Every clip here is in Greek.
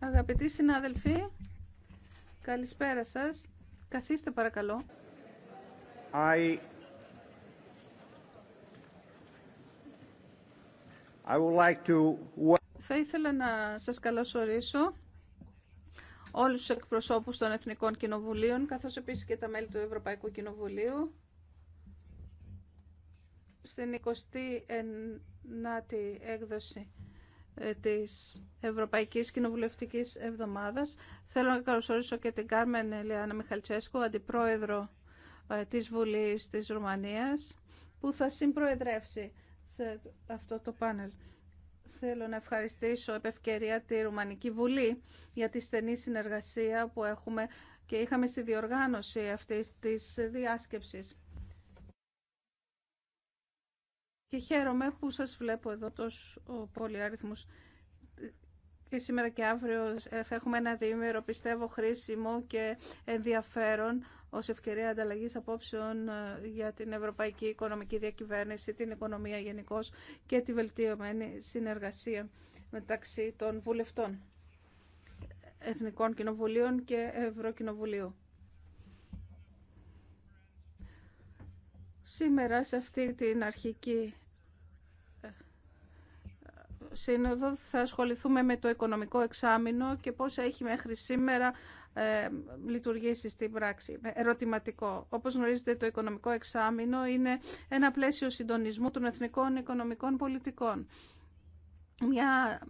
Αγαπητοί συνάδελφοι, καλησπέρα σας. Καθίστε παρακαλώ. I... I would like to... Θα ήθελα να σας καλωσορίσω όλους τους εκπροσώπους των Εθνικών Κοινοβουλίων, καθώς επίσης και τα μέλη του Ευρωπαϊκού Κοινοβουλίου στην 29η έκδοση ε, της Ευρωπαϊκής Κοινοβουλευτικής Εβδομάδας. Θέλω να καλωσορίσω και την Κάρμεν Ελιάνα Μιχαλτσέσκου, αντιπρόεδρο ε, της Βουλής της Ρουμανίας, που θα συμπροεδρεύσει σε αυτό το πάνελ. Θέλω να ευχαριστήσω επ' ευκαιρία τη Ρουμανική Βουλή για τη στενή συνεργασία που έχουμε και είχαμε στη διοργάνωση αυτής της διάσκεψης. και χαίρομαι που σας βλέπω εδώ τόσο πολύ αριθμούς. Και σήμερα και αύριο θα έχουμε ένα διήμερο, πιστεύω, χρήσιμο και ενδιαφέρον ως ευκαιρία ανταλλαγής απόψεων ε, για την ευρωπαϊκή οικονομική διακυβέρνηση, την οικονομία γενικώ και τη βελτιωμένη συνεργασία μεταξύ των βουλευτών Εθνικών Κοινοβουλίων και Ευρωκοινοβουλίου. Σήμερα σε αυτή την αρχική σύνοδο θα ασχοληθούμε με το οικονομικό εξάμεινο και πώς έχει μέχρι σήμερα ε, λειτουργήσει στην πράξη. Ε, ερωτηματικό. Όπως γνωρίζετε το οικονομικό εξάμεινο είναι ένα πλαίσιο συντονισμού των εθνικών οικονομικών πολιτικών. Μια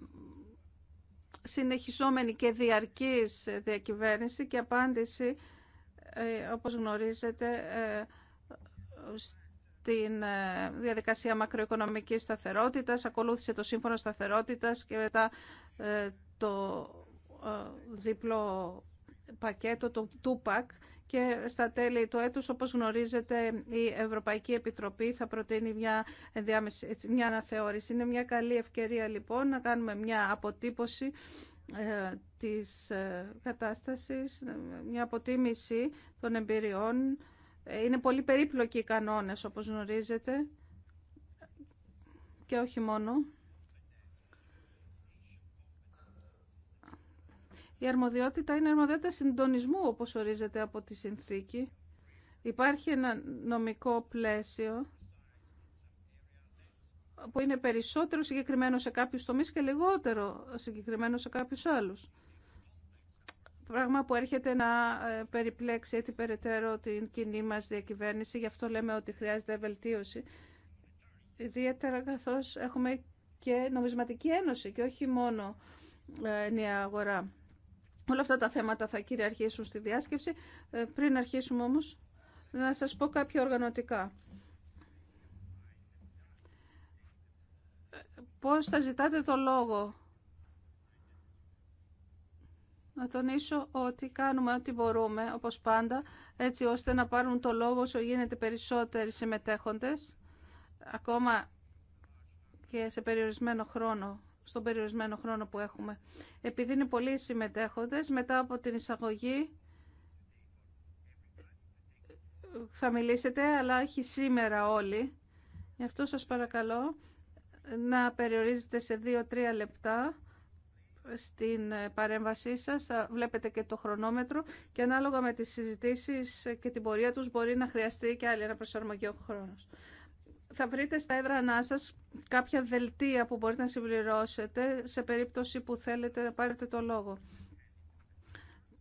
συνεχιζόμενη και διαρκής διακυβέρνηση και απάντηση, ε, όπως γνωρίζετε, ε, την ε, διαδικασία μακροοικονομικής σταθερότητας, ακολούθησε το σύμφωνο σταθερότητας και μετά ε, το ε, διπλό πακέτο, το TUPAC και στα τέλη του έτους, όπως γνωρίζετε, η Ευρωπαϊκή Επιτροπή θα προτείνει μια, μια αναθεώρηση. Είναι μια καλή ευκαιρία λοιπόν να κάνουμε μια αποτύπωση της κατάστασης, μια αποτίμηση των εμπειριών είναι πολύ περίπλοκοι οι κανόνες όπως γνωρίζετε και όχι μόνο. Η αρμοδιότητα είναι αρμοδιότητα συντονισμού όπως ορίζεται από τη συνθήκη. Υπάρχει ένα νομικό πλαίσιο που είναι περισσότερο συγκεκριμένο σε κάποιους τομείς και λιγότερο συγκεκριμένο σε κάποιους άλλους. Πράγμα που έρχεται να ε, περιπλέξει έτσι περαιτέρω την κοινή μας διακυβέρνηση. Γι' αυτό λέμε ότι χρειάζεται βελτίωση. Ιδιαίτερα καθώς έχουμε και νομισματική ένωση και όχι μόνο ε, νέα αγορά. Όλα αυτά τα θέματα θα κυριαρχήσουν στη διάσκεψη. Ε, πριν αρχίσουμε όμως να σας πω κάποια οργανωτικά. Πώς θα ζητάτε το λόγο να τονίσω ότι κάνουμε ό,τι μπορούμε, όπως πάντα, έτσι ώστε να πάρουν το λόγο όσο γίνεται περισσότεροι συμμετέχοντες, ακόμα και σε περιορισμένο χρόνο, στον περιορισμένο χρόνο που έχουμε. Επειδή είναι πολλοί συμμετέχοντες, μετά από την εισαγωγή θα μιλήσετε, αλλά όχι σήμερα όλοι. Γι' αυτό σας παρακαλώ να περιορίζετε σε 2-3 λεπτά στην ε, παρέμβασή σας, θα βλέπετε και το χρονόμετρο και ανάλογα με τις συζητήσεις και την πορεία τους μπορεί να χρειαστεί και άλλη ένα προσαρμογή ο χρόνος. Θα βρείτε στα έδρανά σας κάποια δελτία που μπορείτε να συμπληρώσετε σε περίπτωση που θέλετε να πάρετε το λόγο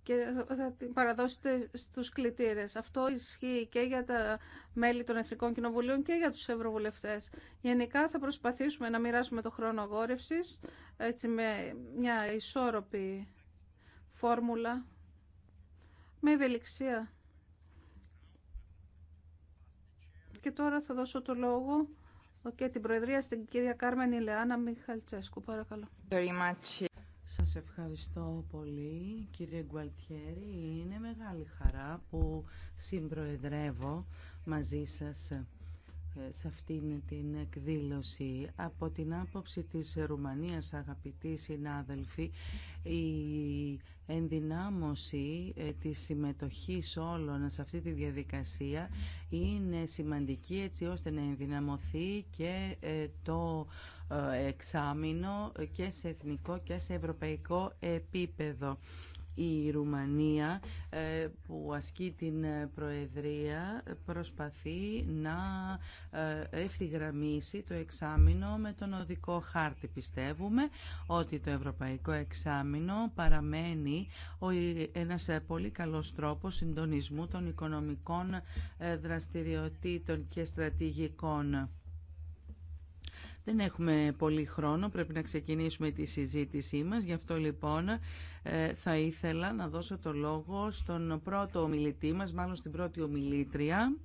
και θα την παραδώσετε στους κλητήρες. Αυτό ισχύει και για τα μέλη των Εθνικών Κοινοβουλίων και για τους Ευρωβουλευτές. Γενικά θα προσπαθήσουμε να μοιράσουμε το χρόνο αγόρευσης έτσι με μια ισόρροπη φόρμουλα με ευελιξία. Και τώρα θα δώσω το λόγο και την Προεδρία στην κυρία Κάρμεν Λεάννα Μιχαλτσέσκου. Παρακαλώ. Σας ευχαριστώ πολύ κύριε Γκουαλτιέρη. Είναι μεγάλη χαρά που συμπροεδρεύω μαζί σας ε, σε αυτήν την εκδήλωση. Από την άποψη της Ρουμανίας, αγαπητοί συνάδελφοι, η ενδυνάμωση ε, της συμμετοχής όλων σε αυτή τη διαδικασία είναι σημαντική έτσι ώστε να ενδυναμωθεί και ε, το ε, εξάμεινο και σε εθνικό και σε ευρωπαϊκό επίπεδο. Η Ρουμανία ε, που ασκεί την Προεδρία προσπαθεί να ε, ευθυγραμμίσει το εξάμεινο με τον οδικό χάρτη. Πιστεύουμε ότι το ευρωπαϊκό εξάμεινο παραμένει ένας πολύ καλός τρόπος συντονισμού των οικονομικών δραστηριοτήτων και στρατηγικών δεν έχουμε πολύ χρόνο, πρέπει να ξεκινήσουμε τη συζήτησή μας. Γι' αυτό λοιπόν ε, θα ήθελα να δώσω το λόγο στον πρώτο ομιλητή μας, μάλλον στην πρώτη ομιλήτρια.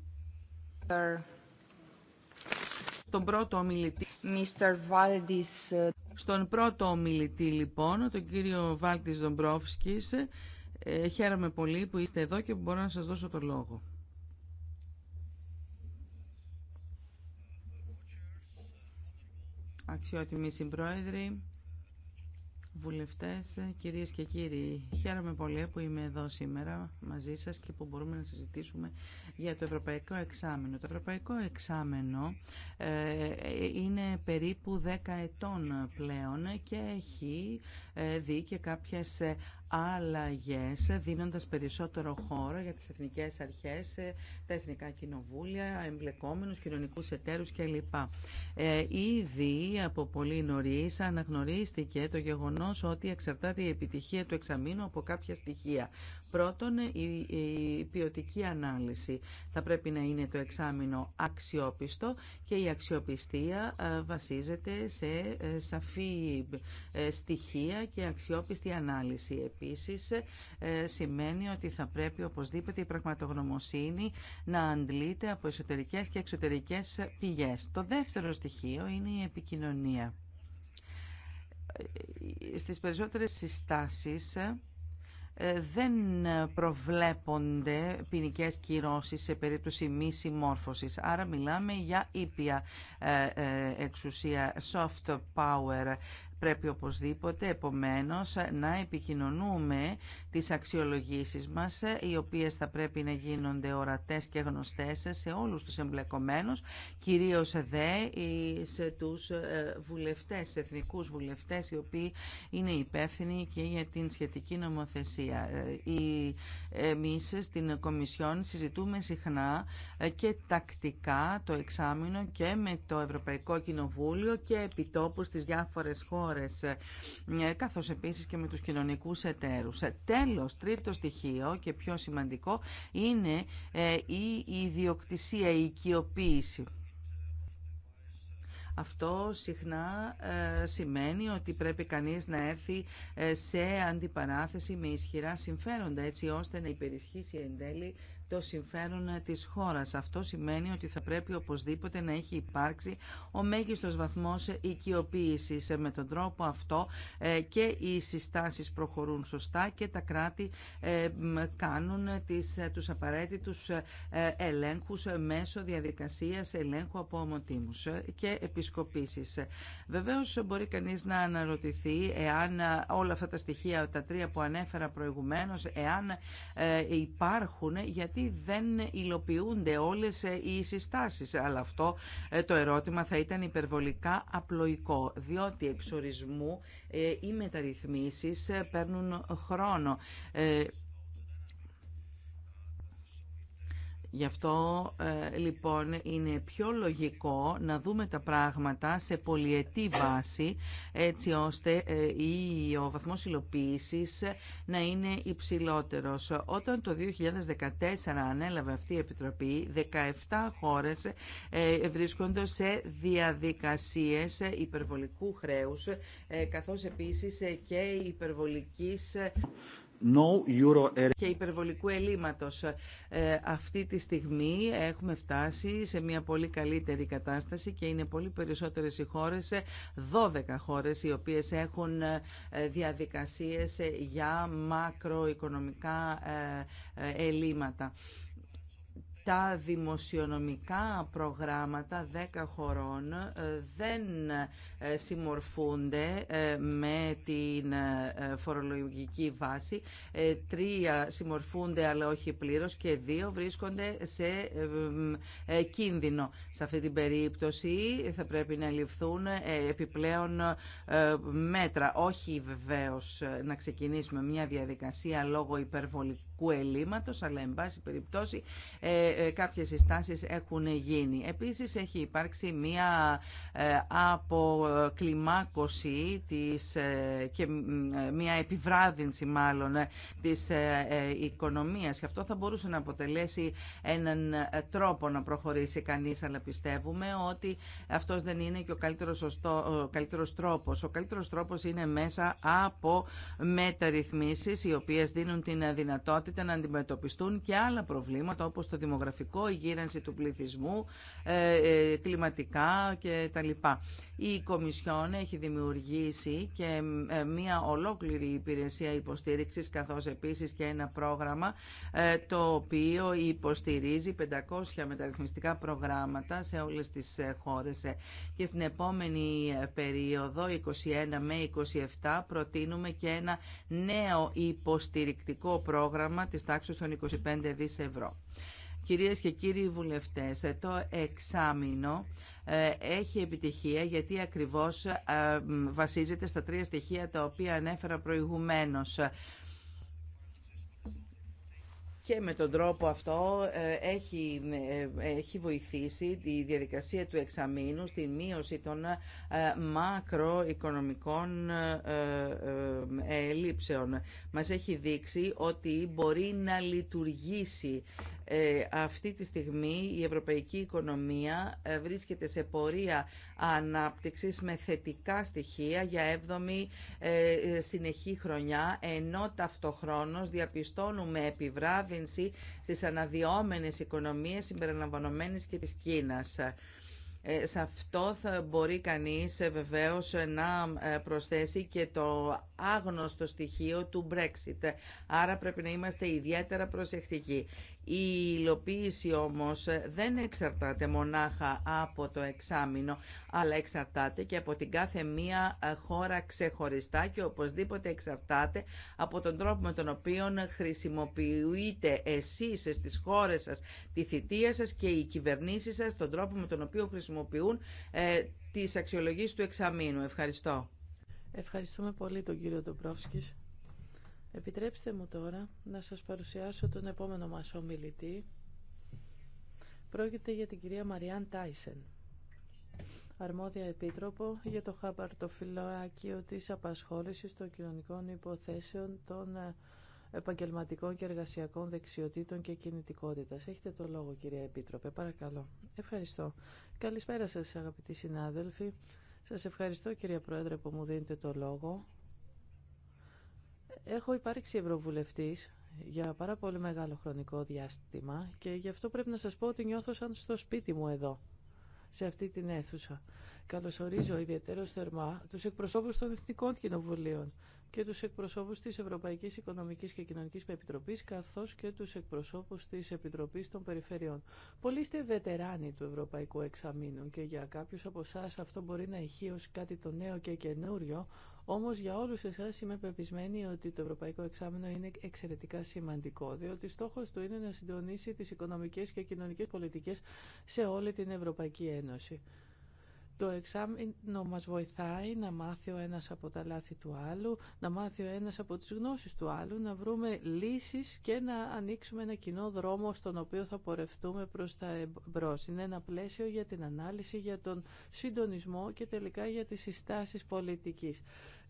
Στον πρώτο ομιλητή. Mr. Valdis. Στον πρώτο ομιλητή λοιπόν, τον κύριο Βάλτης Δομπρόφσκης, ε, χαίρομαι πολύ που είστε εδώ και που μπορώ να σας δώσω το λόγο. αξιότιμοι συμπρόεδροι, βουλευτές, κυρίες και κύριοι. Χαίρομαι πολύ που είμαι εδώ σήμερα μαζί σας και που μπορούμε να συζητήσουμε για το Ευρωπαϊκό Εξάμενο. Το Ευρωπαϊκό Εξάμενο ε, είναι περίπου 10 ετών πλέον και έχει ε, δει και κάποιες ε, αλλαγές δίνοντας περισσότερο χώρο για τις εθνικές αρχές, τα εθνικά κοινοβούλια, εμπλεκόμενους, κοινωνικούς εταίρους κλπ. Ε, ήδη από πολύ νωρίς αναγνωρίστηκε το γεγονός ότι εξαρτάται η επιτυχία του εξαμήνου από κάποια στοιχεία. Πρώτον, η, η ποιοτική ανάλυση θα πρέπει να είναι το εξάμεινο αξιόπιστο και η αξιοπιστία ε, βασίζεται σε ε, σαφή ε, στοιχεία και αξιόπιστη ανάλυση επίσης ε, σημαίνει ότι θα πρέπει οπωσδήποτε η πραγματογνωμοσύνη να αντλείται από εσωτερικές και εξωτερικές πηγές. Το δεύτερο στοιχείο είναι η επικοινωνία. Ε, στις περισσότερες συστάσεις ε, δεν προβλέπονται ποινικέ κυρώσεις σε περίπτωση μη συμμόρφωσης. Άρα μιλάμε για ήπια εξουσία, soft power Πρέπει οπωσδήποτε, επομένως, να επικοινωνούμε τις αξιολογήσεις μας, οι οποίες θα πρέπει να γίνονται ορατές και γνωστές σε όλους τους εμπλεκομένους, κυρίως δε σε τους ε, βουλευτές, σε εθνικούς βουλευτές, οι οποίοι είναι υπεύθυνοι και για την σχετική νομοθεσία. Ε, εμείς στην Κομισιόν συζητούμε συχνά ε, και τακτικά το εξάμεινο και με το Ευρωπαϊκό Κοινοβούλιο και επιτόπου στις διάφορες χώρες χώρες, ε, ε, καθώς επίσης και με τους κοινωνικούς εταίρους. Ε, τέλος, τρίτο στοιχείο και πιο σημαντικό είναι η ιδιοκτησία, η οικειοποίηση. Αυτό συχνά σημαίνει ότι πρέπει κανείς να έρθει σε αντιπαράθεση με ισχυρά συμφέροντα, έτσι ώστε να υπερισχύσει εν τέλει το συμφέρον της χώρας. Αυτό σημαίνει ότι θα πρέπει οπωσδήποτε να έχει υπάρξει ο μέγιστος βαθμός οικειοποίησης. Με τον τρόπο αυτό ε, και οι συστάσεις προχωρούν σωστά και τα κράτη ε, κάνουν τις, ε, τους απαραίτητους ελέγχους μέσω διαδικασίας ελέγχου από ομοτήμους και επισκοπήσεις. Βεβαίως μπορεί κανείς να αναρωτηθεί εάν όλα αυτά τα στοιχεία, τα τρία που ανέφερα προηγουμένως, εάν υπάρχουν, γιατί γιατί δεν υλοποιούνται όλες ε, οι συστάσεις. Αλλά αυτό ε, το ερώτημα θα ήταν υπερβολικά απλοϊκό, διότι εξορισμού ε, οι μεταρρυθμίσεις παίρνουν χρόνο. Γι' αυτό ε, λοιπόν είναι πιο λογικό να δούμε τα πράγματα σε πολυετή βάση έτσι ώστε ε, ο βαθμός υλοποίησης να είναι υψηλότερος. Όταν το 2014 ανέλαβε αυτή η Επιτροπή, 17 χώρες ε, βρίσκονται σε διαδικασίες υπερβολικού χρέους καθώς επίσης και υπερβολικής no Euro και υπερβολικού ελλείμματος. Ε, αυτή τη στιγμή έχουμε φτάσει σε μια πολύ καλύτερη κατάσταση και είναι πολύ περισσότερες οι χώρες, 12 ε, χώρες οι οποίες έχουν ε, διαδικασίες για μακροοικονομικά ελλείμματα τα δημοσιονομικά προγράμματα 10 χωρών ε, δεν ε, συμμορφούνται ε, με την φορολογική βάση. Τρία συμμορφούνται αλλά όχι πλήρως και δύο βρίσκονται σε κίνδυνο. Σε αυτή την περίπτωση θα πρέπει να ληφθούν επιπλέον μέτρα. Όχι βεβαίως να ξεκινήσουμε μια διαδικασία λόγω υπερβολικού ελλείμματος, αλλά εν πάση περιπτώσει ε, κάποιες συστάσεις έχουν γίνει. Επίσης έχει υπάρξει μία ε, αποκλιμάκωση της, ε, και μία επιβράδυνση μάλλον της οικονομίας και αυτό θα μπορούσε να αποτελέσει έναν τρόπο να προχωρήσει κανείς αλλά πιστεύουμε ότι αυτός δεν είναι και ο καλύτερος, σωστό, ο καλύτερος τρόπος. Ο καλύτερος τρόπος είναι μέσα από μεταρρυθμίσεις οι οποίες δίνουν την δυνατότητα να αντιμετωπιστούν και άλλα προβλήματα όπως το δημογραφικό δημογραφικό, η γύρανση του πληθυσμού, ε, ε, κλιματικά κτλ. Η Κομισιόν έχει δημιουργήσει και ε, μία ολόκληρη υπηρεσία υποστήριξης καθώς επίσης και ένα πρόγραμμα το οποίο υποστηρίζει 500 μεταρρυθμιστικά προγράμματα σε όλες τις χώρες. Και στην επόμενη περίοδο, 21 με 27, προτείνουμε και ένα νέο υποστηρικτικό πρόγραμμα της τάξης των 25 δις ευρώ. Κυρίες και κύριοι βουλευτές, ε, το εξάμεινο ε, έχει επιτυχία γιατί ακριβώς ε, βασίζεται στα τρία στοιχεία τα οποία ανέφερα προηγουμένως. Και με τον τρόπο αυτό έχει, έχει βοηθήσει τη διαδικασία του εξαμήνου στη μείωση των μακροοικονομικών ελλείψεων. Μας έχει δείξει ότι μπορεί να λειτουργήσει ε, αυτή τη στιγμή η ευρωπαϊκή οικονομία ε, βρίσκεται σε πορεία ανάπτυξης με θετικά στοιχεία για έβδομη ε, συνεχή χρονιά, ενώ ταυτοχρόνως διαπιστώνουμε επιβράδυνση στις αναδυόμενες οικονομίες συμπεριλαμβανομένες και της Κίνας. Σε αυτό θα μπορεί κανείς βεβαίως να προσθέσει και το άγνωστο στοιχείο του Brexit. Άρα πρέπει να είμαστε ιδιαίτερα προσεκτικοί. Η υλοποίηση όμως δεν εξαρτάται μονάχα από το εξάμεινο, αλλά εξαρτάται και από την κάθε μία χώρα ξεχωριστά και οπωσδήποτε εξαρτάται από τον τρόπο με τον οποίο χρησιμοποιείτε εσείς στις χώρες σας τη θητεία σας και οι κυβερνήσεις σας, τον τρόπο με τον οποίο χρησιμοποιούν ε, τις αξιολογίες του εξαμήνου. Ευχαριστώ. Ευχαριστούμε πολύ τον κύριο Ντομπρόφσκης. Επιτρέψτε μου τώρα να σας παρουσιάσω τον επόμενο μας ομιλητή. Πρόκειται για την κυρία Μαριάν Τάισεν, αρμόδια επίτροπο για το χαπαρτοφυλάκιο της απασχόλησης των κοινωνικών υποθέσεων των ε, επαγγελματικών και εργασιακών δεξιοτήτων και κινητικότητας. Έχετε το λόγο κυρία Επίτροπε, παρακαλώ. Ευχαριστώ. Καλησπέρα σας αγαπητοί συνάδελφοι. Σας ευχαριστώ κυρία Πρόεδρε που μου δίνετε το λόγο. Έχω υπάρξει ευρωβουλευτή για πάρα πολύ μεγάλο χρονικό διάστημα και γι' αυτό πρέπει να σας πω ότι νιώθω σαν στο σπίτι μου εδώ, σε αυτή την αίθουσα. Καλωσορίζω ιδιαίτερο θερμά τους εκπροσώπους των Εθνικών Κοινοβουλίων, και τους εκπροσώπους της Ευρωπαϊκής Οικονομικής και Κοινωνικής Επιτροπής καθώς και τους εκπροσώπους της Επιτροπής των Περιφερειών. Πολλοί είστε βετεράνοι του Ευρωπαϊκού Εξαμήνου και για κάποιους από εσά αυτό μπορεί να ηχεί ως κάτι το νέο και καινούριο, όμως για όλους εσάς είμαι πεπισμένη ότι το Ευρωπαϊκό Εξάμεινο είναι εξαιρετικά σημαντικό, διότι στόχος του είναι να συντονίσει τις οικονομικές και κοινωνικές πολιτικές σε όλη την Ευρωπαϊκή Ένωση. Το εξάμεινο μας βοηθάει να μάθει ο ένας από τα λάθη του άλλου, να μάθει ο ένας από τις γνώσεις του άλλου, να βρούμε λύσεις και να ανοίξουμε ένα κοινό δρόμο στον οποίο θα πορευτούμε προς τα εμπρός. Είναι ένα πλαίσιο για την ανάλυση, για τον συντονισμό και τελικά για τις συστάσεις πολιτικής.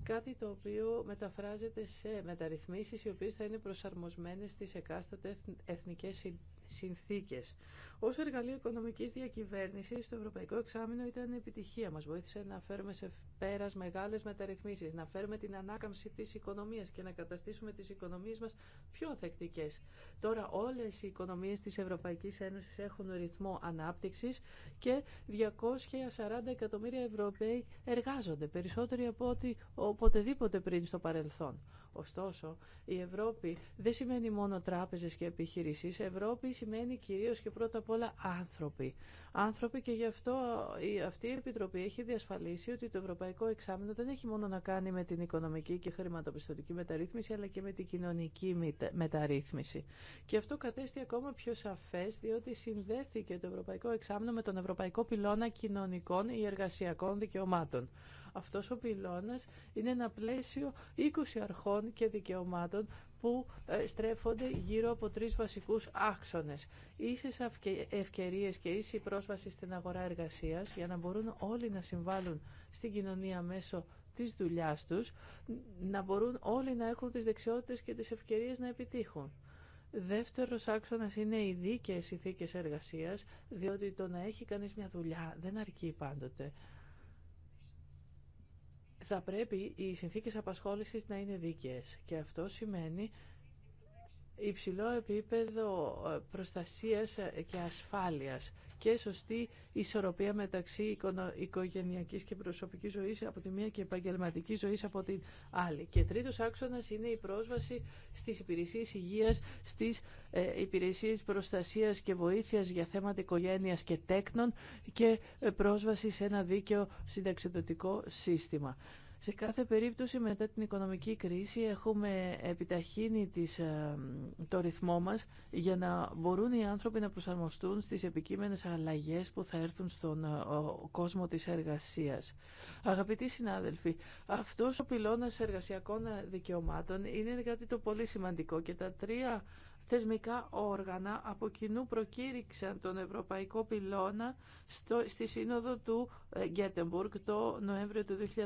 Κάτι το οποίο μεταφράζεται σε μεταρρυθμίσεις οι οποίες θα είναι προσαρμοσμένες στις εκάστοτε εθνικές συντάσεις συνθήκες. Ω εργαλείο οικονομική διακυβέρνηση, το Ευρωπαϊκό Εξάμεινο ήταν επιτυχία. Μα βοήθησε να φέρουμε σε πέρα μεγάλε μεταρρυθμίσεις, να φέρουμε την ανάκαμψη τη οικονομία και να καταστήσουμε τι οικονομίε μα πιο ανθεκτικέ. Τώρα όλε οι οικονομίε τη Ευρωπαϊκή Ένωση έχουν ρυθμό ανάπτυξη και 240 εκατομμύρια Ευρωπαίοι εργάζονται, περισσότεροι από ό,τι οποτεδήποτε πριν στο παρελθόν. Ωστόσο, η Ευρώπη δεν σημαίνει μόνο τράπεζες και επιχειρήσεις. Ευρώπη σημαίνει κυρίως και πρώτα απ' όλα άνθρωποι. Άνθρωποι και γι' αυτό αυτή η Επιτροπή έχει διασφαλίσει ότι το Ευρωπαϊκό Εξάμεινο δεν έχει μόνο να κάνει με την οικονομική και χρηματοπιστωτική μεταρρύθμιση, αλλά και με την κοινωνική μεταρρύθμιση. Και αυτό κατέστη ακόμα πιο σαφές, διότι συνδέθηκε το Ευρωπαϊκό Εξάμεινο με τον Ευρωπαϊκό Πυλώνα Κοινωνικών ή Εργασιακών Δικαιωμάτων. Αυτός ο πυλώνας είναι ένα πλαίσιο 20 αρχών και δικαιωμάτων που ε, στρέφονται γύρω από τρεις βασικούς άξονες. Ίσες ευκαιρίες και ίση πρόσβαση στην αγορά εργασίας για να μπορούν όλοι να συμβάλλουν στην κοινωνία μέσω της δουλειάς τους, να μπορούν όλοι να έχουν τις δεξιότητες και τις ευκαιρίες να επιτύχουν. Δεύτερος άξονας είναι οι δίκαιες ηθίκες εργασίας, διότι το να έχει κανείς μια δουλειά δεν αρκεί πάντοτε θα πρέπει οι συνθήκες απασχόλησης να είναι δίκαιες και αυτό σημαίνει υψηλό επίπεδο ε, προστασίας ε, και ασφάλειας και σωστή ισορροπία μεταξύ οικογενειακής και προσωπικής ζωής από τη μία και επαγγελματική ζωής από την άλλη. Και τρίτος άξονας είναι η πρόσβαση στις υπηρεσίες υγείας, στις ε, υπηρεσίες προστασίας και βοήθειας για θέματα οικογένειας και τέκνων και ε, πρόσβαση σε ένα δίκαιο συνταξιδοτικό σύστημα. Σε κάθε περίπτωση μετά την οικονομική κρίση έχουμε επιταχύνει τις, ε, το ρυθμό μας για να μπορούν οι άνθρωποι να προσαρμοστούν στις επικείμενες αλλαγές που θα έρθουν στον ε, κόσμο της εργασίας. Αγαπητοί συνάδελφοι, αυτός ο πυλώνας εργασιακών δικαιωμάτων είναι κάτι το πολύ σημαντικό και τα τρία θεσμικά όργανα από κοινού προκήρυξαν τον Ευρωπαϊκό Πυλώνα στο, στη Σύνοδο του ε, Γκέτεμπουργκ το Νοέμβριο του 2017.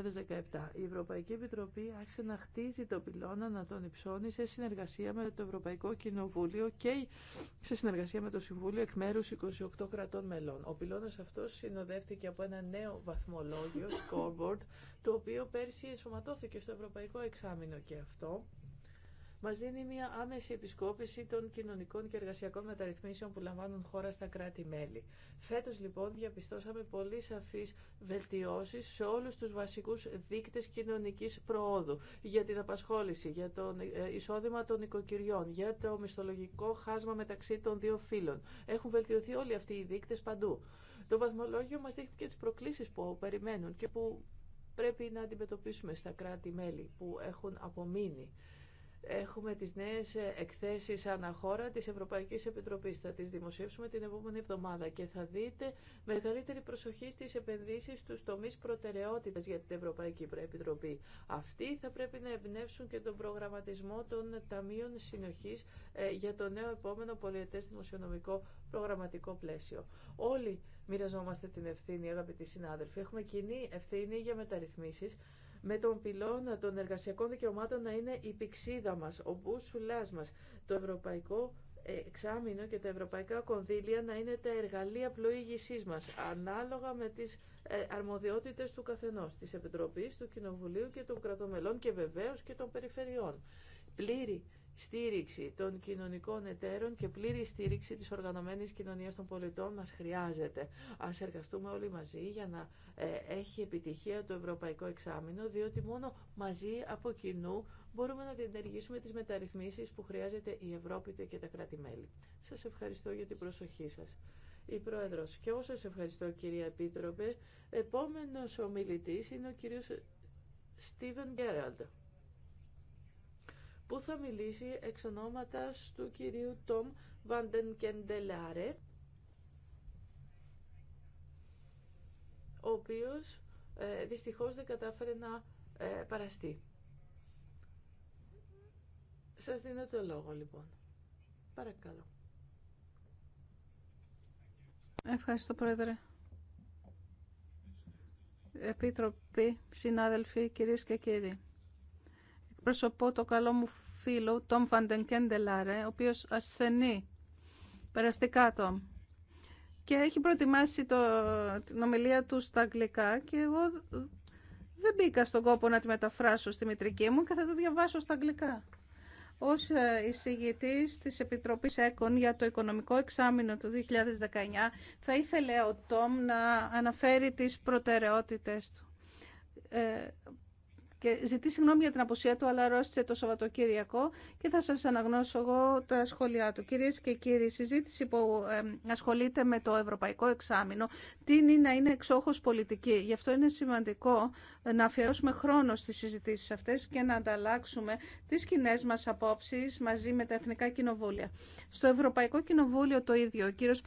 Η Ευρωπαϊκή Επιτροπή άρχισε να χτίζει τον πυλώνα, να τον υψώνει σε συνεργασία με το Ευρωπαϊκό Κοινοβούλιο και σε συνεργασία με το Συμβούλιο εκ μέρους 28 κρατών μελών. Ο πυλώνας αυτός συνοδεύτηκε από ένα νέο βαθμολόγιο, scoreboard, το οποίο πέρσι ενσωματώθηκε στο Ευρωπαϊκό Εξάμεινο και αυτό Μα δίνει μια άμεση επισκόπηση των κοινωνικών και εργασιακών μεταρρυθμίσεων που λαμβάνουν χώρα στα κράτη-μέλη. Φέτος λοιπόν διαπιστώσαμε πολύ σαφείς βελτιώσεις σε όλους τους βασικούς δείκτες κοινωνικής προόδου για την απασχόληση, για το ε, εισόδημα των οικοκυριών, για το μισθολογικό χάσμα μεταξύ των δύο φύλων. Έχουν βελτιωθεί όλοι αυτοί οι δείκτες παντού. Το βαθμολόγιο μας δείχνει και τι προκλήσει που περιμένουν και που πρέπει να αντιμετωπίσουμε στα κράτη-μέλη που έχουν απομείνει έχουμε τις νέες ε, εκθέσεις αναχώρα της Ευρωπαϊκής Επιτροπής. Θα τις δημοσιεύσουμε την επόμενη εβδομάδα και θα δείτε μεγαλύτερη προσοχή στις επενδύσεις στους τομείς προτεραιότητας για την Ευρωπαϊκή Επιτροπή. Αυτοί θα πρέπει να εμπνεύσουν και τον προγραμματισμό των Ταμείων Συνοχής ε, για το νέο επόμενο πολιετές δημοσιονομικό προγραμματικό πλαίσιο. Όλοι μοιραζόμαστε την ευθύνη, αγαπητοί συνάδελφοι. Έχουμε κοινή ευθύνη για μεταρρυθμίσεις με τον πυλώνα των εργασιακών δικαιωμάτων να είναι η πηξίδα μας, ο μπούσουλάς μας, το ευρωπαϊκό εξάμεινο και τα ευρωπαϊκά κονδύλια να είναι τα εργαλεία πλοήγησής μας, ανάλογα με τις ε, αρμοδιότητες του καθενός, της Επιτροπής, του Κοινοβουλίου και των κρατομελών και βεβαίως και των περιφερειών. Πλήρη στήριξη των κοινωνικών εταίρων και πλήρη στήριξη της οργανωμένης κοινωνίας των πολιτών μας χρειάζεται. Ας εργαστούμε όλοι μαζί για να ε, έχει επιτυχία το Ευρωπαϊκό Εξάμεινο, διότι μόνο μαζί από κοινού μπορούμε να διενεργήσουμε τις μεταρρυθμίσεις που χρειάζεται η Ευρώπη και τα κράτη-μέλη. Σας ευχαριστώ για την προσοχή σας. Η Πρόεδρος, και εγώ σας ευχαριστώ κυρία Επίτροπε. Επόμενος ομιλητής είναι ο κύριος Στίβεν Γκέραλντ που θα μιλήσει εξ ονόματος του κυρίου Τόμ Βαντεν ο οποίος ε, δυστυχώς δεν κατάφερε να ε, παραστεί. Σας δίνω το λόγο λοιπόν. Παρακαλώ. Ευχαριστώ Πρόεδρε. Επίτροποι, συνάδελφοι, κυρίες και κύριοι. Προσωπώ το καλό μου φίλο, Τόμ Φαντενκέντελάρε, ο οποίος ασθενεί περαστικά Τόμ. Και έχει προετοιμάσει το, την ομιλία του στα αγγλικά και εγώ δεν μπήκα στον κόπο να τη μεταφράσω στη μητρική μου και θα το διαβάσω στα αγγλικά. Ως ε, εισηγητής της Επιτροπής ΕΚΟΝ για το Οικονομικό Εξάμεινο του 2019 θα ήθελε ο Τόμ να αναφέρει τις προτεραιότητες του. Ε, και ζητεί συγγνώμη για την αποσία του, αλλά ρώτησε το Σαββατοκύριακο και θα σας αναγνώσω εγώ τα σχόλιά του. Κυρίες και κύριοι, η συζήτηση που ασχολείται με το Ευρωπαϊκό Εξάμεινο τίνει να είναι εξόχως πολιτική. Γι' αυτό είναι σημαντικό ε, να αφιερώσουμε χρόνο στις συζητήσεις αυτές και να ανταλλάξουμε τις κοινέ μας απόψεις μαζί με τα Εθνικά Κοινοβούλια. Στο Ευρωπαϊκό Κοινοβούλιο το ίδιο, ο κύριος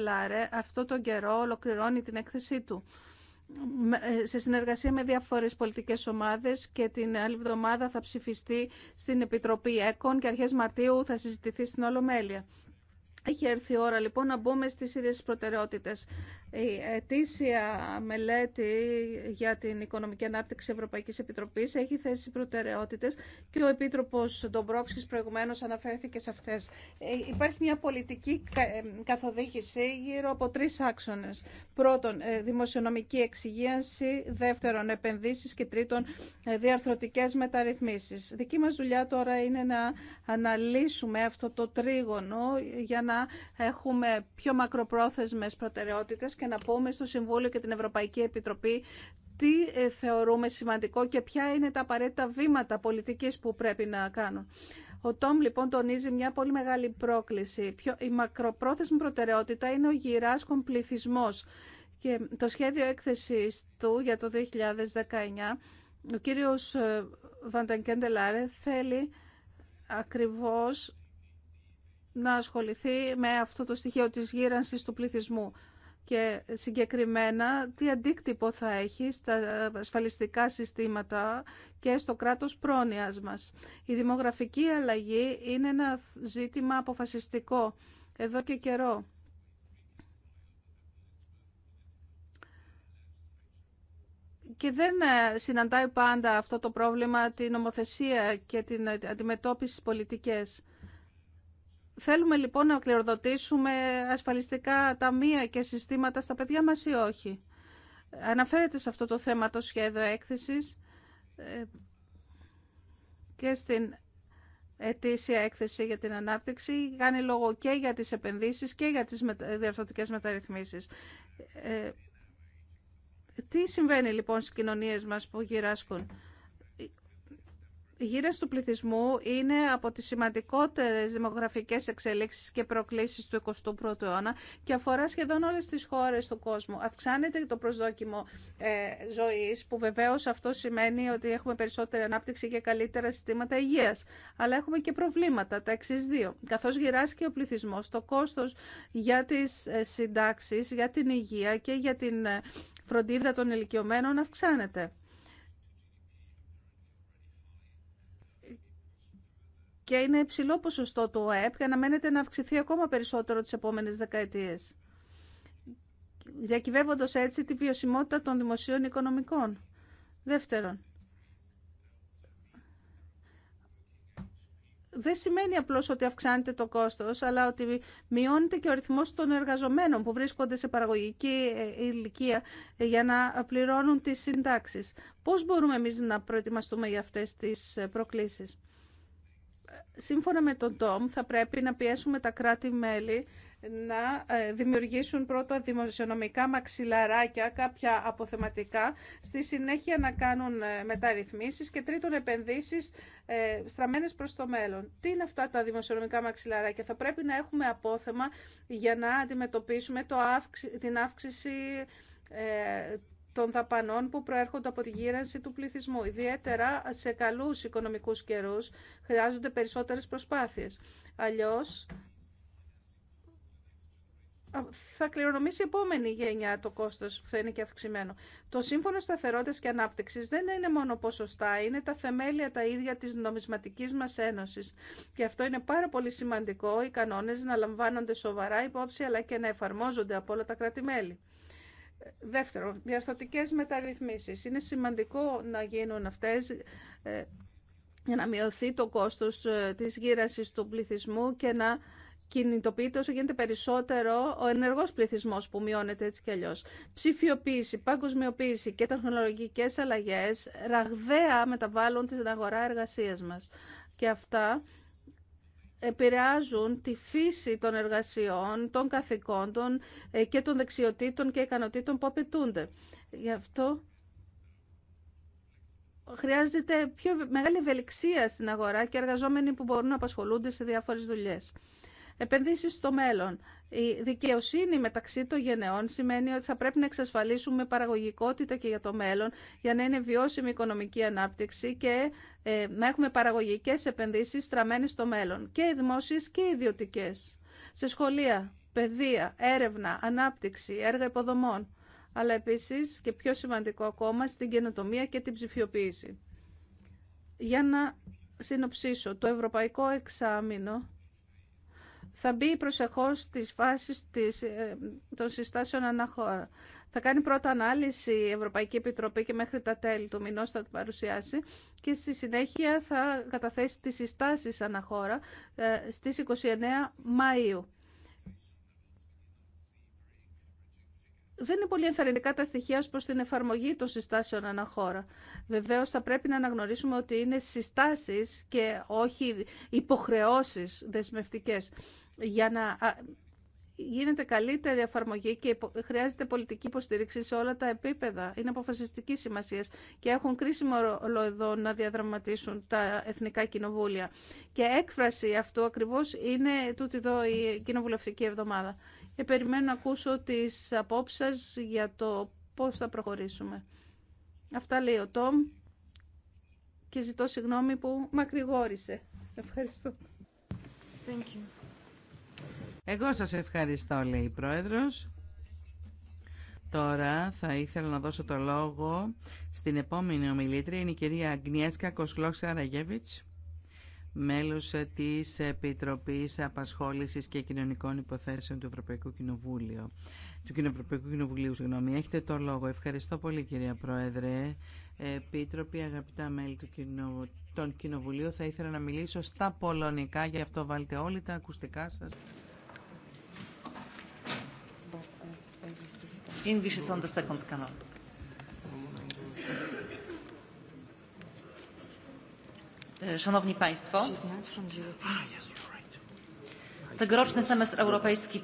Λάρε, αυτό τον καιρό ολοκληρώνει την έκθεσή του. Ε, σε συνεργασία με διάφορες πολιτικές ομάδες και την άλλη εβδομάδα θα ψηφιστεί στην Επιτροπή ΕΚΟΝ και αρχές Μαρτίου θα συζητηθεί στην Ολομέλεια. Έχει έρθει η ώρα λοιπόν να μπούμε στις ίδιες προτεραιότητες. Η ετήσια μελέτη για την οικονομική ανάπτυξη Ευρωπαϊκής Επιτροπής έχει θέσει προτεραιότητες και ο Επίτροπος Ντομπρόψης προηγουμένως αναφέρθηκε σε αυτές. Ε, υπάρχει μια πολιτική ε, καθοδήγηση γύρω από τρεις άξονες. Πρώτον, ε, δημοσιονομική εξυγίανση, δεύτερον, επενδύσεις και τρίτον, διαρθρωτικές μεταρρυθμίσεις. Δική μας δουλειά τώρα είναι να αναλύσουμε αυτό το τρίγωνο για να να έχουμε πιο μακροπρόθεσμες προτεραιότητες και να πούμε στο Συμβούλιο και την Ευρωπαϊκή Επιτροπή τι ε, θεωρούμε σημαντικό και ποια είναι τα απαραίτητα βήματα πολιτικής που πρέπει να κάνουν. Ο Τόμ λοιπόν τονίζει μια πολύ μεγάλη πρόκληση. Η μακροπρόθεσμη προτεραιότητα είναι ο γυράσκων πληθυσμό. Και το σχέδιο έκθεσης του για το 2019, ο κύριος ε, Βαντανκέντελάρε θέλει ακριβώς να ασχοληθεί με αυτό το στοιχείο της γύρανσης του πληθυσμού και συγκεκριμένα τι αντίκτυπο θα έχει στα ασφαλιστικά συστήματα και στο κράτος πρόνοιας μας. Η δημογραφική αλλαγή είναι ένα ζήτημα αποφασιστικό εδώ και καιρό. Και δεν ε, συναντάει πάντα αυτό το πρόβλημα την νομοθεσία και την αντιμετώπιση στις πολιτικές. Θέλουμε λοιπόν να κληροδοτήσουμε ασφαλιστικά ταμεία και συστήματα στα παιδιά μας ή όχι. Αναφέρεται σε αυτό το θέμα το σχέδιο έκθεσης ε, και στην ετήσια έκθεση για την ανάπτυξη. Κάνει λόγο και για τις επενδύσεις και για τις διαρθωτικέ μεταρρυθμίσεις. Ε, τι συμβαίνει λοιπόν στις κοινωνίες μας που γυράσκουν γύρες του πληθυσμού είναι από τις σημαντικότερες δημογραφικές εξελίξεις και προκλήσεις του 21ου αιώνα και αφορά σχεδόν όλες τις χώρες του κόσμου. Αυξάνεται το προσδόκιμο ε, ζωής που βεβαίως αυτό σημαίνει ότι έχουμε περισσότερη ανάπτυξη και καλύτερα συστήματα υγείας. Αλλά έχουμε και προβλήματα, τα εξή δύο. Καθώς γυράσκει ο πληθυσμός, το κόστος για τις ε, συντάξεις, για την υγεία και για την ε, φροντίδα των ηλικιωμένων αυξάνεται. και είναι υψηλό ποσοστό του ΟΕΠ και αναμένεται να αυξηθεί ακόμα περισσότερο τις επόμενες δεκαετίες, διακυβεύοντας έτσι τη βιωσιμότητα των δημοσίων οικονομικών. Δεύτερον, δεν σημαίνει απλώς ότι αυξάνεται το κόστος, αλλά ότι μειώνεται και ο ρυθμός των εργαζομένων που βρίσκονται σε παραγωγική ε, ηλικία για να πληρώνουν τις συντάξεις. Πώς μπορούμε εμείς να προετοιμαστούμε για αυτές τις ε, προκλήσεις σύμφωνα με τον ΤΟΜ θα πρέπει να πιέσουμε τα κράτη-μέλη να ε, δημιουργήσουν πρώτα δημοσιονομικά μαξιλαράκια, κάποια αποθεματικά, στη συνέχεια να κάνουν ε, μεταρρυθμίσεις και τρίτον επενδύσεις ε, στραμμένες προς το μέλλον. Τι είναι αυτά τα δημοσιονομικά μαξιλαράκια. Θα πρέπει να έχουμε απόθεμα για να αντιμετωπίσουμε το την αύξηση των δαπανών που προέρχονται από τη γύρανση του πληθυσμού. Ιδιαίτερα σε καλούς οικονομικούς καιρούς χρειάζονται περισσότερες προσπάθειες. Αλλιώς θα κληρονομήσει η επόμενη γενιά το κόστος που θα είναι και αυξημένο. Το Σύμφωνο Σταθερότητας και Ανάπτυξης δεν είναι μόνο ποσοστά, είναι τα θεμέλια τα ίδια της νομισματικής μας ένωσης. Και αυτό είναι πάρα πολύ σημαντικό, οι κανόνες να λαμβάνονται σοβαρά υπόψη αλλά και να εφαρμόζονται από όλα τα κρατη Δεύτερον, διαρθωτικές μεταρρυθμίσεις. Είναι σημαντικό να γίνουν αυτές ε, για να μειωθεί το κόστος ε, της γύρασης του πληθυσμού και να κινητοποιείται όσο γίνεται περισσότερο ο ενεργός πληθυσμός που μειώνεται έτσι κι αλλιώς. Ψηφιοποίηση, παγκοσμιοποίηση και τεχνολογικές αλλαγές ραγδαία μεταβάλλουν την αγορά εργασίας μας. Και αυτά επηρεάζουν τη φύση των εργασιών, των καθηκόντων ε, και των δεξιοτήτων και ικανοτήτων που απαιτούνται. Γι' αυτό χρειάζεται πιο μεγάλη ευελιξία στην αγορά και εργαζόμενοι που μπορούν να απασχολούνται σε διάφορες δουλειές. Επενδύσεις στο μέλλον. Η δικαιοσύνη μεταξύ των γενεών σημαίνει ότι θα πρέπει να εξασφαλίσουμε παραγωγικότητα και για το μέλλον για να είναι βιώσιμη η οικονομική ανάπτυξη και ε, να έχουμε παραγωγικές επενδύσεις στραμμένες στο μέλλον και οι δημόσιες και οι ιδιωτικές σε σχολεία, παιδεία, έρευνα, ανάπτυξη, έργα υποδομών αλλά επίσης και πιο σημαντικό ακόμα στην καινοτομία και την ψηφιοποίηση. Για να συνοψίσω, το Ευρωπαϊκό Εξάμεινο θα μπει προσεχώς στις φάσεις της, ε, των συστάσεων αναχώρα. Θα κάνει πρώτα ανάλυση η Ευρωπαϊκή Επιτροπή και μέχρι τα τέλη του μηνός θα την παρουσιάσει και στη συνέχεια θα καταθέσει τις συστάσεις αναχώρα ε, στις 29 Μαΐου. δεν είναι πολύ ενθαρρυντικά τα στοιχεία ως προς την εφαρμογή των συστάσεων αναχώρα. Βεβαίω θα πρέπει να αναγνωρίσουμε ότι είναι συστάσει και όχι υποχρεώσεις δεσμευτικές για να γίνεται καλύτερη εφαρμογή και χρειάζεται πολιτική υποστήριξη σε όλα τα επίπεδα. Είναι αποφασιστική σημασία και έχουν κρίσιμο ρόλο εδώ να διαδραματίσουν τα εθνικά κοινοβούλια. Και έκφραση αυτού ακριβώ είναι τούτη εδώ η κοινοβουλευτική εβδομάδα. Και ε, περιμένω να ακούσω τι απόψει για το πώ θα προχωρήσουμε. Αυτά λέει ο Τόμ και ζητώ συγγνώμη που μακρηγόρησε. Ευχαριστώ. Thank you. Εγώ σας ευχαριστώ, λέει η Πρόεδρος. Τώρα θα ήθελα να δώσω το λόγο στην επόμενη ομιλήτρια, είναι η κυρία Αγνιέσκα Κοσλόξα Ραγεύιτς, μέλος της Επιτροπής Απασχόλησης και Κοινωνικών Υποθέσεων του Ευρωπαϊκού Κοινοβούλιο. Του Κοινοβουλίου, συγγνώμη. Έχετε το λόγο. Ευχαριστώ πολύ, κυρία Πρόεδρε. Επίτροποι, αγαπητά μέλη του των Κοινοβουλίου, θα ήθελα να μιλήσω στα πολωνικά, γι' αυτό βάλτε όλοι τα ακουστικά σας. English is on the second canal. Szanowni Państwo, tegoroczny semestr europejski...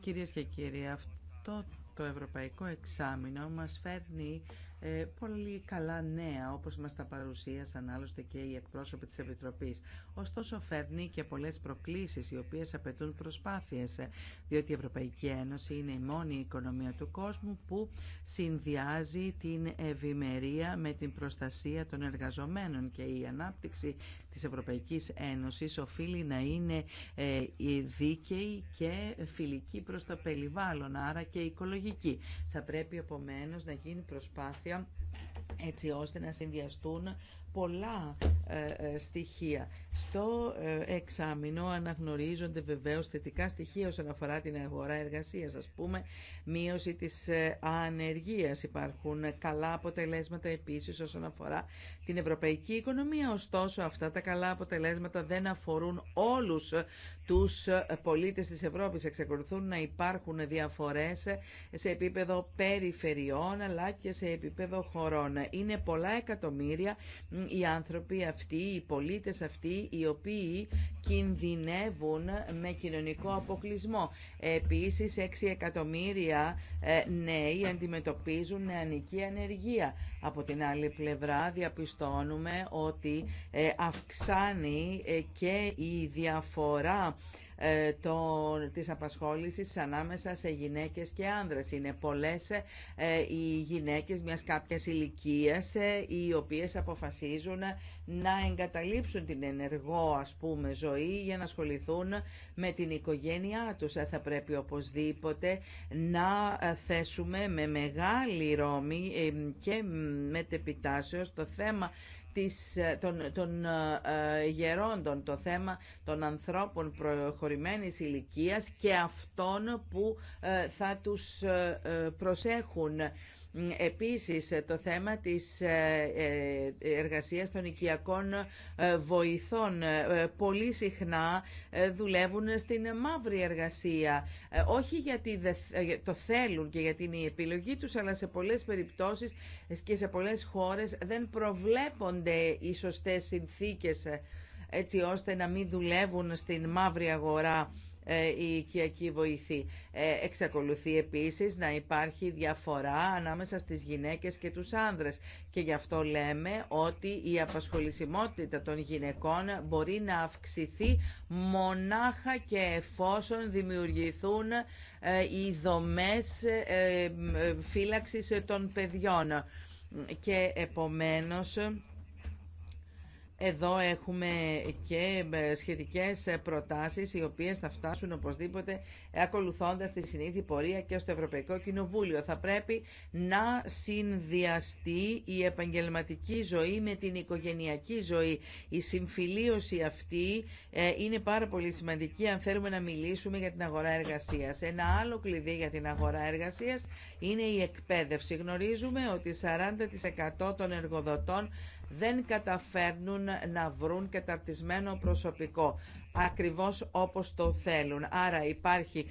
Κυρίες και κύριοι, αυτό το ευρωπαϊκό εξάμεινο μας φέρνει ε, πολύ καλά νέα όπως μας τα παρουσίασαν άλλωστε και οι εκπρόσωποι της Επιτροπής. Ωστόσο φέρνει και πολλές προκλήσεις οι οποίες απαιτούν προσπάθειες ε, διότι η Ευρωπαϊκή Ένωση είναι η μόνη οικονομία του κόσμου που συνδυάζει την ευημερία με την προστασία των εργαζομένων και η ανάπτυξη της Ευρωπαϊκής Ένωσης οφείλει να είναι ε, δίκαιη και φιλική προς το περιβάλλον, άρα και οικολογική. Θα πρέπει επομένως να γίνει προσπάθεια έτσι ώστε να συνδυαστούν πολλά ε, ε, στοιχεία. Στο ε, εξάμεινο αναγνωρίζονται βεβαίως θετικά στοιχεία όσον αφορά την αγορά εργασίας, ας πούμε, μείωση της ανεργίας. Υπάρχουν καλά αποτελέσματα επίσης όσον αφορά την ευρωπαϊκή οικονομία. Ωστόσο, αυτά τα καλά αποτελέσματα δεν αφορούν όλους τους πολίτες της Ευρώπης. Εξακολουθούν να υπάρχουν διαφορές σε επίπεδο περιφερειών αλλά και σε επίπεδο χωρών. Είναι πολλά εκατομμύρια οι άνθρωποι αυτοί, οι πολίτες αυτοί, οι οποίοι κινδυνεύουν με κοινωνικό αποκλεισμό. Επίσης, 6 εκατομμύρια ε, νέοι αντιμετωπίζουν νεανική ανεργία. Από την άλλη πλευρά διαπιστώνουμε ότι ε, αυξάνει ε, και η διαφορά ε, το, της απασχόλησης ανάμεσα σε γυναίκες και άνδρες. Είναι πολλές ε, οι γυναίκες μιας κάποιας ηλικίας ε, οι οποίες αποφασίζουν να εγκαταλείψουν την ενεργό ας πούμε ζωή για να ασχοληθούν με την οικογένειά τους. Θα πρέπει οπωσδήποτε να θέσουμε με μεγάλη ρόμη και μετεπιτάσεως το θέμα της, ε, των, των ε, ε, γερόντων, το θέμα των ανθρώπων προχωρημένης ηλικίας και αυτών που θα τους προσέχουν. Επίσης, ε, το θέμα της ε, ε, εργασίας των οικιακών βοηθών. Πολύ συχνά δουλεύουν στην μαύρη εργασία. Όχι γιατί το θέλουν και γιατί είναι η επιλογή τους, αλλά σε πολλές περιπτώσεις και σε πολλές χώρες δεν προβλέπονται οι σωστές συνθήκες έτσι ώστε να μην δουλεύουν στην μαύρη αγορά ε, η οικιακή βοηθή. Ε, εξακολουθεί επίσης να υπάρχει διαφορά ανάμεσα στις γυναίκες και τους άνδρες και γι' αυτό λέμε ότι η απασχολησιμότητα των γυναικών μπορεί να αυξηθεί μονάχα και εφόσον δημιουργηθούν ε, οι δομές φύλαξης των παιδιών. Και επομένως εδώ έχουμε και ε, σχετικές ε, προτάσεις οι οποίες θα φτάσουν οπωσδήποτε ε, ακολουθώντας τη συνήθη πορεία και στο Ευρωπαϊκό Κοινοβούλιο. Θα πρέπει να συνδυαστεί η επαγγελματική ζωή με την οικογενειακή ζωή. Η συμφιλίωση αυτή είναι πάρα πολύ σημαντική αν θέλουμε να μιλήσουμε για την αγορά εργασίας. Ένα άλλο κλειδί για την αγορά εργασίας είναι η εκπαίδευση. Γνωρίζουμε ότι 40% των εργοδοτών δεν καταφέρνουν να βρουν καταρτισμένο προσωπικό, ακριβώς όπως το θέλουν. Άρα υπάρχει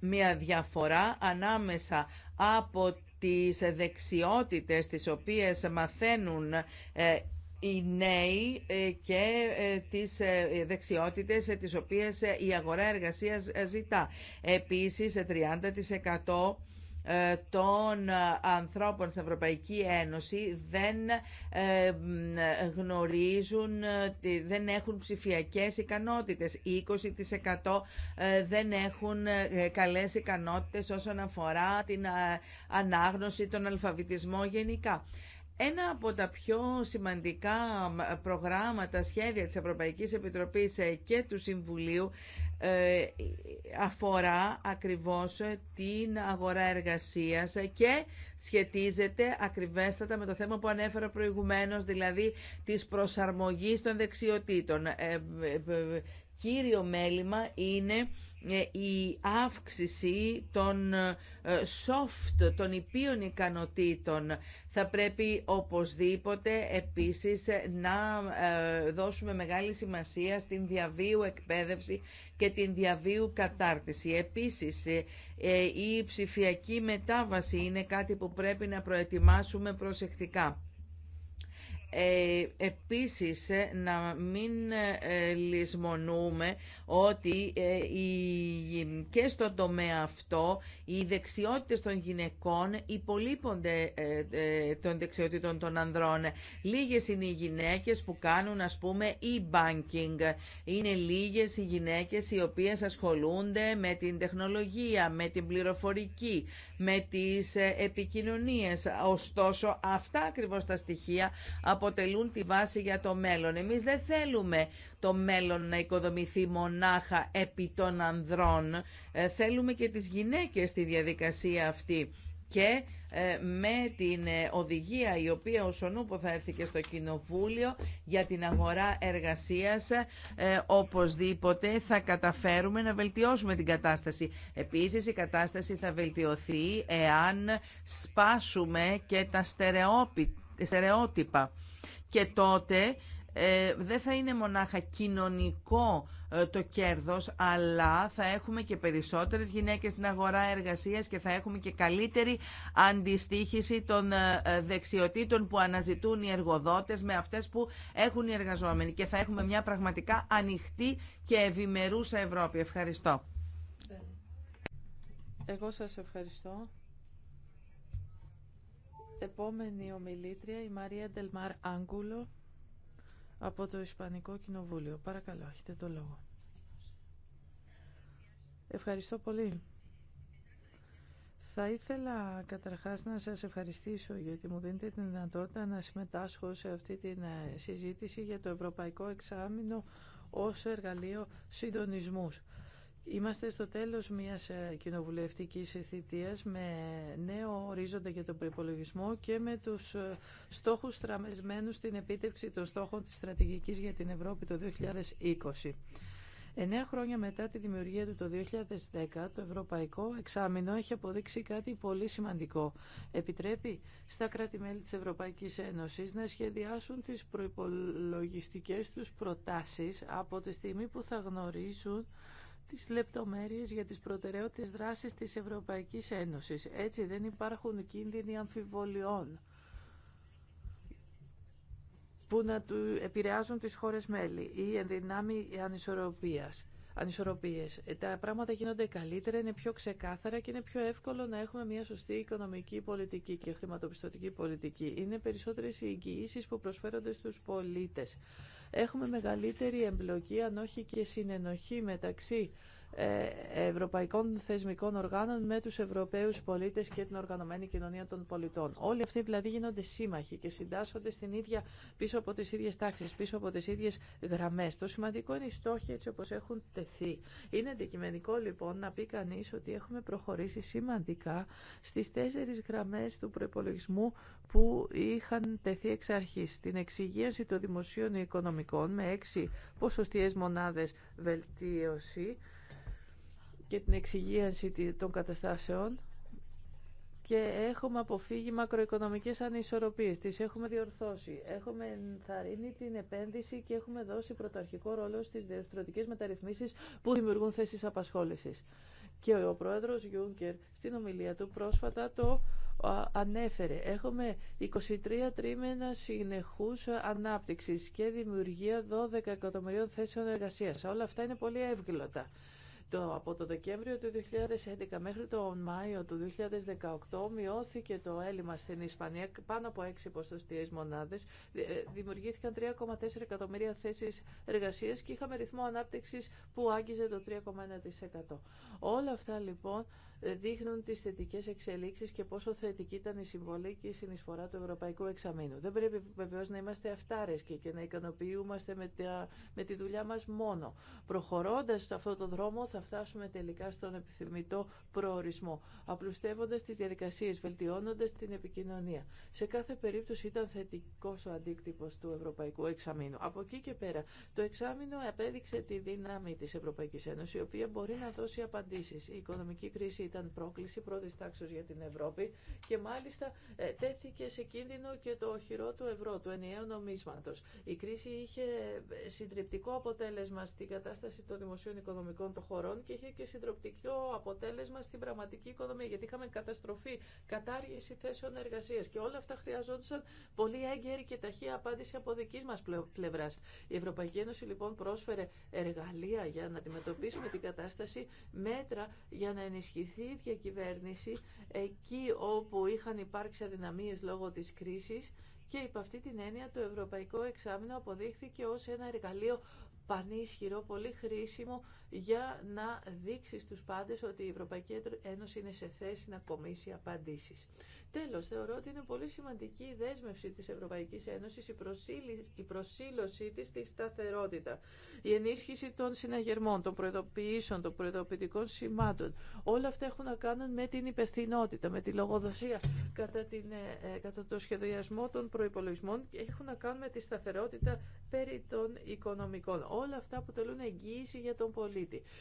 μια διαφορά ανάμεσα από τις δεξιότητες τις οποίες μαθαίνουν ε, οι νέοι ε, και ε, τις δεξιότητες τις οποίες η αγορά εργασίας ζητά. Επίσης, 30% ε, των ε, ανθρώπων στην Ευρωπαϊκή Ένωση δεν ε, γνωρίζουν, δεν έχουν ψηφιακές ικανότητες. 20% δεν έχουν καλές ικανότητες όσον αφορά την ανάγνωση, τον αλφαβητισμό γενικά. Ένα από τα πιο σημαντικά προγράμματα, σχέδια της Ευρωπαϊκής Επιτροπής και του Συμβουλίου αφορά ακριβώς την αγορά εργασίας και σχετίζεται ακριβέστατα με το θέμα που ανέφερα προηγουμένως, δηλαδή της προσαρμογής των δεξιοτήτων. Κύριο μέλημα είναι ε, η αύξηση των ε, soft, των υπείων ικανοτήτων. Θα πρέπει οπωσδήποτε επίσης να ε, δώσουμε μεγάλη σημασία στην διαβίου εκπαίδευση και την διαβίου κατάρτιση. Επίσης, η ψηφιακή μετάβαση είναι κάτι που πρέπει να προετοιμάσουμε προσεκτικά. Ε, επίσης, ε, να μην ε, λησμονούμε ότι και στο τομέα αυτό οι δεξιότητες των γυναικών υπολείπονται των δεξιότητων των ανδρών. Λίγες είναι οι γυναίκες που κάνουν, ας πούμε, e-banking. Είναι λίγες οι γυναίκες οι οποίες ασχολούνται με την τεχνολογία, με την πληροφορική, με τις επικοινωνίες. Ωστόσο, αυτά ακριβώς τα στοιχεία αποτελούν τη βάση για το μέλλον. Εμείς δεν θέλουμε το μέλλον να οικοδομηθεί μονάχα επί των ανδρών. Ε, θέλουμε και τις γυναίκες στη διαδικασία αυτή. Και ε, με την ε, οδηγία η οποία ο Σονούπο θα έρθει και στο Κοινοβούλιο για την αγορά εργασίας οπωσδήποτε θα καταφέρουμε να βελτιώσουμε την κατάσταση. Επίσης η κατάσταση θα βελτιωθεί εάν σπάσουμε και τα στερεότυπα και τότε ε, δεν θα είναι μονάχα κοινωνικό ε, το κέρδος, αλλά θα έχουμε και περισσότερες γυναίκες στην αγορά εργασίας και θα έχουμε και καλύτερη αντιστοίχηση των ε, ε, δεξιοτήτων που αναζητούν οι εργοδότες με αυτές που έχουν οι εργαζόμενοι και θα έχουμε μια πραγματικά ανοιχτή και ευημερούσα Ευρώπη. Ευχαριστώ. Εγώ σας ευχαριστώ. Επόμενη ομιλήτρια η Μαρία Ντελμάρ Άγκουλο από το Ισπανικό Κοινοβούλιο. Παρακαλώ, έχετε το λόγο. Ευχαριστώ πολύ. Θα ήθελα καταρχάς να σας ευχαριστήσω γιατί μου δίνετε την δυνατότητα να συμμετάσχω σε αυτή τη ε, συζήτηση για το Ευρωπαϊκό Εξάμεινο ως εργαλείο συντονισμούς. Είμαστε στο τέλος μιας ε, κοινοβουλευτικής θητείας με νέο ορίζοντα για τον προπολογισμό και με τους ε, στόχους στραμμεσμένους στην επίτευξη των στόχων της στρατηγικής για την Ευρώπη το 2020. Εννέα χρόνια μετά τη δημιουργία του το 2010, το Ευρωπαϊκό Εξάμεινο έχει αποδείξει κάτι πολύ σημαντικό. Επιτρέπει στα κράτη-μέλη της Ευρωπαϊκής Ένωσης να σχεδιάσουν τις προϋπολογιστικές τους προτάσεις από τη στιγμή που θα γνωρίζουν τις λεπτομέρειες για τις προτεραιότητες δράσης της Ευρωπαϊκής Ένωσης. Έτσι δεν υπάρχουν κίνδυνοι αμφιβολιών που να του επηρεάζουν τις χώρες μέλη ή ενδυνάμει ανισορροπίας ανισορροπίες. Ε, τα πράγματα γίνονται καλύτερα, είναι πιο ξεκάθαρα και είναι πιο εύκολο να έχουμε μια σωστή οικονομική πολιτική και χρηματοπιστωτική πολιτική. Είναι περισσότερες οι εγγυήσει που προσφέρονται στους πολίτες. Έχουμε μεγαλύτερη εμπλοκή, αν όχι και συνενοχή μεταξύ ε, ευρωπαϊκών θεσμικών οργάνων με τους Ευρωπαίους πολίτες και την οργανωμένη κοινωνία των πολιτών. Όλοι αυτοί δηλαδή γίνονται σύμμαχοι και συντάσσονται στην ίδια, πίσω από τις ίδιες τάξεις, πίσω από τις ίδιες γραμμές. Το σημαντικό είναι οι στόχοι έτσι όπως έχουν τεθεί. Είναι αντικειμενικό λοιπόν να πει κανεί ότι έχουμε προχωρήσει σημαντικά στις τέσσερις γραμμές του προπολογισμού που είχαν τεθεί εξ αρχή. Την εξυγίανση των δημοσίων οικονομικών με έξι ποσοστιαίες μονάδες βελτίωση, και την εξυγίανση των καταστάσεων και έχουμε αποφύγει μακροοικονομικές ανισορροπίες, τις έχουμε διορθώσει, έχουμε ενθαρρύνει την επένδυση και έχουμε δώσει πρωταρχικό ρόλο στις διευθυντικές μεταρρυθμίσεις που δημιουργούν θέσεις απασχόλησης. Και ο πρόεδρος Γιούγκερ στην ομιλία του πρόσφατα το ανέφερε. Έχουμε 23 τρίμενα συνεχούς ανάπτυξης και δημιουργία 12 εκατομμυρίων θέσεων εργασίας. Όλα αυτά είναι πολύ εύγλωτα. Το, από το Δεκέμβριο του 2011 μέχρι τον Μάιο του 2018 μειώθηκε το έλλειμμα στην Ισπανία πάνω από 6 ποσοστιαίες μονάδες. Ε, ε, δημιουργήθηκαν 3,4 εκατομμύρια θέσεις εργασίας και είχαμε ρυθμό ανάπτυξης που άγγιζε το 3,1%. Όλα αυτά λοιπόν δείχνουν τις θετικές εξελίξεις και πόσο θετική ήταν η συμβολή και η συνεισφορά του Ευρωπαϊκού Εξαμήνου. Δεν πρέπει βεβαίω να είμαστε αυτάρεσκοι και να ικανοποιούμαστε με, τα, με τη δουλειά μας μόνο. Προχωρώντας σε αυτόν τον δρόμο θα φτάσουμε τελικά στον επιθυμητό προορισμό, απλουστεύοντας τις διαδικασίες, βελτιώνοντας την επικοινωνία. Σε κάθε περίπτωση ήταν θετικός ο αντίκτυπος του Ευρωπαϊκού Εξαμήνου. Από εκεί και πέρα, το εξάμεινο απέδειξε τη δύναμη της Ευρωπαϊκής Ένωσης, η οποία μπορεί να δώσει απαντήσεις. Η οικονομική κρίση ήταν πρόκληση πρώτη τάξη για την Ευρώπη και μάλιστα ε, τέθηκε σε κίνδυνο και το χειρό του ευρώ, του ενιαίου νομισματο. Η κρίση είχε ε, συντριπτικό αποτέλεσμα στην κατάσταση των δημοσίων οικονομικών των χωρών και είχε και συντριπτικό αποτέλεσμα στην πραγματική οικονομία, γιατί είχαμε καταστροφή, κατάργηση θέσεων εργασία. και όλα αυτά χρειαζόντουσαν πολύ έγκαιρη και ταχεία απάντηση από δική μα πλευρά. Η Ευρωπαϊκή Ένωση λοιπόν πρόσφερε εργαλεία για να αντιμετωπίσουμε την κατάσταση, μέτρα για να ενισχυθεί η ίδια κυβέρνηση εκεί όπου είχαν υπάρξει αδυναμίες λόγω της κρίσης και υπ' αυτή την έννοια το Ευρωπαϊκό Εξάμεινο αποδείχθηκε ως ένα εργαλείο πανίσχυρο, πολύ χρήσιμο για να δείξει στους πάντες ότι η Ευρωπαϊκή Ένωση είναι σε θέση να κομίσει απαντήσεις. Τέλος, θεωρώ ότι είναι πολύ σημαντική η δέσμευση της Ευρωπαϊκής Ένωσης, η, η προσήλωσή της στη σταθερότητα, η ενίσχυση των συναγερμών, των προεδοποιήσεων, των προεδοποιητικών σημάτων. Όλα αυτά έχουν να κάνουν με την υπευθυνότητα, με τη λογοδοσία κατά, την, ε, ε, κατά το σχεδιασμό των προϋπολογισμών και έχουν να κάνουν με τη σταθερότητα περί των οικονομικών. Όλα αυτά αποτελούν εγγύηση για τον πολίτη.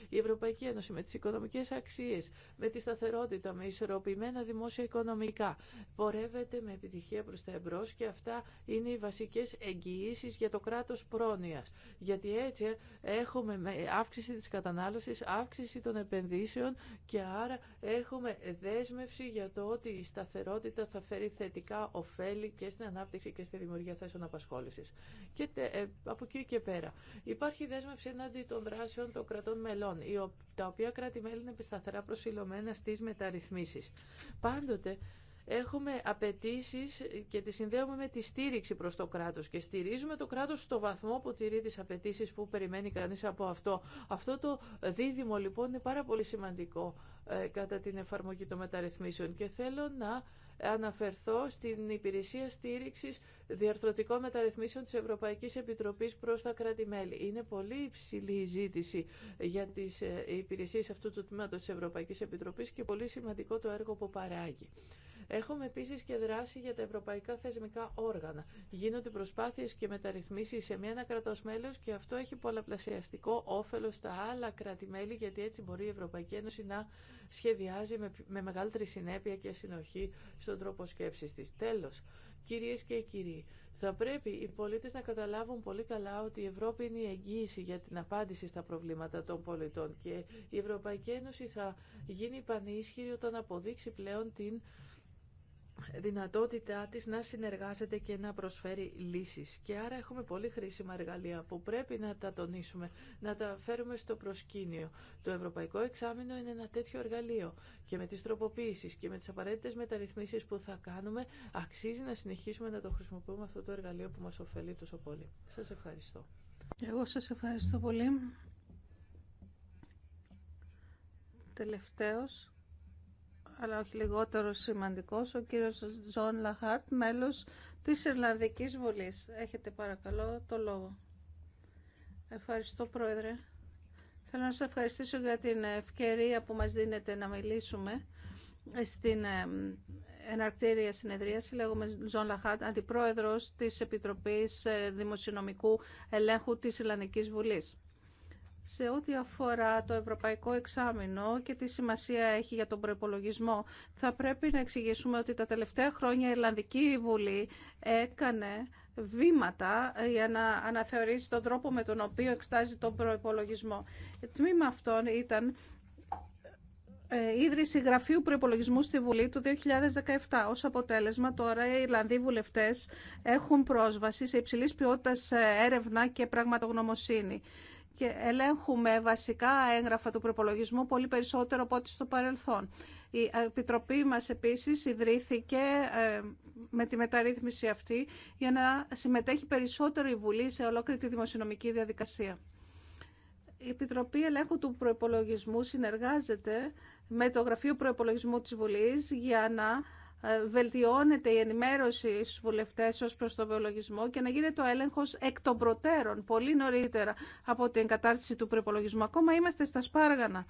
Η Ευρωπαϊκή Ένωση με τις οικονομικές αξίες, με τη σταθερότητα, με ισορροπημένα δημόσια οικονομικά, πορεύεται με επιτυχία προς τα εμπρό και αυτά είναι οι βασικές εγγυήσεις για το κράτος πρόνοιας. Γιατί έτσι έχουμε αύξηση της κατανάλωσης, αύξηση των επενδύσεων και άρα έχουμε δέσμευση για το ότι η σταθερότητα θα φέρει θετικά ωφέλη και στην ανάπτυξη και στη δημιουργία θέσεων απασχόλησης. Και ε, από εκεί και πέρα. Υπάρχει δέσμευση εναντί των δράσεων των κρατών των μελών, τα οποία κράτη-μέλη είναι σταθερά προσιλωμένα στις μεταρρυθμίσεις. Πάντοτε έχουμε απαιτήσει και τις συνδέουμε με τη στήριξη προς το κράτος και στηρίζουμε το κράτος στο βαθμό που τηρεί τις απαιτήσει που περιμένει κανείς από αυτό. Αυτό το δίδυμο λοιπόν είναι πάρα πολύ σημαντικό ε, κατά την εφαρμογή των μεταρρυθμίσεων και θέλω να αναφερθώ στην υπηρεσία στήριξης διαρθρωτικών μεταρρυθμίσεων της Ευρωπαϊκής Επιτροπής προς τα κράτη-μέλη. Είναι πολύ υψηλή η ζήτηση για τις ε, υπηρεσίες αυτού του τμήματος της Ευρωπαϊκής Επιτροπής και πολύ σημαντικό το έργο που παράγει. Έχουμε επίση και δράση για τα ευρωπαϊκά θεσμικά όργανα. Γίνονται προσπάθειες και μεταρρυθμίσεις σε μία κρατός μέλο, και αυτό έχει πολλαπλασιαστικό όφελο στα άλλα κράτη-μέλη γιατί έτσι μπορεί η Ευρωπαϊκή Ένωση να σχεδιάζει με μεγαλύτερη συνέπεια και συνοχή στον τρόπο σκέψη τη. Τέλο. κυρίες και κύριοι, θα πρέπει οι πολίτες να καταλάβουν πολύ καλά ότι η Ευρώπη είναι η εγγύηση για την απάντηση στα προβλήματα των πολιτών και η Ευρωπαϊκή Ένωση θα γίνει πανίσχυρη όταν αποδείξει πλέον την δυνατότητά της να συνεργάζεται και να προσφέρει λύσεις. Και άρα έχουμε πολύ χρήσιμα εργαλεία που πρέπει να τα τονίσουμε, να τα φέρουμε στο προσκήνιο. Το Ευρωπαϊκό Εξάμεινο είναι ένα τέτοιο εργαλείο και με τις τροποποίησεις και με τις απαραίτητες μεταρρυθμίσεις που θα κάνουμε αξίζει να συνεχίσουμε να το χρησιμοποιούμε αυτό το εργαλείο που μας ωφελεί τόσο πολύ. Σας ευχαριστώ. Εγώ σας ευχαριστώ πολύ. Τελευταίος αλλά όχι λιγότερο σημαντικός, ο κύριος Τζον Λαχάρτ, μέλος της Ιρλανδικής Βουλής. Έχετε παρακαλώ το λόγο. Ευχαριστώ Πρόεδρε. Θέλω να σας ευχαριστήσω για την ευκαιρία που μας δίνετε να μιλήσουμε στην εναρκτήρια συνεδρίαση. Λέγομαι Ζων Λαχάρτ, αντιπρόεδρος της Επιτροπής ε, Δημοσιονομικού Ελέγχου της Ιρλανδικής Βουλής σε ό,τι αφορά το ευρωπαϊκό εξάμεινο και τι σημασία έχει για τον προπολογισμό, θα πρέπει να εξηγήσουμε ότι τα τελευταία χρόνια η Ιρλανδική Βουλή έκανε βήματα για να αναθεωρήσει τον τρόπο με τον οποίο εξτάζει τον προπολογισμό. Τμήμα αυτών ήταν η ε, ίδρυση γραφείου προπολογισμού στη Βουλή του 2017. Ως αποτέλεσμα τώρα οι Ιρλανδοί βουλευτές έχουν πρόσβαση σε υψηλής ποιότητας ε, έρευνα και πραγματογνωμοσύνη και ελέγχουμε βασικά έγγραφα του προπολογισμού πολύ περισσότερο από ό,τι στο παρελθόν. Η Επιτροπή μας επίσης ιδρύθηκε ε, με τη μεταρρύθμιση αυτή για να συμμετέχει περισσότερο η Βουλή σε ολόκληρη τη δημοσιονομική διαδικασία. Η Επιτροπή Ελέγχου του Προπολογισμού συνεργάζεται με το Γραφείο Προπολογισμού της Βουλής για να ε, βελτιώνεται η ενημέρωση στους βουλευτές ως προς τον βιολογισμό και να γίνεται ο έλεγχος εκ των προτέρων, πολύ νωρίτερα από την κατάρτιση του προπολογισμού. Ακόμα είμαστε στα σπάργανα.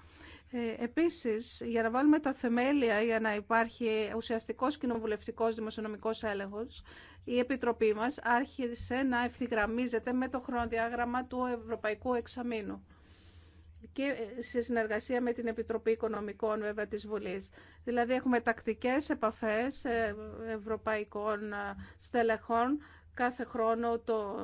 Ε, επίσης, για να βάλουμε τα θεμέλια για να υπάρχει ουσιαστικός κοινοβουλευτικός δημοσιονομικός έλεγχος, η Επιτροπή μας άρχισε να ευθυγραμμίζεται με το χρονοδιάγραμμα του Ευρωπαϊκού Εξαμήνου και ε, σε συνεργασία με την Επιτροπή Οικονομικών βέβαια της Βουλής. Δηλαδή έχουμε τακτικές επαφές ε, ευρωπαϊκών ε, στελεχών κάθε χρόνο το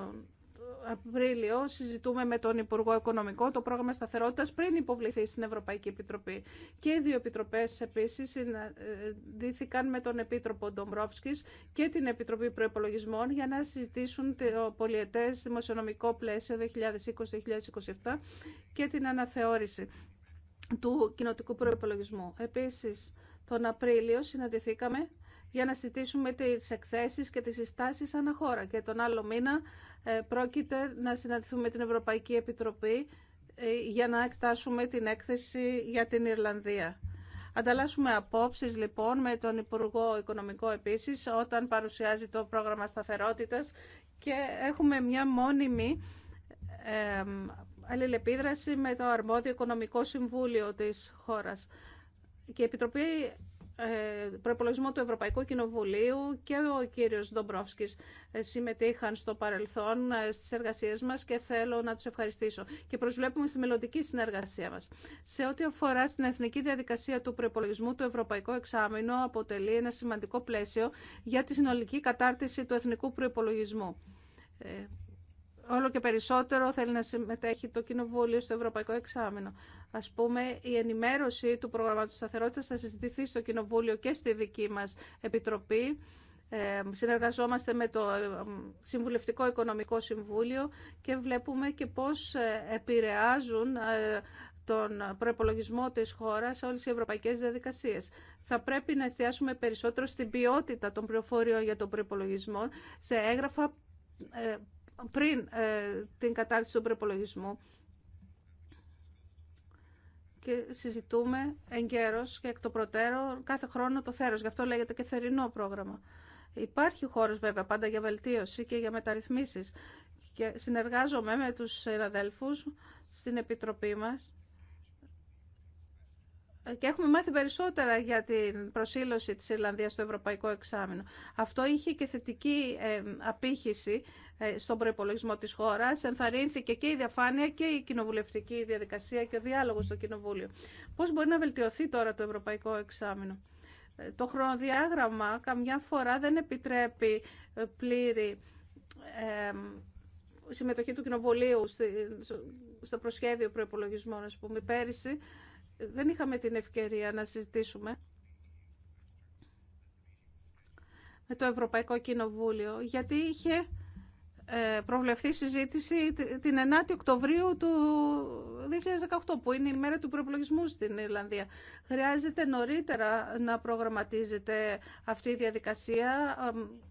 Απρίλιο συζητούμε με τον Υπουργό Οικονομικό το πρόγραμμα σταθερότητας πριν υποβληθεί στην Ευρωπαϊκή Επιτροπή. Και οι δύο επιτροπές επίσης συναντήθηκαν με τον Επίτροπο Ντομπρόφσκης και την Επιτροπή Προϋπολογισμών για να συζητήσουν το πολιετές δημοσιονομικό πλαίσιο 2020-2027 και την αναθεώρηση του κοινοτικού προϋπολογισμού. Επίσης, τον Απρίλιο συναντηθήκαμε για να συζητήσουμε τις εκθέσεις και τις συστάσεις αναχώρα. Και τον άλλο μήνα ε, πρόκειται να συναντηθούμε με την Ευρωπαϊκή Επιτροπή ε, για να εκτάσουμε την έκθεση για την Ιρλανδία. Ανταλλάσσουμε απόψεις λοιπόν με τον Υπουργό Οικονομικό επίσης όταν παρουσιάζει το πρόγραμμα σταθερότητας και έχουμε μια μόνιμη αλληλεπίδραση με το αρμόδιο Οικονομικό Συμβούλιο της χώρας. Και η Επιτροπή ε, προπολογισμό του Ευρωπαϊκού Κοινοβουλίου και ο κύριος Ντομπρόφσκης ε, συμμετείχαν στο παρελθόν ε, στις εργασίες μας και θέλω να τους ευχαριστήσω. Και προσβλέπουμε στη μελλοντική συνεργασία μας. Σε ό,τι αφορά στην εθνική διαδικασία του προπολογισμού, του Ευρωπαϊκού Εξάμεινο αποτελεί ένα σημαντικό πλαίσιο για τη συνολική κατάρτιση του εθνικού προπολογισμού όλο και περισσότερο θέλει να συμμετέχει το Κοινοβούλιο στο Ευρωπαϊκό Εξάμεινο. Α πούμε, η ενημέρωση του προγραμμάτου σταθερότητα θα συζητηθεί στο Κοινοβούλιο και στη δική μα Επιτροπή. Ε, συνεργαζόμαστε με το ε, Συμβουλευτικό Οικονομικό Συμβούλιο και βλέπουμε και πώς ε, επηρεάζουν ε, τον προπολογισμό της χώρας όλες οι ευρωπαϊκές διαδικασίες. Θα πρέπει να εστιάσουμε περισσότερο στην ποιότητα των πληροφοριών για τον προπολογισμό σε έγγραφα πριν ε, την κατάρτιση του προπολογισμού και συζητούμε εγκαίρως και εκ των προτέρων κάθε χρόνο το θέρος. Γι' αυτό λέγεται και θερινό πρόγραμμα. Υπάρχει χώρος βέβαια πάντα για βελτίωση και για μεταρρυθμίσεις και συνεργάζομαι με τους συναδέλφους στην Επιτροπή μας και έχουμε μάθει περισσότερα για την προσήλωση της Ιρλανδίας στο Ευρωπαϊκό Εξάμεινο. Αυτό είχε και θετική ε, απήχηση ε, στον προπολογισμό της χώρας. Ενθαρρύνθηκε και η διαφάνεια και η κοινοβουλευτική διαδικασία και ο διάλογος στο Κοινοβούλιο. Πώς μπορεί να βελτιωθεί τώρα το Ευρωπαϊκό Εξάμεινο. Ε, το χρονοδιάγραμμα καμιά φορά δεν επιτρέπει πλήρη συμμετοχή του Κοινοβουλίου στο προσχέδιο προπολογισμών, α πούμε, πέρυσι δεν είχαμε την ευκαιρία να συζητήσουμε με το Ευρωπαϊκό Κοινοβούλιο, γιατί είχε ε, προβλεφθεί συζήτηση την 9η Οκτωβρίου του 2018, που είναι η μέρα του προπολογισμού στην Ιρλανδία. Χρειάζεται νωρίτερα να προγραμματίζεται αυτή η διαδικασία,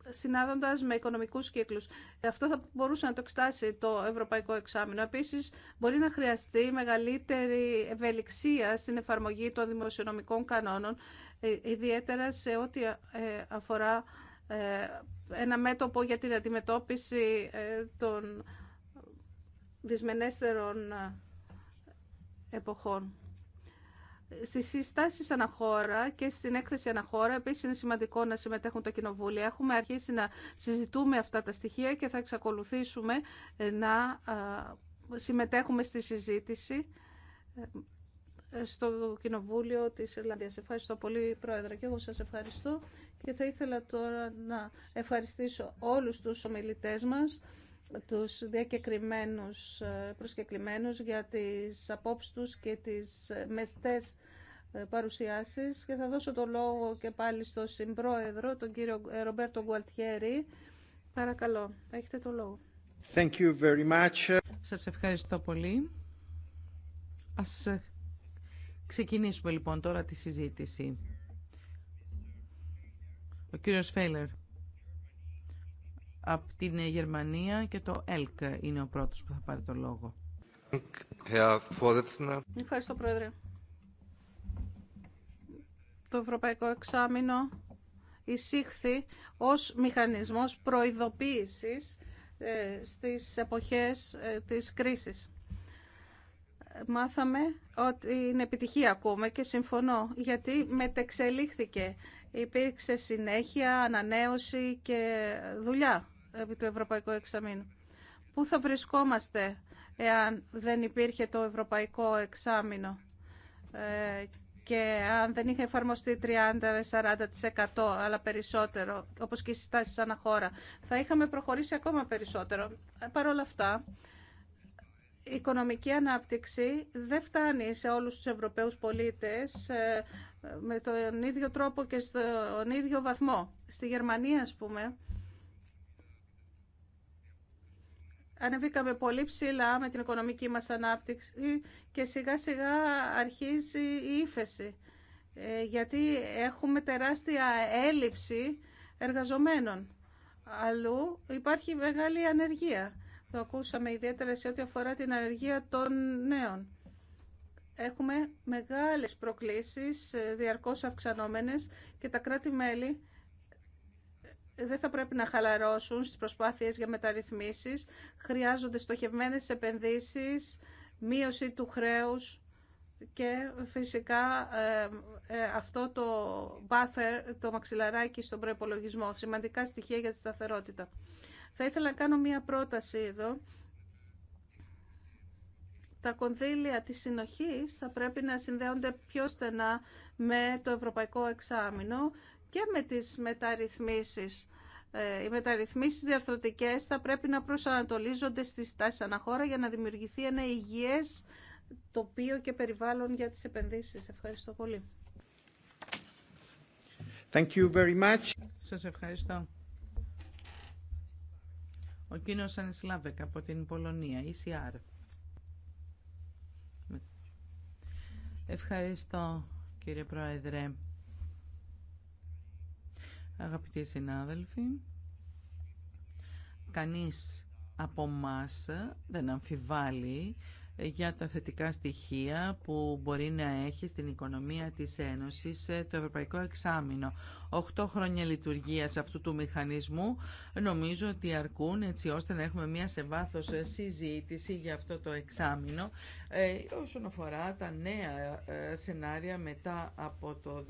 συνάδοντας με οικονομικούς κύκλους. Αυτό θα μπορούσε να το εξτάσει το Ευρωπαϊκό Εξάμεινο. Επίσης, μπορεί να χρειαστεί μεγαλύτερη ευελιξία στην εφαρμογή των δημοσιονομικών κανόνων, ε, ιδιαίτερα σε ό,τι ε, αφορά ε, ένα μέτωπο για την αντιμετώπιση ε, των δυσμενέστερων ε, εποχών. Στι συστάσει αναχώρα και στην έκθεση αναχώρα επίσης είναι σημαντικό να συμμετέχουν τα κοινοβούλια. Έχουμε αρχίσει να συζητούμε αυτά τα στοιχεία και θα εξακολουθήσουμε να συμμετέχουμε στη συζήτηση στο Κοινοβούλιο της Ελλάδας. Ευχαριστώ πολύ, Πρόεδρε, και εγώ σας ευχαριστώ και θα ήθελα τώρα να ευχαριστήσω όλους τους ομιλητές μας, τους διακεκριμένους ε, προσκεκλημένους για τις απόψεις τους και τις ε, μεστές ε, παρουσιάσεις και θα δώσω το λόγο και πάλι στο συμπρόεδρο, τον κύριο Ρομπέρτο Γκουαλτιέρη. Παρακαλώ, έχετε το λόγο. Thank you very much. Σας ευχαριστώ πολύ. Ας ξεκινήσουμε λοιπόν τώρα τη συζήτηση. Ο κύριος Φέιλερ από την Γερμανία και το ΕΛΚ είναι ο πρώτος που θα πάρει το λόγο. Ευχαριστώ, Πρόεδρε. Το Ευρωπαϊκό Εξάμεινο εισήχθη ως μηχανισμός προειδοποίησης ε, στις εποχές ε, της κρίσης. Μάθαμε ότι είναι επιτυχία ακόμα και συμφωνώ γιατί μετεξελίχθηκε υπήρξε συνέχεια, ανανέωση και δουλειά επί του Ευρωπαϊκού Εξαμήνου. Πού θα βρισκόμαστε εάν δεν υπήρχε το Ευρωπαϊκό Εξάμεινο ε, και αν δεν είχε εφαρμοστεί 30-40% αλλά περισσότερο, όπως και οι συστάσεις χώρα. θα είχαμε προχωρήσει ακόμα περισσότερο. Ε, Παρ' όλα αυτά, η οικονομική ανάπτυξη δεν φτάνει σε όλους τους Ευρωπαίους πολίτες ε, με τον ίδιο τρόπο και στον ίδιο βαθμό. Στη Γερμανία, ας πούμε, ανεβήκαμε πολύ ψηλά με την οικονομική μας ανάπτυξη και σιγά σιγά αρχίζει η ύφεση, ε, γιατί έχουμε τεράστια έλλειψη εργαζομένων. Αλλού υπάρχει μεγάλη ανεργία το ακούσαμε ιδιαίτερα σε ό,τι αφορά την ανεργία των νέων. Έχουμε μεγάλες προκλήσεις, ε, διαρκώς αυξανόμενες και τα κράτη-μέλη ε, δεν θα πρέπει να χαλαρώσουν στις προσπάθειες για μεταρρυθμίσεις. Χρειάζονται στοχευμένες επενδύσεις, μείωση του χρέους και φυσικά ε, αυτό το buffer, το μαξιλαράκι στον προϋπολογισμό. Σημαντικά στοιχεία για τη σταθερότητα. Θα ήθελα να κάνω μία πρόταση εδώ. Τα κονδύλια της συνοχής θα πρέπει να συνδέονται πιο στενά με το Ευρωπαϊκό Εξάμεινο και με τις μεταρρυθμίσεις. Ε, οι μεταρρυθμίσεις διαρθρωτικές θα πρέπει να προσανατολίζονται στις τάσεις αναχώρα για να δημιουργηθεί ένα υγιές τοπίο και περιβάλλον για τις επενδύσεις. Ευχαριστώ πολύ. Thank you very ευχαριστώ. Ο κύριος Ανισλάβεκ από την Πολωνία, ECR. Ευχαριστώ κύριε Πρόεδρε. Αγαπητοί συνάδελφοι, κανείς από μας δεν αμφιβάλλει για τα θετικά στοιχεία που μπορεί να έχει στην οικονομία της Ένωσης ε, το Ευρωπαϊκό Εξάμεινο. Οχτώ χρόνια λειτουργίας αυτού του μηχανισμού νομίζω ότι αρκούν έτσι ώστε να έχουμε μια σε βάθος ε, συζήτηση για αυτό το εξάμεινο ε, όσον αφορά τα νέα σενάρια μετά από το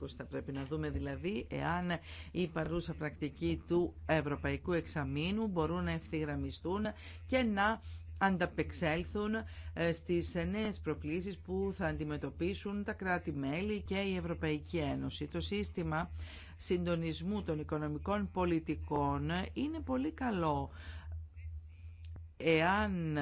2020. Θα πρέπει να δούμε δηλαδή εάν η παρούσα πρακτική του Ευρωπαϊκού Εξαμήνου μπορούν να ευθυγραμμιστούν και να ανταπεξέλθουν ε, στις νέες προκλήσεις που θα αντιμετωπίσουν τα κράτη-μέλη και η Ευρωπαϊκή Ένωση. Το σύστημα συντονισμού των οικονομικών πολιτικών είναι πολύ καλό εάν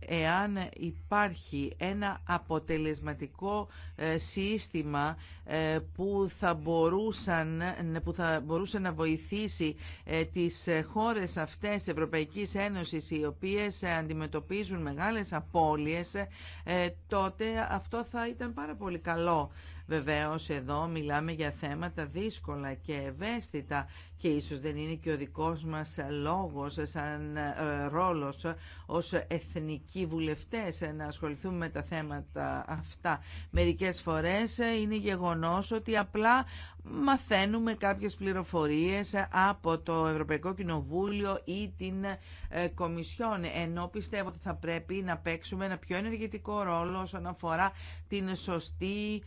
εάν υπάρχει ένα αποτελεσματικό ε, σύστημα ε, που θα, μπορούσαν, ε, που θα μπορούσε να βοηθήσει τις χώρες αυτές της Ευρωπαϊκής Ένωσης οι οποίες αντιμετωπίζουν μεγάλες απώλειες τότε αυτό θα ήταν πάρα πολύ καλό Βεβαίως εδώ μιλάμε για θέματα δύσκολα και ευαίσθητα και ίσως δεν είναι και ο δικός μας λόγος σαν ε, ρόλος ως εθνικοί βουλευτές να ασχοληθούμε με τα θέματα αυτά. Μερικές φορές ε, είναι γεγονός ότι απλά μαθαίνουμε κάποιες πληροφορίες από το Ευρωπαϊκό Κοινοβούλιο ή την ε, Κομισιόν, ενώ πιστεύω ότι θα πρέπει να παίξουμε ένα πιο ενεργητικό ρόλο όσον αφορά την σωστή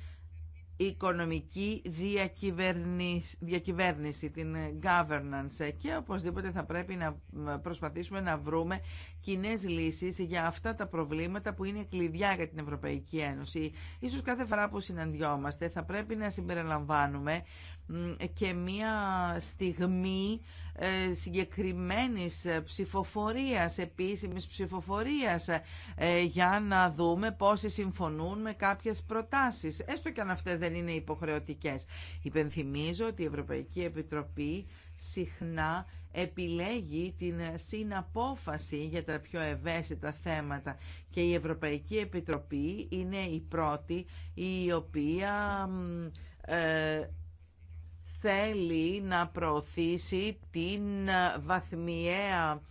οικονομική διακυβέρνηση, διακυβέρνηση, την governance και οπωσδήποτε θα πρέπει να προσπαθήσουμε να βρούμε κοινέ λύσεις για αυτά τα προβλήματα που είναι κλειδιά για την Ευρωπαϊκή Ένωση. Ίσως κάθε φορά που συναντιόμαστε θα πρέπει να συμπεριλαμβάνουμε και μία στιγμή ε, συγκεκριμένης ψηφοφορίας, επίσημης ψηφοφορίας, ε, για να δούμε πόσοι συμφωνούν με κάποιες προτάσεις, έστω και αν αυτές δεν είναι υποχρεωτικές. Υπενθυμίζω ότι η Ευρωπαϊκή Επιτροπή συχνά επιλέγει την συναπόφαση για τα πιο ευαίσθητα θέματα και η Ευρωπαϊκή Επιτροπή είναι η πρώτη η οποία ε, θέλει να προωθήσει την βαθμιαία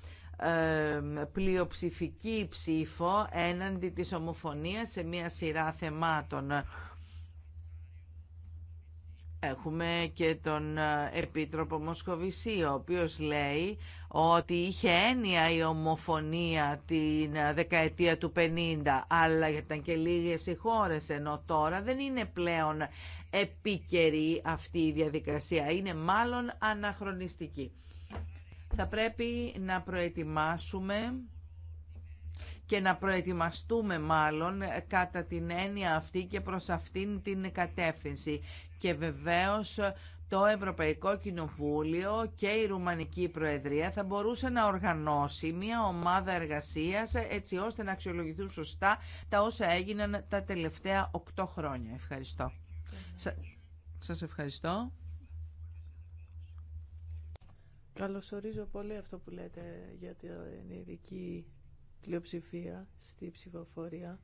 πλειοψηφική ψήφο έναντι της ομοφωνίας σε μία σειρά θεμάτων. Έχουμε και τον ε, Επίτροπο Μοσχοβησί, ο οποίος λέει ότι είχε έννοια η ομοφωνία την ε, δεκαετία του 50, αλλά ήταν και λίγες οι χώρες, ενώ τώρα δεν είναι πλέον επίκαιρη αυτή η διαδικασία, είναι μάλλον αναχρονιστική. Θα πρέπει να προετοιμάσουμε και να προετοιμαστούμε μάλλον κατά την έννοια αυτή και προς αυτήν την κατεύθυνση. Και βεβαίως το Ευρωπαϊκό Κοινοβούλιο και η Ρουμανική Προεδρία θα μπορούσε να οργανώσει μια ομάδα εργασίας έτσι ώστε να αξιολογηθούν σωστά τα όσα έγιναν τα τελευταία 8 χρόνια. Ευχαριστώ. Σα... Σας ευχαριστώ. Καλωσορίζω πολύ αυτό που λέτε για την ειδική πλειοψηφία στη ψηφοφορία.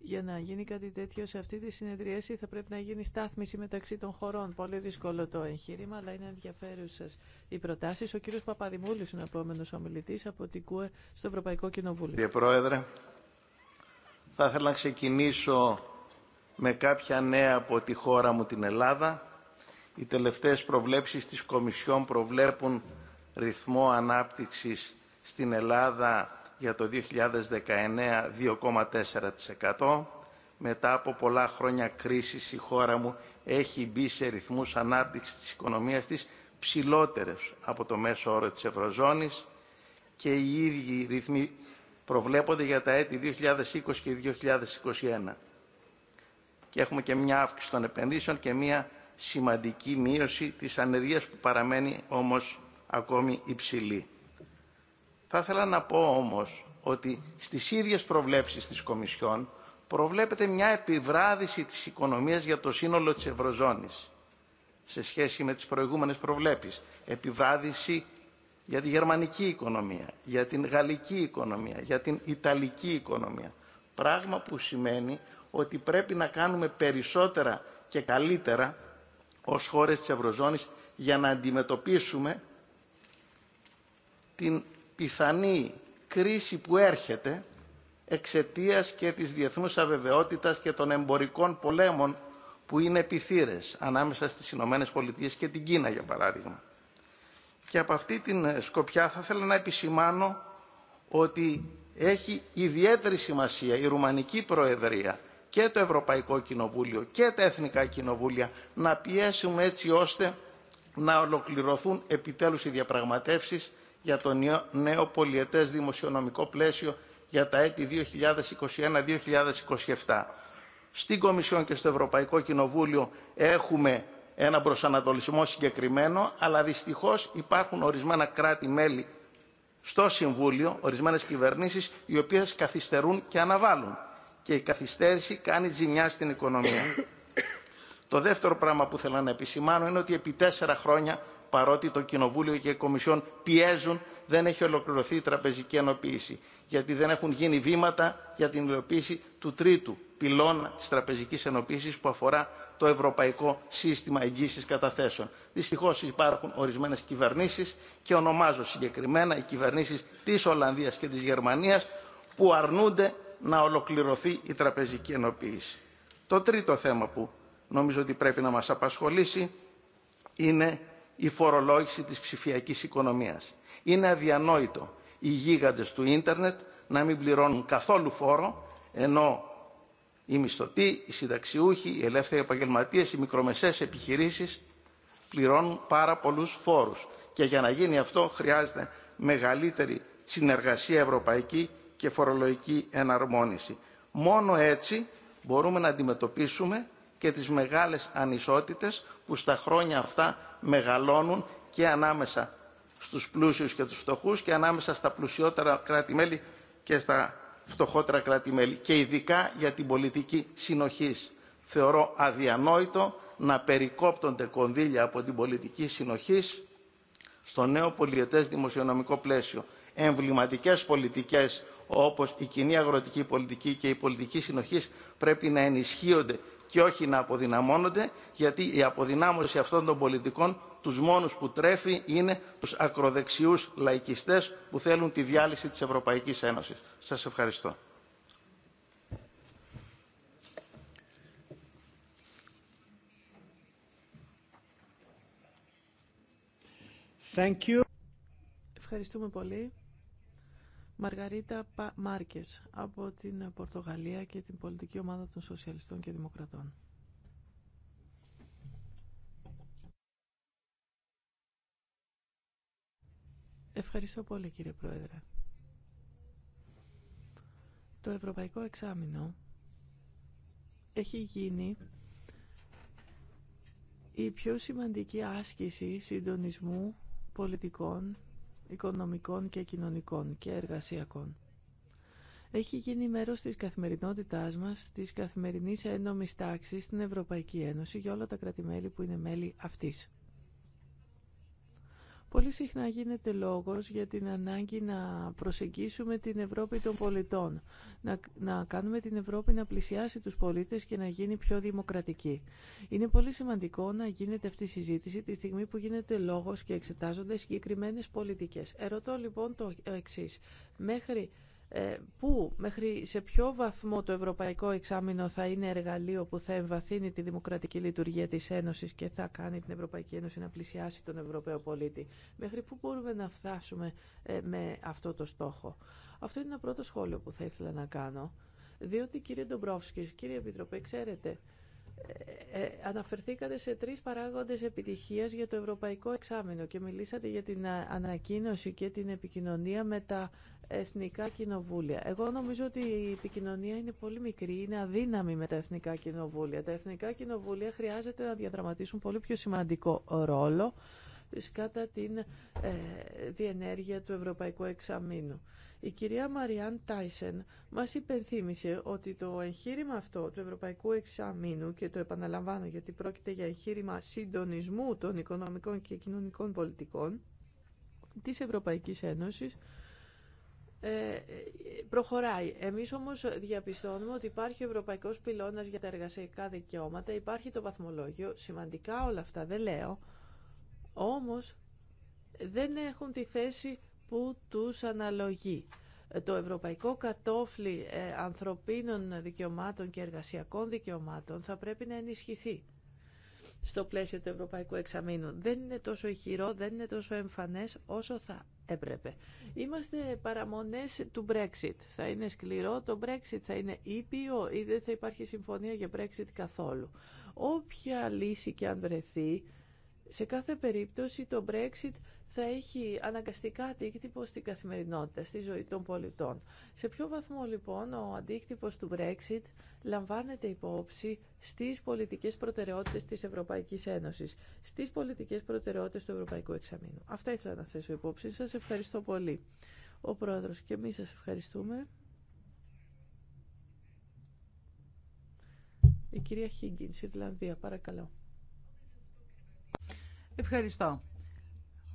Για να γίνει κάτι τέτοιο σε αυτή τη συνεδρίαση θα πρέπει να γίνει στάθμιση μεταξύ των χωρών. Πολύ δύσκολο το εγχείρημα, αλλά είναι ενδιαφέρουσε οι προτάσει. Ο κύριο Παπαδημούλη είναι ο επόμενο ομιλητή από την ΚΟΕ στο Ευρωπαϊκό Κοινοβούλιο. Κύριε Πρόεδρε, θα ήθελα να ξεκινήσω με κάποια νέα από τη χώρα μου την Ελλάδα. Οι τελευταίες προβλέψεις της Κομισιόν προβλέπουν ρυθμό ανάπτυξης στην Ελλάδα για το 2019 2,4%. Μετά από πολλά χρόνια κρίσης η χώρα μου έχει μπει σε ρυθμούς ανάπτυξης της οικονομίας της ψηλότερες από το μέσο όρο της Ευρωζώνης και οι ίδιοι ρυθμοί προβλέπονται για τα έτη 2020 και 2021. Και έχουμε και μια αύξηση των επενδύσεων και μια σημαντική μείωση της ανεργίας που παραμένει όμως ακόμη υψηλή. Θα ήθελα να πω όμως ότι στις ίδιες προβλέψεις της Κομισιόν προβλέπεται μια επιβράδυση της οικονομίας για το σύνολο της Ευρωζώνης σε σχέση με τις προηγούμενες προβλέψεις. Επιβράδυση για τη γερμανική οικονομία, για την γαλλική οικονομία, για την ιταλική οικονομία. Πράγμα που σημαίνει ότι πρέπει να κάνουμε περισσότερα και καλύτερα ως χώρες της Ευρωζώνης για να αντιμετωπίσουμε την πιθανή κρίση που έρχεται εξαιτίας και της διεθνούς αβεβαιότητας και των εμπορικών πολέμων που είναι επιθύρες ανάμεσα στις Ηνωμένες Πολιτείες και την Κίνα για παράδειγμα. Και από αυτή την ε, σκοπιά θα ήθελα να επισημάνω ότι έχει ιδιαίτερη σημασία η Ρουμανική Προεδρία και το Ευρωπαϊκό Κοινοβούλιο και τα Εθνικά Κοινοβούλια να πιέσουμε έτσι ώστε να ολοκληρωθούν επιτέλους οι διαπραγματεύσεις για το νέο πολιετές δημοσιονομικό πλαίσιο για τα έτη 2021-2027. Στην Κομισιόν και στο Ευρωπαϊκό Κοινοβούλιο έχουμε ένα προσανατολισμό συγκεκριμένο, αλλά δυστυχώς υπάρχουν ορισμένα κράτη-μέλη στο Συμβούλιο, ορισμένες κυβερνήσεις, οι οποίες καθυστερούν και αναβάλουν. Και η καθυστέρηση κάνει ζημιά στην οικονομία. Το δεύτερο πράγμα που θέλω να επισημάνω είναι ότι επί τέσσερα χρόνια παρότι το Κοινοβούλιο και η Κομισιόν πιέζουν, δεν έχει ολοκληρωθεί η τραπεζική ενοποίηση. Γιατί δεν έχουν γίνει βήματα για την υλοποίηση του τρίτου πυλώνα τη τραπεζική ενοποίηση που αφορά το ευρωπαϊκό σύστημα εγγύησης καταθέσεων. Δυστυχώ υπάρχουν ορισμένε κυβερνήσει και ονομάζω συγκεκριμένα οι κυβερνήσει τη Ολλανδίας και τη Γερμανία που αρνούνται να ολοκληρωθεί η τραπεζική ενοποίηση. Το τρίτο θέμα που νομίζω ότι πρέπει να μας απασχολήσει είναι η φορολόγηση της ψηφιακής οικονομίας. Είναι αδιανόητο οι γίγαντες του ίντερνετ να μην πληρώνουν καθόλου φόρο, ενώ οι μισθωτοί, οι συνταξιούχοι, οι ελεύθεροι επαγγελματίε, οι μικρομεσαίες επιχειρήσεις πληρώνουν πάρα πολλούς φόρους. Και για να γίνει αυτό χρειάζεται μεγαλύτερη συνεργασία ευρωπαϊκή και φορολογική εναρμόνιση. Μόνο έτσι μπορούμε να αντιμετωπίσουμε και τις μεγάλες ανισότητες που στα χρόνια αυτά μεγαλώνουν και ανάμεσα στους πλούσιους και τους φτωχούς και ανάμεσα στα πλουσιότερα κράτη-μέλη και στα φτωχότερα κράτη-μέλη και ειδικά για την πολιτική συνοχής. Θεωρώ αδιανόητο να περικόπτονται κονδύλια από την πολιτική συνοχής στο νέο πολιετές δημοσιονομικό πλαίσιο. Εμβληματικές πολιτικές όπως η κοινή αγροτική πολιτική και η πολιτική συνοχής πρέπει να ενισχύονται και όχι να αποδυναμώνονται, γιατί η αποδυνάμωση αυτών των πολιτικών τους μόνους που τρέφει είναι τους ακροδεξιούς λαϊκιστές που θέλουν τη διάλυση της Ευρωπαϊκής Ένωσης. Σας ευχαριστώ. Thank you. Ευχαριστούμε πολύ. Μαργαρίτα Μάρκε από την Πορτογαλία και την πολιτική ομάδα των Σοσιαλιστών και Δημοκρατών. Ευχαριστώ πολύ κύριε Πρόεδρε. Το Ευρωπαϊκό Εξάμεινο έχει γίνει η πιο σημαντική άσκηση συντονισμού πολιτικών οικονομικών και κοινωνικών και εργασιακών. Έχει γίνει μέρος της καθημερινότητάς μας, της καθημερινής ένομης τάξης στην Ευρωπαϊκή Ένωση για όλα τα κρατημέλη που είναι μέλη αυτής. Πολύ συχνά γίνεται λόγος για την ανάγκη να προσεγγίσουμε την Ευρώπη των πολιτών, να, να κάνουμε την Ευρώπη να πλησιάσει τους πολίτες και να γίνει πιο δημοκρατική. Είναι πολύ σημαντικό να γίνεται αυτή η συζήτηση τη στιγμή που γίνεται λόγος και εξετάζονται συγκεκριμένες πολιτικές. Ερωτώ λοιπόν το εξή. Μέχρι ε, πού, μέχρι σε ποιο βαθμό το Ευρωπαϊκό Εξάμεινο θα είναι εργαλείο που θα εμβαθύνει τη δημοκρατική λειτουργία της Ένωσης και θα κάνει την Ευρωπαϊκή Ένωση να πλησιάσει τον Ευρωπαίο πολίτη. Μέχρι πού μπορούμε να φτάσουμε ε, με αυτό το στόχο. Αυτό είναι ένα πρώτο σχόλιο που θα ήθελα να κάνω. Διότι κύριε Ντομπρόφσκης, κύριε Επιτροπέ, ξέρετε, ε, ε, αναφερθήκατε σε τρεις παράγοντες επιτυχίας για το ευρωπαϊκό εξάμεινο και μιλήσατε για την ανακοίνωση και την επικοινωνία με τα εθνικά κοινοβούλια. Εγώ νομίζω ότι η επικοινωνία είναι πολύ μικρή, είναι αδύναμη με τα εθνικά κοινοβούλια. Τα εθνικά κοινοβούλια χρειάζεται να διαδραματίσουν πολύ πιο σημαντικό ρόλο κατά την ε, διενέργεια του ευρωπαϊκού εξαμήνου. Η κυρία Μαριάν Τάισεν μας υπενθύμησε ότι το εγχείρημα αυτό του Ευρωπαϊκού Εξαμήνου και το επαναλαμβάνω γιατί πρόκειται για εγχείρημα συντονισμού των οικονομικών και κοινωνικών πολιτικών της Ευρωπαϊκής Ένωσης ε, προχωράει. Εμείς όμως διαπιστώνουμε ότι υπάρχει ο Ευρωπαϊκός Πυλώνας για τα εργασιακά δικαιώματα, υπάρχει το βαθμολόγιο, σημαντικά όλα αυτά δεν λέω, όμως δεν έχουν τη θέση που τους αναλογεί. Ε, το Ευρωπαϊκό Κατόφλι ε, Ανθρωπίνων Δικαιωμάτων και Εργασιακών Δικαιωμάτων θα πρέπει να ενισχυθεί στο πλαίσιο του Ευρωπαϊκού Εξαμήνου. Δεν είναι τόσο ηχηρό, δεν είναι τόσο εμφανές όσο θα έπρεπε. Είμαστε παραμονές του Brexit. Θα είναι σκληρό το Brexit, θα είναι ήπιο ή δεν θα υπάρχει συμφωνία για Brexit καθόλου. Όποια λύση και αν βρεθεί, σε κάθε περίπτωση το Brexit θα έχει αναγκαστικά αντίκτυπο στην καθημερινότητα, στη ζωή των πολιτών. Σε ποιο βαθμό λοιπόν ο αντίκτυπος του Brexit λαμβάνεται υπόψη στις πολιτικές προτεραιότητες της Ευρωπαϊκής Ένωσης, στις πολιτικές προτεραιότητες του Ευρωπαϊκού Εξαμήνου. Αυτά ήθελα να θέσω υπόψη. Σας ευχαριστώ πολύ. Ο Πρόεδρος και εμείς σας ευχαριστούμε. Η κυρία Χίγκιν, Ιρλανδία, παρακαλώ. Ευχαριστώ.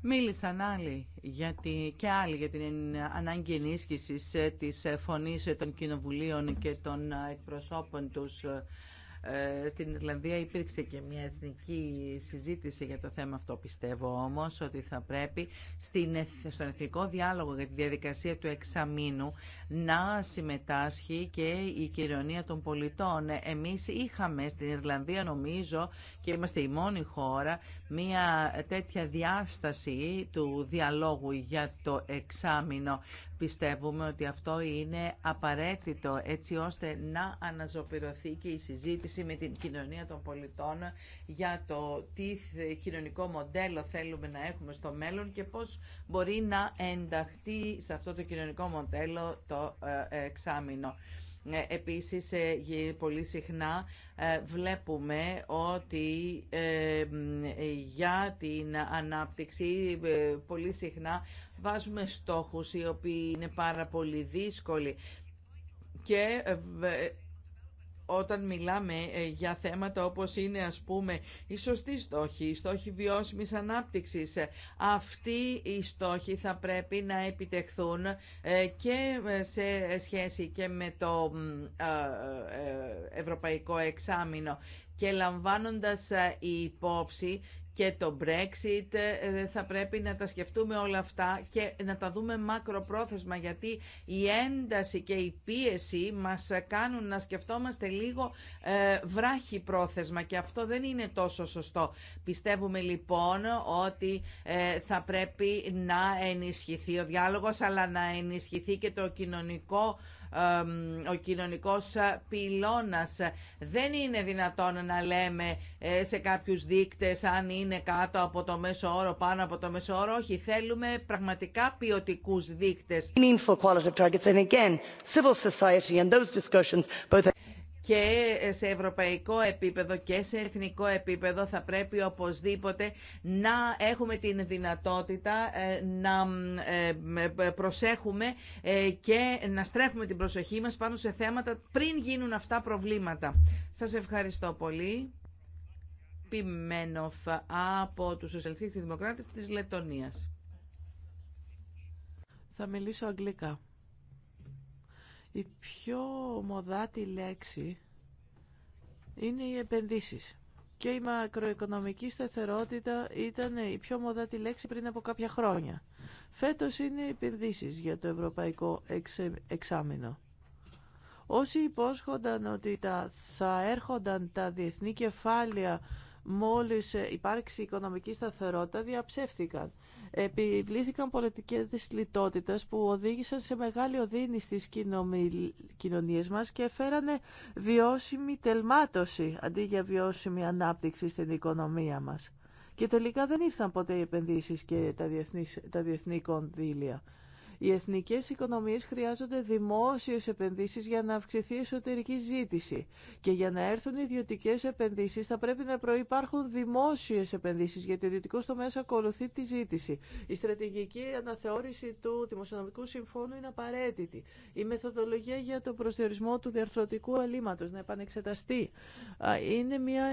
Μίλησαν άλλοι γιατί, και άλλοι για την ανάγκη ενίσχυσης της φωνής των κοινοβουλίων και των εκπροσώπων τους ε, στην Ιρλανδία υπήρξε και μια εθνική συζήτηση για το θέμα αυτό. Πιστεύω όμως ότι θα πρέπει στον εθνικό διάλογο για τη διαδικασία του εξαμήνου να συμμετάσχει και η κοινωνία των πολιτών. Εμείς είχαμε στην Ιρλανδία νομίζω και είμαστε η μόνη χώρα μια τέτοια διάσταση του διαλόγου για το εξάμεινο Πιστεύουμε ότι αυτό είναι απαραίτητο έτσι ώστε να αναζωπηρωθεί και η συζήτηση με την κοινωνία των πολιτών για το τι κοινωνικό μοντέλο θέλουμε να έχουμε στο μέλλον και πώς μπορεί να ενταχθεί σε αυτό το κοινωνικό μοντέλο το ε, ε, εξάμεινο. Ε, επίσης, ε, πολύ συχνά ε, βλέπουμε ότι για την ανάπτυξη πολύ συχνά βάζουμε στόχους οι οποίοι είναι πάρα πολύ δύσκολοι και όταν μιλάμε ε, για θέματα όπως είναι ας πούμε οι σωστοί στόχοι, οι στόχοι βιώσιμης ανάπτυξης, ε, αυτοί οι στόχοι θα πρέπει να επιτεχθούν ε, και σε σχέση και με το Ευρωπαϊκό Εξάμεινο και λαμβάνοντας ε, υπόψη και το Brexit ε, ε, θα πρέπει να τα σκεφτούμε όλα αυτά και να τα δούμε μακροπρόθεσμα γιατί η ένταση και η πίεση μας κάνουν να σκεφτόμαστε λίγο βράχη πρόθεσμα και αυτό δεν είναι τόσο σωστό. Πιστεύουμε λοιπόν ότι θα πρέπει να ενισχυθεί ο διάλογος αλλά να ενισχυθεί και το κοινωνικό ο κοινωνικός ε, πυλώνας. Δεν είναι δυνατόν να λέμε ε, σε κάποιους δείκτες αν είναι κάτω από το μέσο όρο, πάνω από το μέσο όρο. Όχι, θέλουμε πραγματικά ποιοτικούς δείκτες και σε ευρωπαϊκό επίπεδο και σε εθνικό επίπεδο θα πρέπει οπωσδήποτε να έχουμε την δυνατότητα ε, να ε, ε, προσέχουμε και να στρέφουμε την προσοχή μας πάνω σε θέματα πριν γίνουν αυτά προβλήματα. Σας ευχαριστώ πολύ. Πιμένοφ από τους Σοσιαλιστικούς και Δημοκράτες της Λετωνίας. Θα μιλήσω αγγλικά. Η πιο μοδάτη λέξη είναι οι επενδύσεις. Και η μακροοικονομική σταθερότητα ήταν η πιο μοδάτη λέξη πριν από κάποια χρόνια. Φέτος είναι οι επενδύσεις για το ευρωπαϊκό εξάμεινο. Όσοι υπόσχονταν ότι τα, θα έρχονταν τα διεθνή κεφάλαια μόλις ε, υπάρξει οικονομική σταθερότητα διαψεύθηκαν επιβλήθηκαν πολιτικές δυσλιτότητες που οδήγησαν σε μεγάλη οδύνη στις κοινωνίες μας και φέρανε βιώσιμη τελμάτωση αντί για βιώσιμη ανάπτυξη στην οικονομία μας. Και τελικά δεν ήρθαν ποτέ οι επενδύσεις και τα, διεθνή, τα διεθνή κονδύλια. Οι εθνικές οικονομίες χρειάζονται δημόσιες επενδύσεις για να αυξηθεί η εσωτερική ζήτηση. Και για να έρθουν οι ιδιωτικές επενδύσεις θα πρέπει να προϋπάρχουν δημόσιες επενδύσεις, γιατί ο ιδιωτικός τομέας ακολουθεί τη ζήτηση. Η στρατηγική αναθεώρηση του Δημοσιονομικού Συμφώνου είναι απαραίτητη. Η μεθοδολογία για το προσδιορισμό του διαρθρωτικού αλήματος να επανεξεταστεί. Είναι μια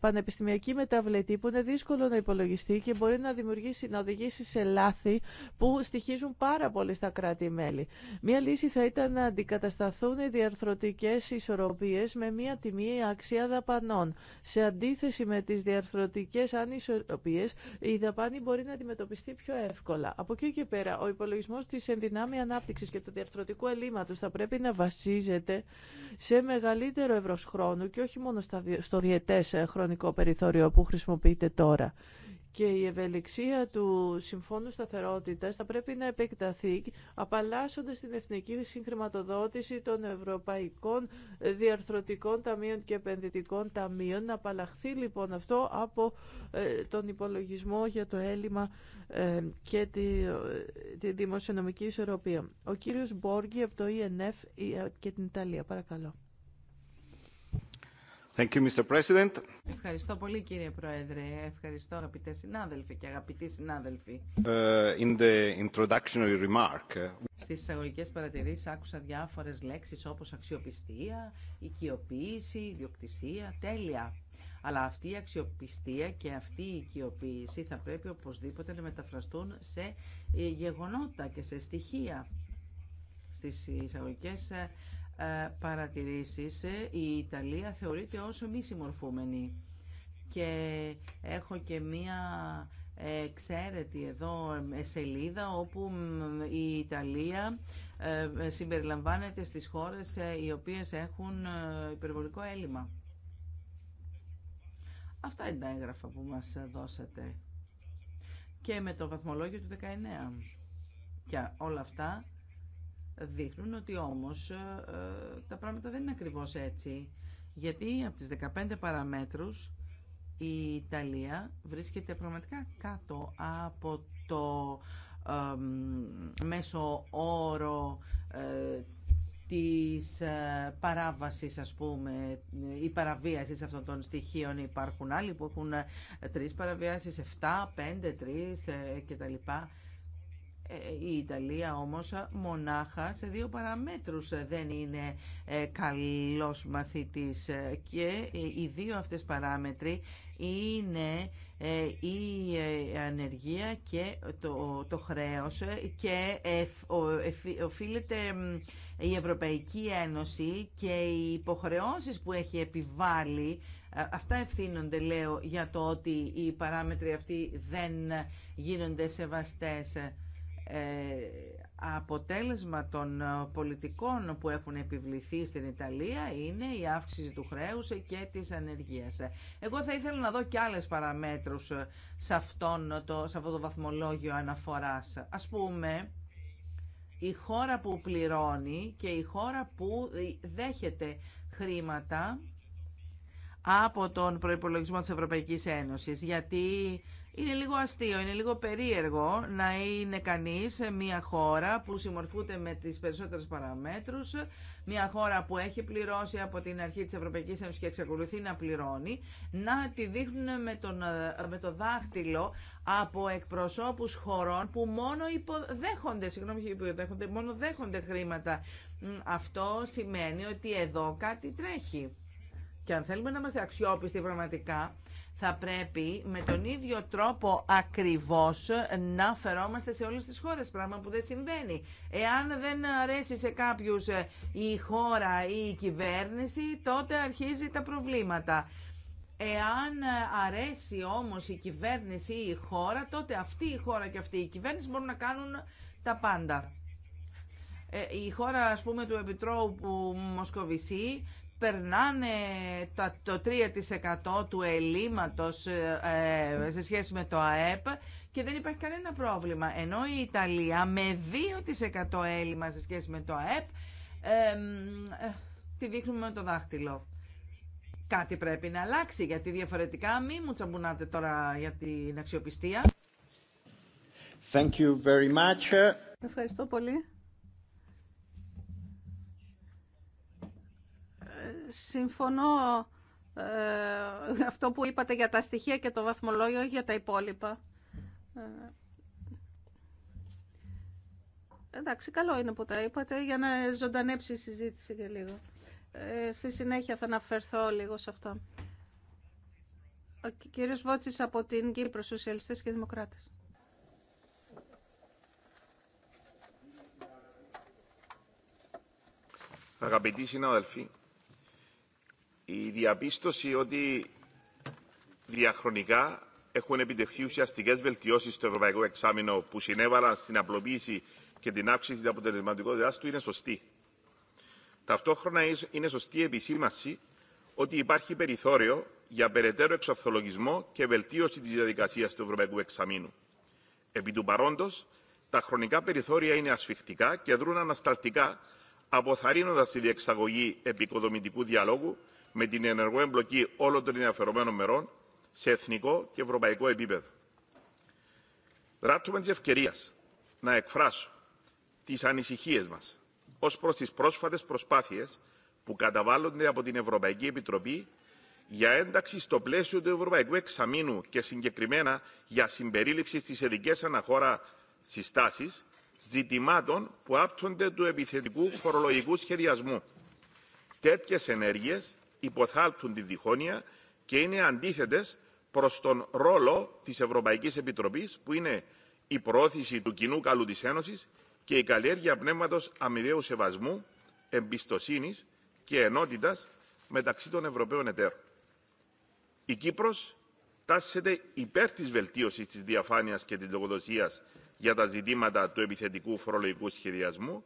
πανεπιστημιακή μεταβλητή που είναι δύσκολο να υπολογιστεί και μπορεί να, δημιουργήσει, να οδηγήσει σε λάθη που στοιχίζουν πάρα πολύ στα κράτη-μέλη. Μία λύση θα ήταν να αντικατασταθούν οι διαρθρωτικές ισορροπίες με μία τιμή αξία δαπανών. Σε αντίθεση με τις διαρθρωτικές ανισορροπίες, η δαπάνη μπορεί να αντιμετωπιστεί πιο εύκολα. Από εκεί και πέρα, ο υπολογισμός της ενδυνάμει ανάπτυξης και του διαρθρωτικού ελλείμματος θα πρέπει να βασίζεται σε μεγαλύτερο ευρώ χρόνου και όχι μόνο στο διετέ ε, χρονικό περιθώριο που χρησιμοποιείται τώρα και η ευελιξία του Συμφώνου Σταθερότητας θα πρέπει να επεκταθεί απαλλάσσοντας την εθνική συγχρηματοδότηση των ευρωπαϊκών διαρθρωτικών ταμείων και επενδυτικών ταμείων. Να απαλλαχθεί λοιπόν αυτό από ε, τον υπολογισμό για το έλλειμμα ε, και τη, δημοσιονομική ισορροπία. Ο κύριος Μπόργκη από το ΕΝΕΦ e και την Ιταλία. Παρακαλώ. Ευχαριστώ πολύ κύριε Πρόεδρε. Ευχαριστώ αγαπητέ συνάδελφοι και αγαπητοί συνάδελφοι. Uh, in the introductory remark... Uh, Στις εισαγωγικές παρατηρήσεις άκουσα διάφορες λέξεις όπως αξιοπιστία, οικειοποίηση, ιδιοκτησία, τέλεια. Αλλά αυτή η αξιοπιστία και αυτή η οικειοποίηση θα πρέπει οπωσδήποτε να μεταφραστούν σε ε, γεγονότα και σε στοιχεία. Στις εισαγωγικές ε, ε, παρατηρήσεις ε, η Ιταλία θεωρείται όσο μη συμμορφούμενη και έχω και μία εξαίρετη εδώ σελίδα όπου η Ιταλία ε, συμπεριλαμβάνεται στις χώρες οι οποίες έχουν υπερβολικό έλλειμμα. Αυτά είναι τα έγγραφα που μας δώσατε. Και με το βαθμολόγιο του 19. Και όλα αυτά δείχνουν ότι όμως ε, ε, τα πράγματα δεν είναι ακριβώς έτσι. Γιατί από τις 15 παραμέτρους η Ιταλία βρίσκεται πραγματικά κάτω από το μέσο όρο ε, της ε, παράβασης ας πούμε ή παραβίασης αυτών των στοιχείων υπάρχουν άλλοι που έχουν ε, τρεις παραβιάσεις, 7, 5, 3 κτλ. Η Ιταλία όμως μονάχα σε δύο παραμέτρους δεν είναι ε, καλός μαθητής ε, και ε, οι δύο αυτές παράμετροι είναι η ανεργία και το, το χρέος και οφείλεται η Ευρωπαϊκή Ένωση και οι υποχρεώσεις που έχει επιβάλει Αυτά ευθύνονται, λέω, για το ότι οι παράμετροι αυτοί δεν γίνονται σεβαστές. Ε, αποτέλεσμα των ε, πολιτικών που έχουν επιβληθεί στην Ιταλία είναι η αύξηση του χρέους και της ανεργίας. Εγώ θα ήθελα να δω και άλλες παραμέτρους ε, σε, αυτόν το, σε αυτό το βαθμολόγιο αναφοράς. Ας πούμε, η χώρα που πληρώνει και η χώρα που δέχεται χρήματα από τον προϋπολογισμό της Ευρωπαϊκής Ένωσης, γιατί είναι λίγο αστείο, είναι λίγο περίεργο να είναι σε μια χώρα που συμμορφούνται με τις περισσότερες παραμέτρους, μια χώρα που έχει πληρώσει από την αρχή της Ευρωπαϊκής Ένωση και εξακολουθεί να πληρώνει, να τη δείχνουν με, τον, με το δάχτυλο από εκπροσώπους χωρών που μόνο υποδέχονται, συγγνώμη, υποδέχονται, μόνο δέχονται χρήματα. Αυτό σημαίνει ότι εδώ κάτι τρέχει. Και αν θέλουμε να είμαστε αξιόπιστοι πραγματικά, θα πρέπει με τον ίδιο τρόπο ακριβώς να φερόμαστε σε όλες τις χώρες, πράγμα που δεν συμβαίνει. Εάν δεν αρέσει σε κάποιους η χώρα ή η κυβέρνηση, τότε αρχίζει τα προβλήματα. Εάν αρέσει όμως η κυβέρνηση ή η χώρα, τότε αυτή η χώρα και αυτή η κυβέρνηση μπορούν να κάνουν τα πάντα. Ε, η χώρα, ας πούμε, του Επιτρόπου Μοσκοβισή περνάνε το 3% του ελλείμματος ε, ε, σε σχέση με το ΑΕΠ και δεν υπάρχει κανένα πρόβλημα. Ενώ η Ιταλία με 2% έλλειμμα σε σχέση με το ΑΕΠ ε, τη δείχνουμε με το δάχτυλο. Κάτι πρέπει να αλλάξει, γιατί διαφορετικά μη μου τσαμπουνάτε τώρα για την αξιοπιστία. Thank you very much. Ευχαριστώ πολύ. συμφωνώ ε, αυτό που είπατε για τα στοιχεία και το βαθμολόγιο, για τα υπόλοιπα. Ε, εντάξει, καλό είναι που τα είπατε για να ζωντανέψει η συζήτηση για λίγο. Ε, στη συνέχεια θα αναφερθώ λίγο σε αυτό. Ο κύριος Βότσης από την Κύπρο, Σοσιαλιστές και Δημοκράτες. Αγαπητοί συνάδελφοι, η διαπίστωση ότι διαχρονικά έχουν επιτευχθεί ουσιαστικέ βελτιώσει στο ευρωπαϊκό εξάμεινο που συνέβαλαν στην απλοποίηση και την αύξηση τη αποτελεσματικότητά του είναι σωστή. Ταυτόχρονα είναι σωστή η επισήμαση ότι υπάρχει περιθώριο για περαιτέρω εξορθολογισμό και βελτίωση τη διαδικασία του ευρωπαϊκού εξαμήνου. Επί του παρόντο, τα χρονικά περιθώρια είναι ασφιχτικά και δρούν ανασταλτικά, αποθαρρύνοντα τη διεξαγωγή επικοδομητικού διαλόγου με την ενεργό εμπλοκή όλων των ενδιαφερομένων μερών σε εθνικό και ευρωπαϊκό επίπεδο. Δράττουμε τη ευκαιρία να εκφράσω τι ανησυχίε μα ω προ τι πρόσφατε προσπάθειε που καταβάλλονται από την Ευρωπαϊκή Επιτροπή για ένταξη στο πλαίσιο του Ευρωπαϊκού Εξαμήνου και συγκεκριμένα για συμπερίληψη στις ειδικέ αναχώρα συστάσει ζητημάτων που άπτονται του επιθετικού φορολογικού σχεδιασμού. Τέτοιε ενέργειες υποθάλπτουν τη διχόνοια και είναι αντίθετες προς τον ρόλο της Ευρωπαϊκής Επιτροπής που είναι η πρόθεση του κοινού καλού της Ένωσης και η καλλιέργεια πνεύματος αμοιβαίου σεβασμού, εμπιστοσύνης και ενότητας μεταξύ των Ευρωπαίων εταίρων. Η Κύπρος τάσσεται υπέρ της βελτίωσης της διαφάνειας και της λογοδοσίας για τα ζητήματα του επιθετικού φορολογικού σχεδιασμού,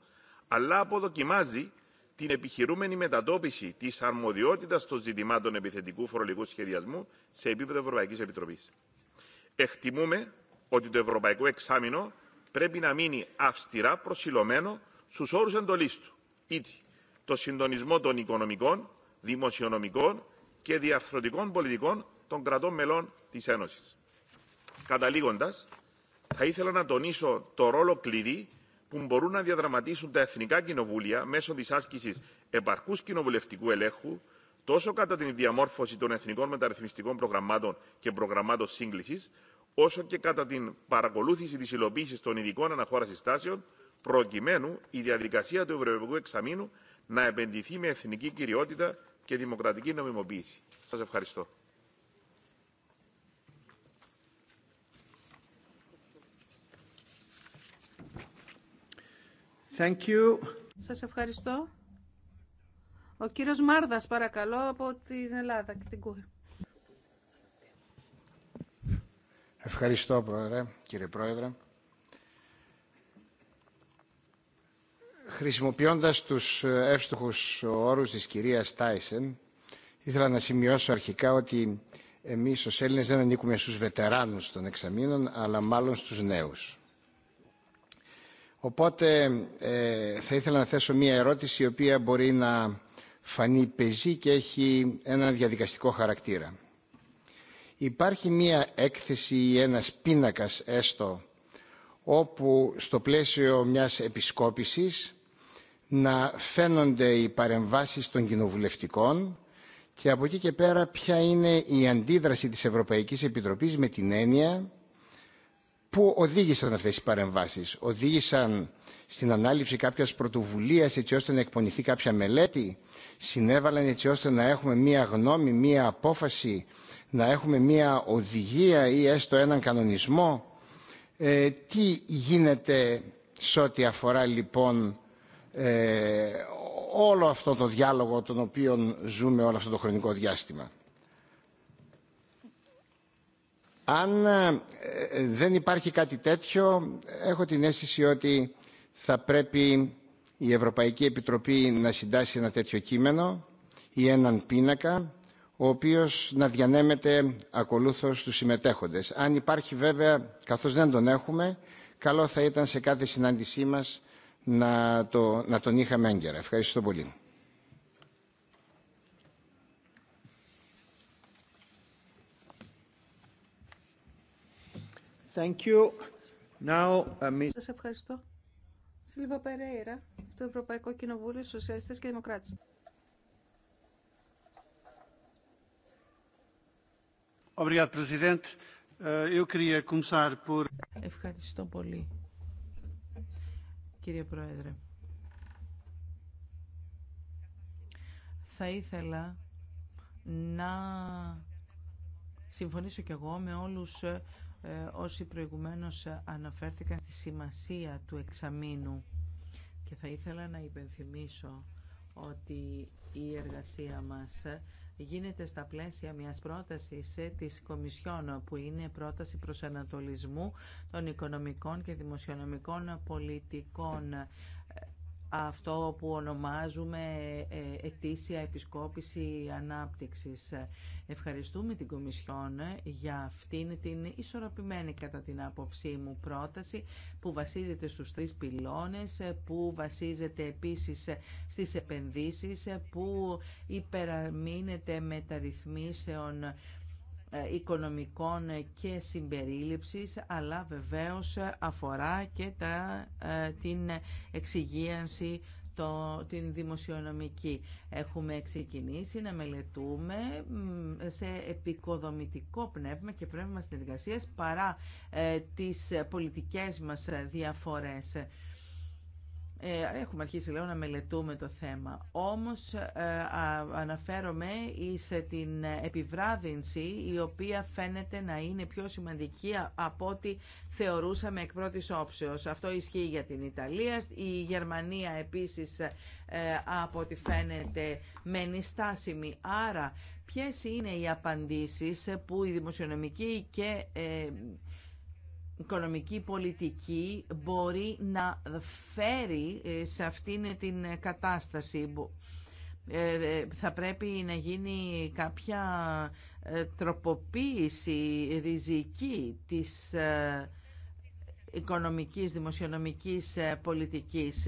αλλά αποδοκιμάζει την επιχειρούμενη μετατόπιση τη αρμοδιότητα των ζητημάτων επιθετικού φορολογικού σχεδιασμού σε επίπεδο Ευρωπαϊκή Επιτροπή. Εκτιμούμε ότι το Ευρωπαϊκό Εξάμεινο πρέπει να μείνει αυστηρά προσιλωμένο στου όρου εντολή του, ήτι το συντονισμό των οικονομικών, δημοσιονομικών και διαρθρωτικών πολιτικών των κρατών μελών τη Ένωση. Καταλήγοντα, θα ήθελα να τονίσω το ρόλο κλειδί που μπορούν να διαδραματίσουν τα εθνικά κοινοβούλια μέσω τη άσκηση επαρκού κοινοβουλευτικού ελέγχου τόσο κατά την διαμόρφωση των εθνικών μεταρρυθμιστικών προγραμμάτων και προγραμμάτων σύγκληση, όσο και κατά την παρακολούθηση τη υλοποίηση των ειδικών αναχώραση τάσεων, προκειμένου η διαδικασία του Ευρωπαϊκού Εξαμήνου να επενδυθεί με εθνική κυριότητα και δημοκρατική νομιμοποίηση. Σα ευχαριστώ. Thank you. Σας ευχαριστώ. Ο κύριος Μάρδας, παρακαλώ, από την Ελλάδα και την Ευχαριστώ, Πρόεδρε, κύριε Πρόεδρε. Χρησιμοποιώντας τους εύστοχους όρους της κυρίας Τάισεν, ήθελα να σημειώσω αρχικά ότι εμείς ως Έλληνες δεν ανήκουμε στους βετεράνους των εξαμήνων, αλλά μάλλον στους νέους. Οπότε ε, θα ήθελα να θέσω μία ερώτηση η οποία μπορεί να φανεί πεζή και έχει ένα διαδικαστικό χαρακτήρα. Υπάρχει μία έκθεση ή ένας πίνακας έστω όπου στο πλαίσιο μιας επισκόπησης να φαίνονται οι παρεμβάσεις των κοινοβουλευτικών και από εκεί και πέρα ποια είναι η αντίδραση της Ευρωπαϊκής Επιτροπής με την έννοια που οδήγησαν αυτές οι παρεμβάσεις. Οδήγησαν στην ανάληψη κάποιας πρωτοβουλίας έτσι ώστε να εκπονηθεί κάποια μελέτη. Συνέβαλαν έτσι ώστε να έχουμε μία γνώμη, μία απόφαση, να έχουμε μία οδηγία ή έστω έναν κανονισμό. Ε, τι γίνεται σε ό,τι αφορά λοιπόν ε, όλο αυτό το διάλογο τον οποίο ζούμε όλο αυτό το χρονικό διάστημα. Αν ε, ε, δεν υπάρχει κάτι τέτοιο, έχω την αίσθηση ότι θα πρέπει η Ευρωπαϊκή Επιτροπή να συντάσει ένα τέτοιο κείμενο ή έναν πίνακα, ο οποίος να διανέμεται ακολούθως στους συμμετέχοντες. Αν υπάρχει βέβαια, καθώς δεν τον έχουμε, καλό θα ήταν σε κάθε συνάντησή μας να, το, να τον είχαμε έγκαιρα. Ευχαριστώ πολύ. Thank you. Now, uh, Σας ευχαριστώ. Σίλβα Περέιρα, το Ευρωπαϊκό Κοινοβούλιο Σοσιαλιστές και Δημοκράτες. Uh, ευχαριστώ πολύ, κύριε Πρόεδρε. Θα ήθελα να συμφωνήσω κι εγώ με όλους ε, όσοι προηγουμένως αναφέρθηκαν στη σημασία του εξαμήνου και θα ήθελα να υπενθυμίσω ότι η εργασία μας γίνεται στα πλαίσια μιας πρότασης της Κομισιόν που είναι πρόταση ανατολισμού των οικονομικών και δημοσιονομικών πολιτικών αυτό που ονομάζουμε ε, ετήσια επισκόπηση ανάπτυξης. Ευχαριστούμε την Κομισιόν για αυτήν την ισορροπημένη κατά την άποψή μου πρόταση που βασίζεται στους τρεις πυλώνες, που βασίζεται επίσης στις επενδύσεις, που υπεραμείνεται μεταρρυθμίσεων ε, οικονομικών ε, και συμπερίληψης, αλλά βεβαίως ε, αφορά και τα, την εξυγίανση το, την δημοσιονομική. Έχουμε ξεκινήσει να μελετούμε σε επικοδομητικό πνεύμα και πνεύμα συνεργασίας παρά ε, τις πολιτικές μας διαφορές. Ε, έχουμε αρχίσει λέω να μελετούμε το θέμα. Όμως ε, αναφέρομαι σε την επιβράδυνση η οποία φαίνεται να είναι πιο σημαντική από ό,τι θεωρούσαμε εκ πρώτης όψεως. Αυτό ισχύει για την Ιταλία. Η Γερμανία επίσης ε, από ό,τι φαίνεται μένει στάσιμη. Άρα ποιες είναι οι απαντήσεις που η δημοσιονομική και οικονομική πολιτική μπορεί να φέρει ε, σε αυτήν την κατάσταση. Ε, ε, θα πρέπει να γίνει κάποια τροποποίηση ριζική της οικονομικής, δημοσιονομικής πολιτικής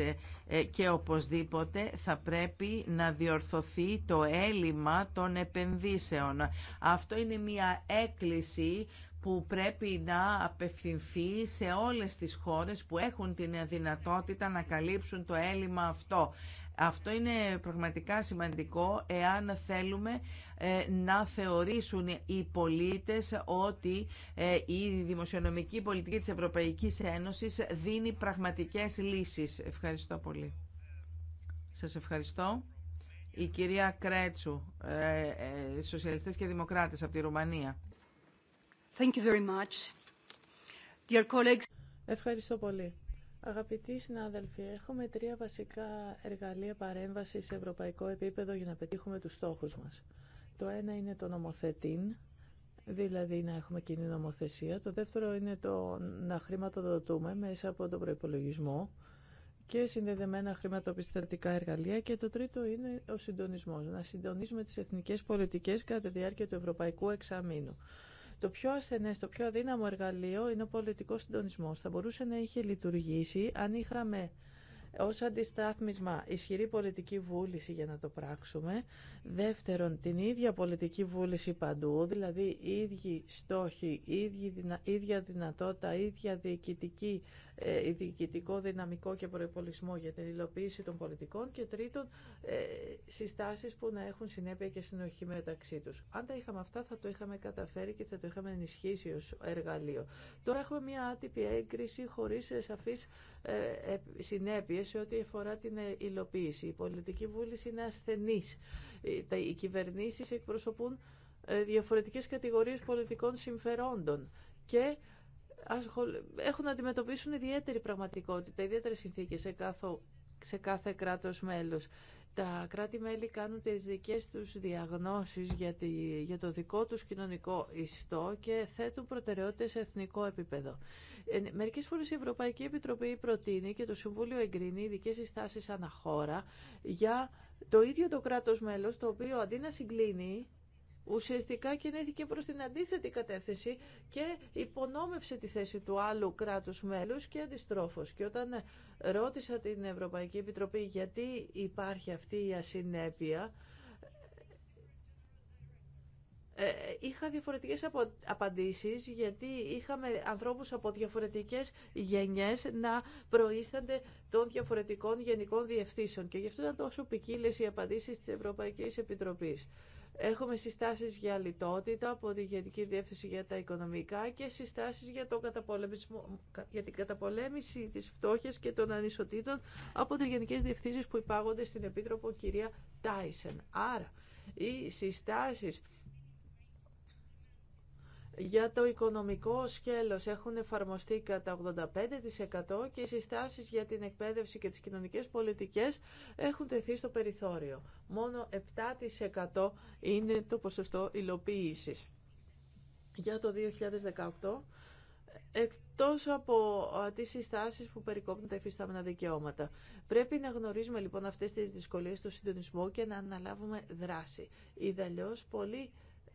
και οπωσδήποτε θα πρέπει να διορθωθεί το έλλειμμα των επενδύσεων. Αυτό είναι μια έκκληση που πρέπει να απευθυνθεί σε όλες τις χώρες που έχουν την δυνατότητα να καλύψουν το έλλειμμα αυτό. Αυτό είναι πραγματικά σημαντικό εάν θέλουμε ε, να θεωρήσουν οι πολίτες ότι ε, η δημοσιονομική πολιτική της Ευρωπαϊκής Ένωσης δίνει πραγματικές λύσεις. Ευχαριστώ πολύ. Σας ευχαριστώ. Η κυρία Κρέτσου, ε, Σοσιαλιστές και Δημοκράτες από τη Ρουμανία. Thank you very much. Dear colleagues... Ευχαριστώ πολύ. Αγαπητοί συνάδελφοι, έχουμε τρία βασικά εργαλεία παρέμβαση σε ευρωπαϊκό επίπεδο για να πετύχουμε του στόχου μα. Το ένα είναι το νομοθετήν, δηλαδή να έχουμε κοινή νομοθεσία. Το δεύτερο είναι το να χρηματοδοτούμε μέσα από τον προπολογισμό και συνδεδεμένα χρηματοπιστωτικά εργαλεία. Και το τρίτο είναι ο συντονισμό, να συντονίζουμε τι εθνικέ πολιτικέ κατά τη διάρκεια του ευρωπαϊκού εξαμήνου. Το πιο ασθενέ, το πιο αδύναμο εργαλείο είναι ο πολιτικός συντονισμό. Θα μπορούσε να είχε λειτουργήσει αν είχαμε ως αντιστάθμισμα ισχυρή πολιτική βούληση για να το πράξουμε. Δεύτερον, την ίδια πολιτική βούληση παντού, δηλαδή ίδιοι στόχοι, ίδια δυνατότητα, ίδια διοικητική ε, διοικητικό δυναμικό και προπολισμό για την υλοποίηση των πολιτικών και τρίτον ε, συστάσεις που να έχουν συνέπεια και συνοχή μεταξύ τους. Αν τα είχαμε αυτά θα το είχαμε καταφέρει και θα το είχαμε ενισχύσει ως εργαλείο. Τώρα έχουμε μια άτυπη έγκριση χωρίς ε, σαφείς συνέπειες σε ό,τι αφορά την υλοποίηση. Η πολιτική βούληση είναι ασθενής. Οι κυβερνήσεις εκπροσωπούν διαφορετικές κατηγορίες πολιτικών συμφερόντων και έχουν να αντιμετωπίσουν ιδιαίτερη πραγματικότητα, ιδιαίτερες συνθήκες σε, κάθε, σε κάθε κράτος μέλος. Τα κράτη-μέλη κάνουν τις δικές τους διαγνώσεις για, τη, για το δικό τους κοινωνικό ιστό και θέτουν προτεραιότητες σε εθνικό επίπεδο. Ε, ναι, μερικές φορές η Ευρωπαϊκή Επιτροπή προτείνει και το Συμβούλιο εγκρίνει ειδικέ συστάσεις αναχώρα για το ίδιο το κράτος μέλος, το οποίο αντί να συγκλίνει ουσιαστικά κινήθηκε προς την αντίθετη κατεύθυνση και υπονόμευσε τη θέση του άλλου κράτους μέλους και αντιστρόφως. Και όταν ρώτησα την Ευρωπαϊκή Επιτροπή γιατί υπάρχει αυτή η ασυνέπεια, ε, είχα διαφορετικές απαντήσεις γιατί είχαμε ανθρώπους από διαφορετικές γενιές να προείστανται των διαφορετικών γενικών διευθύνσεων και γι' αυτό ήταν τόσο ποικίλε οι απαντήσεις της Ευρωπαϊκής Επιτροπής. Έχουμε συστάσεις για λιτότητα από τη Γενική Διεύθυνση για τα Οικονομικά και συστάσεις για, το για την καταπολέμηση της φτώχειας και των ανισοτήτων από τις Γενικές Διευθύνσεις που υπάγονται στην Επίτροπο κυρία Τάισεν. Άρα, οι συστάσεις για το οικονομικό σκέλος έχουν εφαρμοστεί κατά 85% και οι συστάσεις για την εκπαίδευση και τις κοινωνικές πολιτικές έχουν τεθεί στο περιθώριο. Μόνο 7% είναι το ποσοστό υλοποίησης. Για το 2018, εκτός από τις συστάσεις που περικόπτουν τα υφιστάμενα δικαιώματα. Πρέπει να γνωρίζουμε λοιπόν αυτές τις δυσκολίες του συντονισμού και να αναλάβουμε δράση. Ιδαλλιώς, πολύ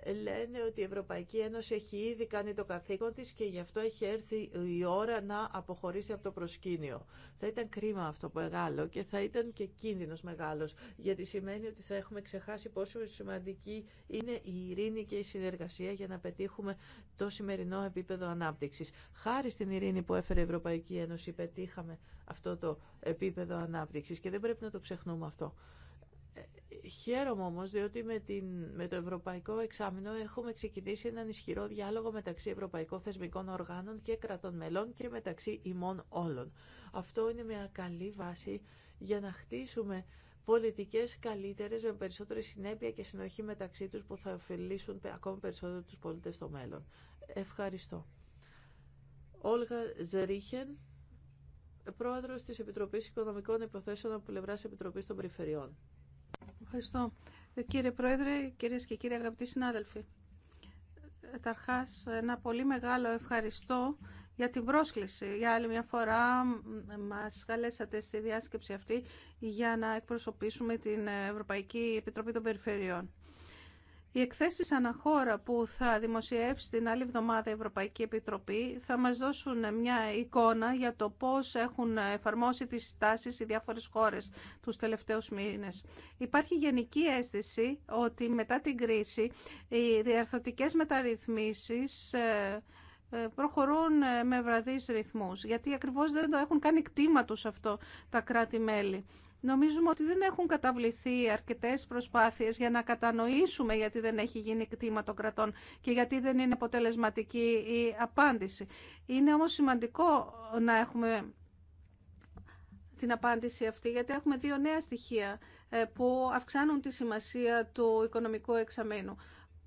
λένε ότι η Ευρωπαϊκή Ένωση έχει ήδη κάνει το καθήκον της και γι' αυτό έχει έρθει η ώρα να αποχωρήσει από το προσκήνιο. Θα ήταν κρίμα αυτό μεγάλο και θα ήταν και κίνδυνος μεγάλος, γιατί σημαίνει ότι θα έχουμε ξεχάσει πόσο σημαντική είναι η ειρήνη και η συνεργασία για να πετύχουμε το σημερινό επίπεδο ανάπτυξης. Χάρη στην ειρήνη που έφερε η Ευρωπαϊκή Ένωση πετύχαμε αυτό το επίπεδο ανάπτυξης και δεν πρέπει να το ξεχνούμε αυτό. Χαίρομαι όμω, διότι με, την, με το Ευρωπαϊκό Εξάμεινο έχουμε ξεκινήσει έναν ισχυρό διάλογο μεταξύ Ευρωπαϊκών Θεσμικών Οργάνων και Κρατών Μελών και μεταξύ ημών όλων. Αυτό είναι μια καλή βάση για να χτίσουμε πολιτικές καλύτερε με περισσότερη συνέπεια και συνοχή μεταξύ τους που θα ωφελήσουν ακόμη περισσότερο του πολίτε στο μέλλον. Ευχαριστώ. Όλγα Ζερίχεν, πρόεδρος της Επιτροπής Οικονομικών Υποθέσεων από Πλευρά Επιτροπή των Περιφερειών. Ευχαριστώ. Κύριε Πρόεδρε, κυρίες και κύριοι αγαπητοί συνάδελφοι. Καταρχάς, ένα πολύ μεγάλο ευχαριστώ για την πρόσκληση. Για άλλη μια φορά μας καλέσατε στη διάσκεψη αυτή για να εκπροσωπήσουμε την Ευρωπαϊκή Επιτροπή των Περιφερειών. Οι εκθέσεις αναχώρα που θα δημοσιεύσει την άλλη εβδομάδα η Ευρωπαϊκή Επιτροπή θα μα δώσουν μια εικόνα για το πώς έχουν εφαρμόσει τις στάσεις οι διάφορε χώρες τους τελευταίους μήνες. Υπάρχει γενική αίσθηση ότι μετά την κρίση οι διαρθωτικές μεταρρυθμίσεις ε, ε, προχωρούν ε, με βραδείς ρυθμούς, γιατί ακριβώς δεν το έχουν κάνει κτήμα τους αυτό τα κράτη-μέλη. Νομίζουμε ότι δεν έχουν καταβληθεί αρκετές προσπάθειες για να κατανοήσουμε γιατί δεν έχει γίνει κτήμα των κρατών και γιατί δεν είναι αποτελεσματική η απάντηση. Είναι όμως σημαντικό να έχουμε την απάντηση αυτή, γιατί έχουμε δύο νέα στοιχεία ε, που αυξάνουν τη σημασία του οικονομικού εξαμένου.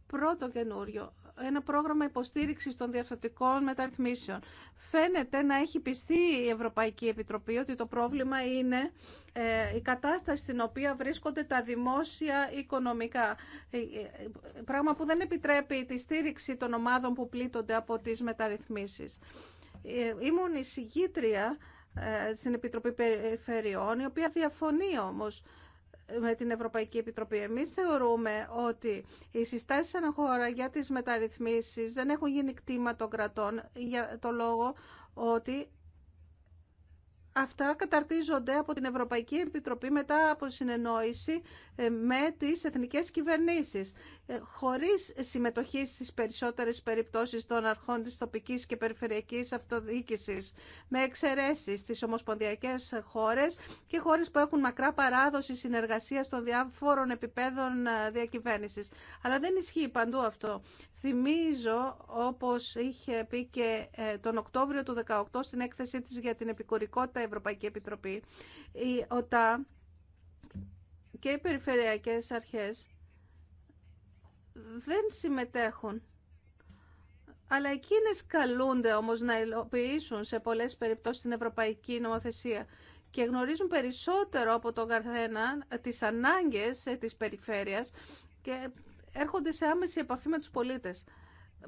Πρώτο καινούριο, ένα πρόγραμμα υποστήριξης των διαρθρωτικών μεταρρυθμίσεων. Φαίνεται να έχει πιστεί η Ευρωπαϊκή Επιτροπή ότι το πρόβλημα είναι ε, η κατάσταση στην οποία βρίσκονται τα δημόσια οικονομικά. Ε, ε, πράγμα που δεν επιτρέπει τη στήριξη των ομάδων που πλήττονται από τις μεταρρυθμίσεις. Ήμουν εισηγήτρια στην Επιτροπή Περιφερειών, η οποία διαφωνεί όμως με την Ευρωπαϊκή Επιτροπή. Εμείς θεωρούμε ότι οι συστάσεις αναχώρα για τις μεταρρυθμίσεις δεν έχουν γίνει κτήμα των κρατών για το λόγο ότι αυτά καταρτίζονται από την Ευρωπαϊκή Επιτροπή μετά από συνεννόηση ε, με τις εθνικές κυβερνήσεις, ε, χωρίς συμμετοχή στις περισσότερες περιπτώσεις των αρχών της τοπικής και περιφερειακής αυτοδιοίκησης, με εξαιρέσει στις ομοσπονδιακές χώρες και χώρες που έχουν μακρά παράδοση συνεργασίας των διάφορων επιπέδων ε, διακυβέρνησης. Αλλά δεν ισχύει παντού αυτό. Θυμίζω, όπως είχε πει και τον Οκτώβριο του 2018 στην έκθεσή της για την επικουρικότητα Ευρωπαϊκή Επιτροπή, η ΟΤΑ και οι περιφερειακές αρχές δεν συμμετέχουν. Αλλά εκείνες καλούνται όμως να υλοποιήσουν σε πολλές περιπτώσεις την ευρωπαϊκή νομοθεσία και γνωρίζουν περισσότερο από τον καθένα τις ανάγκες ε, της περιφέρειας και έρχονται σε άμεση επαφή με τους πολίτες.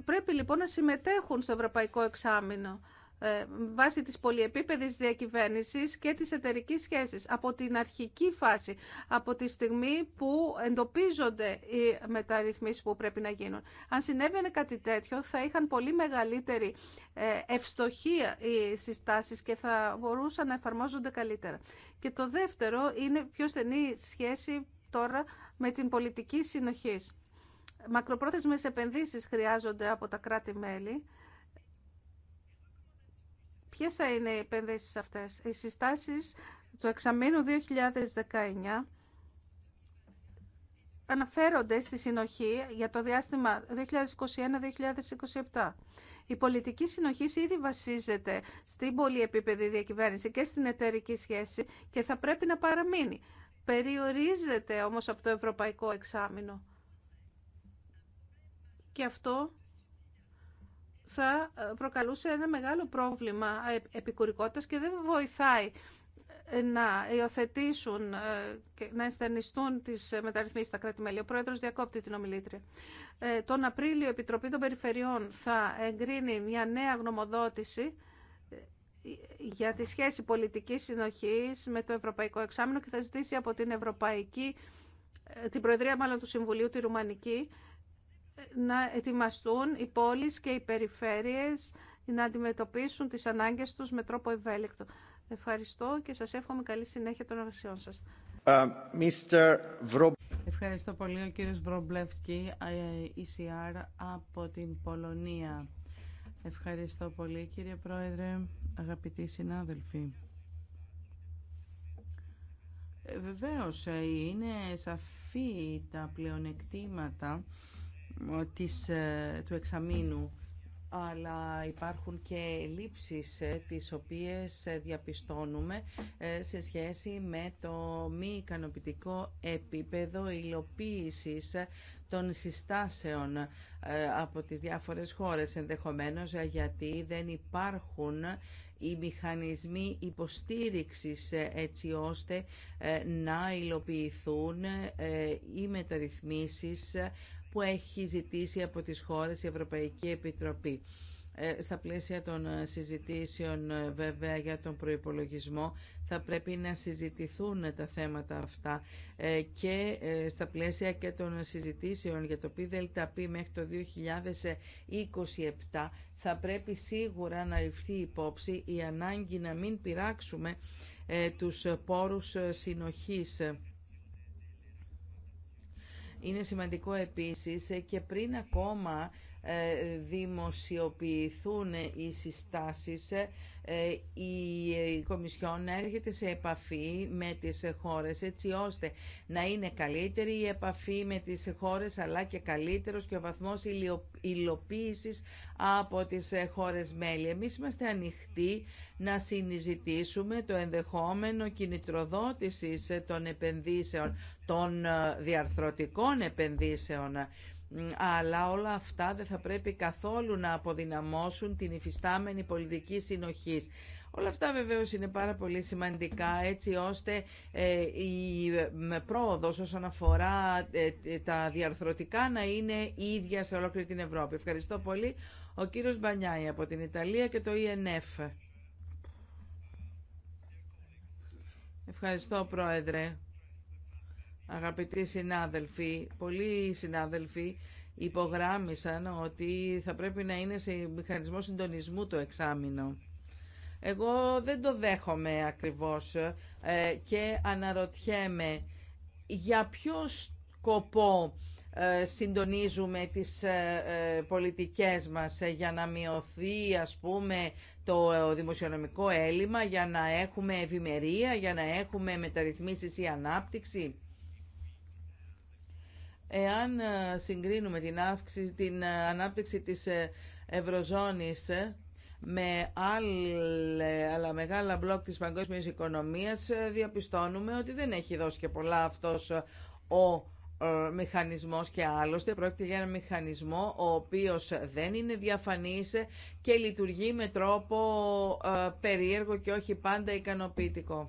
Πρέπει λοιπόν να συμμετέχουν στο ευρωπαϊκό εξάμεινο ε, βάσει της πολυεπίπεδης διακυβέρνησης και της εταιρικής σχέσης από την αρχική φάση, από τη στιγμή που εντοπίζονται οι μεταρρυθμίσεις που πρέπει να γίνουν. Αν συνέβαινε κάτι τέτοιο θα είχαν πολύ μεγαλύτερη ε, ευστοχία οι συστάσεις και θα μπορούσαν να εφαρμόζονται καλύτερα. Και το δεύτερο είναι πιο στενή σχέση τώρα με την πολιτική συνοχής. Μακροπρόθεσμες επενδύσεις χρειάζονται από τα κράτη-μέλη Ποιε θα είναι οι επενδύσεις αυτές. Οι συστάσεις του εξαμήνου 2019 αναφέρονται στη συνοχή για το διάστημα 2021-2027. Η πολιτική συνοχή ήδη βασίζεται στην πολυεπίπεδη διακυβέρνηση και στην εταιρική σχέση και θα πρέπει να παραμείνει. Περιορίζεται όμως από το ευρωπαϊκό εξάμεινο. Και αυτό θα ε, προκαλούσε ένα μεγάλο πρόβλημα ε, επικουρικότητας και δεν βοηθάει ε, να υιοθετήσουν και να ενστερνιστούν τις μεταρρυθμίσεις στα κράτη-μέλη. Ο Πρόεδρος διακόπτει την ομιλήτρια. Τον Απρίλιο η Επιτροπή των Περιφερειών θα εγκρίνει μια νέα γνωμοδότηση για τη σχέση πολιτικής συνοχής με το Ευρωπαϊκό Εξάμεινο και θα ζητήσει από την Ευρωπαϊκή, την Προεδρία μάλλον του Συμβουλίου, τη Ρουμανική, να ετοιμαστούν οι πόλεις και οι περιφέρειες να αντιμετωπίσουν τις ανάγκες τους με τρόπο ευέλικτο. Ευχαριστώ και σας εύχομαι καλή συνέχεια των εργασιών σας. Uh, ε, Mr. Ευχαριστώ πολύ ο κύριος Βρομπλεύσκη, ECR ε, ε, από την Πολωνία. Ευχαριστώ πολύ κύριε Πρόεδρε, αγαπητοί συνάδελφοι. Βεβαίως είναι σαφή τα πλεονεκτήματα ε, της, ε, του εξαμήνου αλλά υπάρχουν και λήψεις ε, τις οποίες διαπιστώνουμε σε σχέση με το μη ικανοποιητικό επίπεδο υλοποίησης των συστάσεων από τις διάφορες χώρες ενδεχομένως γιατί δεν υπάρχουν οι μηχανισμοί υποστήριξης έτσι ώστε να υλοποιηθούν οι μεταρρυθμίσεις που έχει ζητήσει από τις χώρες η Ευρωπαϊκή Επιτροπή. Ε, στα πλαίσια των ε, συζητήσεων ε, βέβαια για τον προϋπολογισμό θα πρέπει να συζητηθούν τα θέματα αυτά και στα πλαίσια και των συζητήσεων για το ΠΔΠ μέχρι το 2027 θα πρέπει σίγουρα να ληφθεί υπόψη η ανάγκη να μην πειράξουμε τους πόρους συνοχής. Είναι σημαντικό επίσης ε, και πριν ακόμα ε, δημοσιοποιηθούν οι συστάσεις ε, η Κομισιόν έρχεται σε επαφή με τις χώρες έτσι ώστε να είναι καλύτερη η επαφή με τις χώρες αλλά και καλύτερος και ο βαθμός υλοποίησης από τις χώρες μέλη. Εμείς είμαστε ανοιχτοί να συνειζητήσουμε το ενδεχόμενο κινητροδότησης των επενδύσεων, των ε, διαρθρωτικών επενδύσεων αλλά όλα αυτά δεν θα πρέπει καθόλου να αποδυναμώσουν την υφιστάμενη πολιτική συνοχής. Όλα αυτά βεβαίως είναι πάρα πολύ σημαντικά έτσι ώστε ε, η πρόοδος όσον αφορά ε, τα διαρθρωτικά να είναι ίδια σε ολόκληρη την Ευρώπη. Ευχαριστώ πολύ. Ο κύριος Μπανιάη από την Ιταλία και το ΙΕΝΕΦ. E Ευχαριστώ Πρόεδρε. Αγαπητοί συνάδελφοι, πολλοί συνάδελφοι υπογράμμισαν ότι θα πρέπει να είναι σε μηχανισμό συντονισμού το εξάμεινο. Εγώ δεν το δέχομαι ακριβώς ε, και αναρωτιέμαι για ποιο σκοπό ε, συντονίζουμε τις ε, πολιτικές μας για να μειωθεί ας πούμε το δημοσιονομικό έλλειμμα, για να έχουμε ευημερία, για να έχουμε μεταρρυθμίσεις ή ανάπτυξη. Εάν ε, συγκρίνουμε την, την ε, ανάπτυξη της ε, Ευρωζώνης με άλλα, άλλα μεγάλα μπλοκ της παγκόσμιας οικονομίας, διαπιστώνουμε ότι δεν έχει δώσει και πολλά αυτός ο μηχανισμός και άλλωστε πρόκειται για ένα μηχανισμό ο οποίος δεν είναι διαφανής και λειτουργεί με τρόπο περίεργο και όχι πάντα ικανοποιητικό.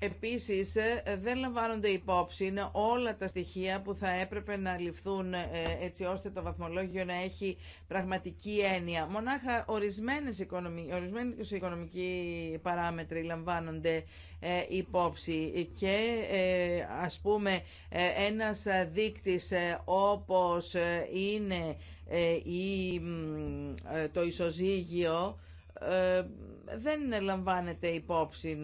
Επίσης ε, δεν λαμβάνονται υπόψη όλα τα στοιχεία που θα έπρεπε να ληφθούν ε, έτσι ώστε το βαθμολόγιο να έχει πραγματική έννοια. Μονάχα ορισμένες οικονομικοί, οικονομικοί παράμετροι λαμβάνονται ε, υπόψη και ας πούμε ένας δείκτης όπως είναι το ισοζύγιο δεν λαμβάνεται υπόψη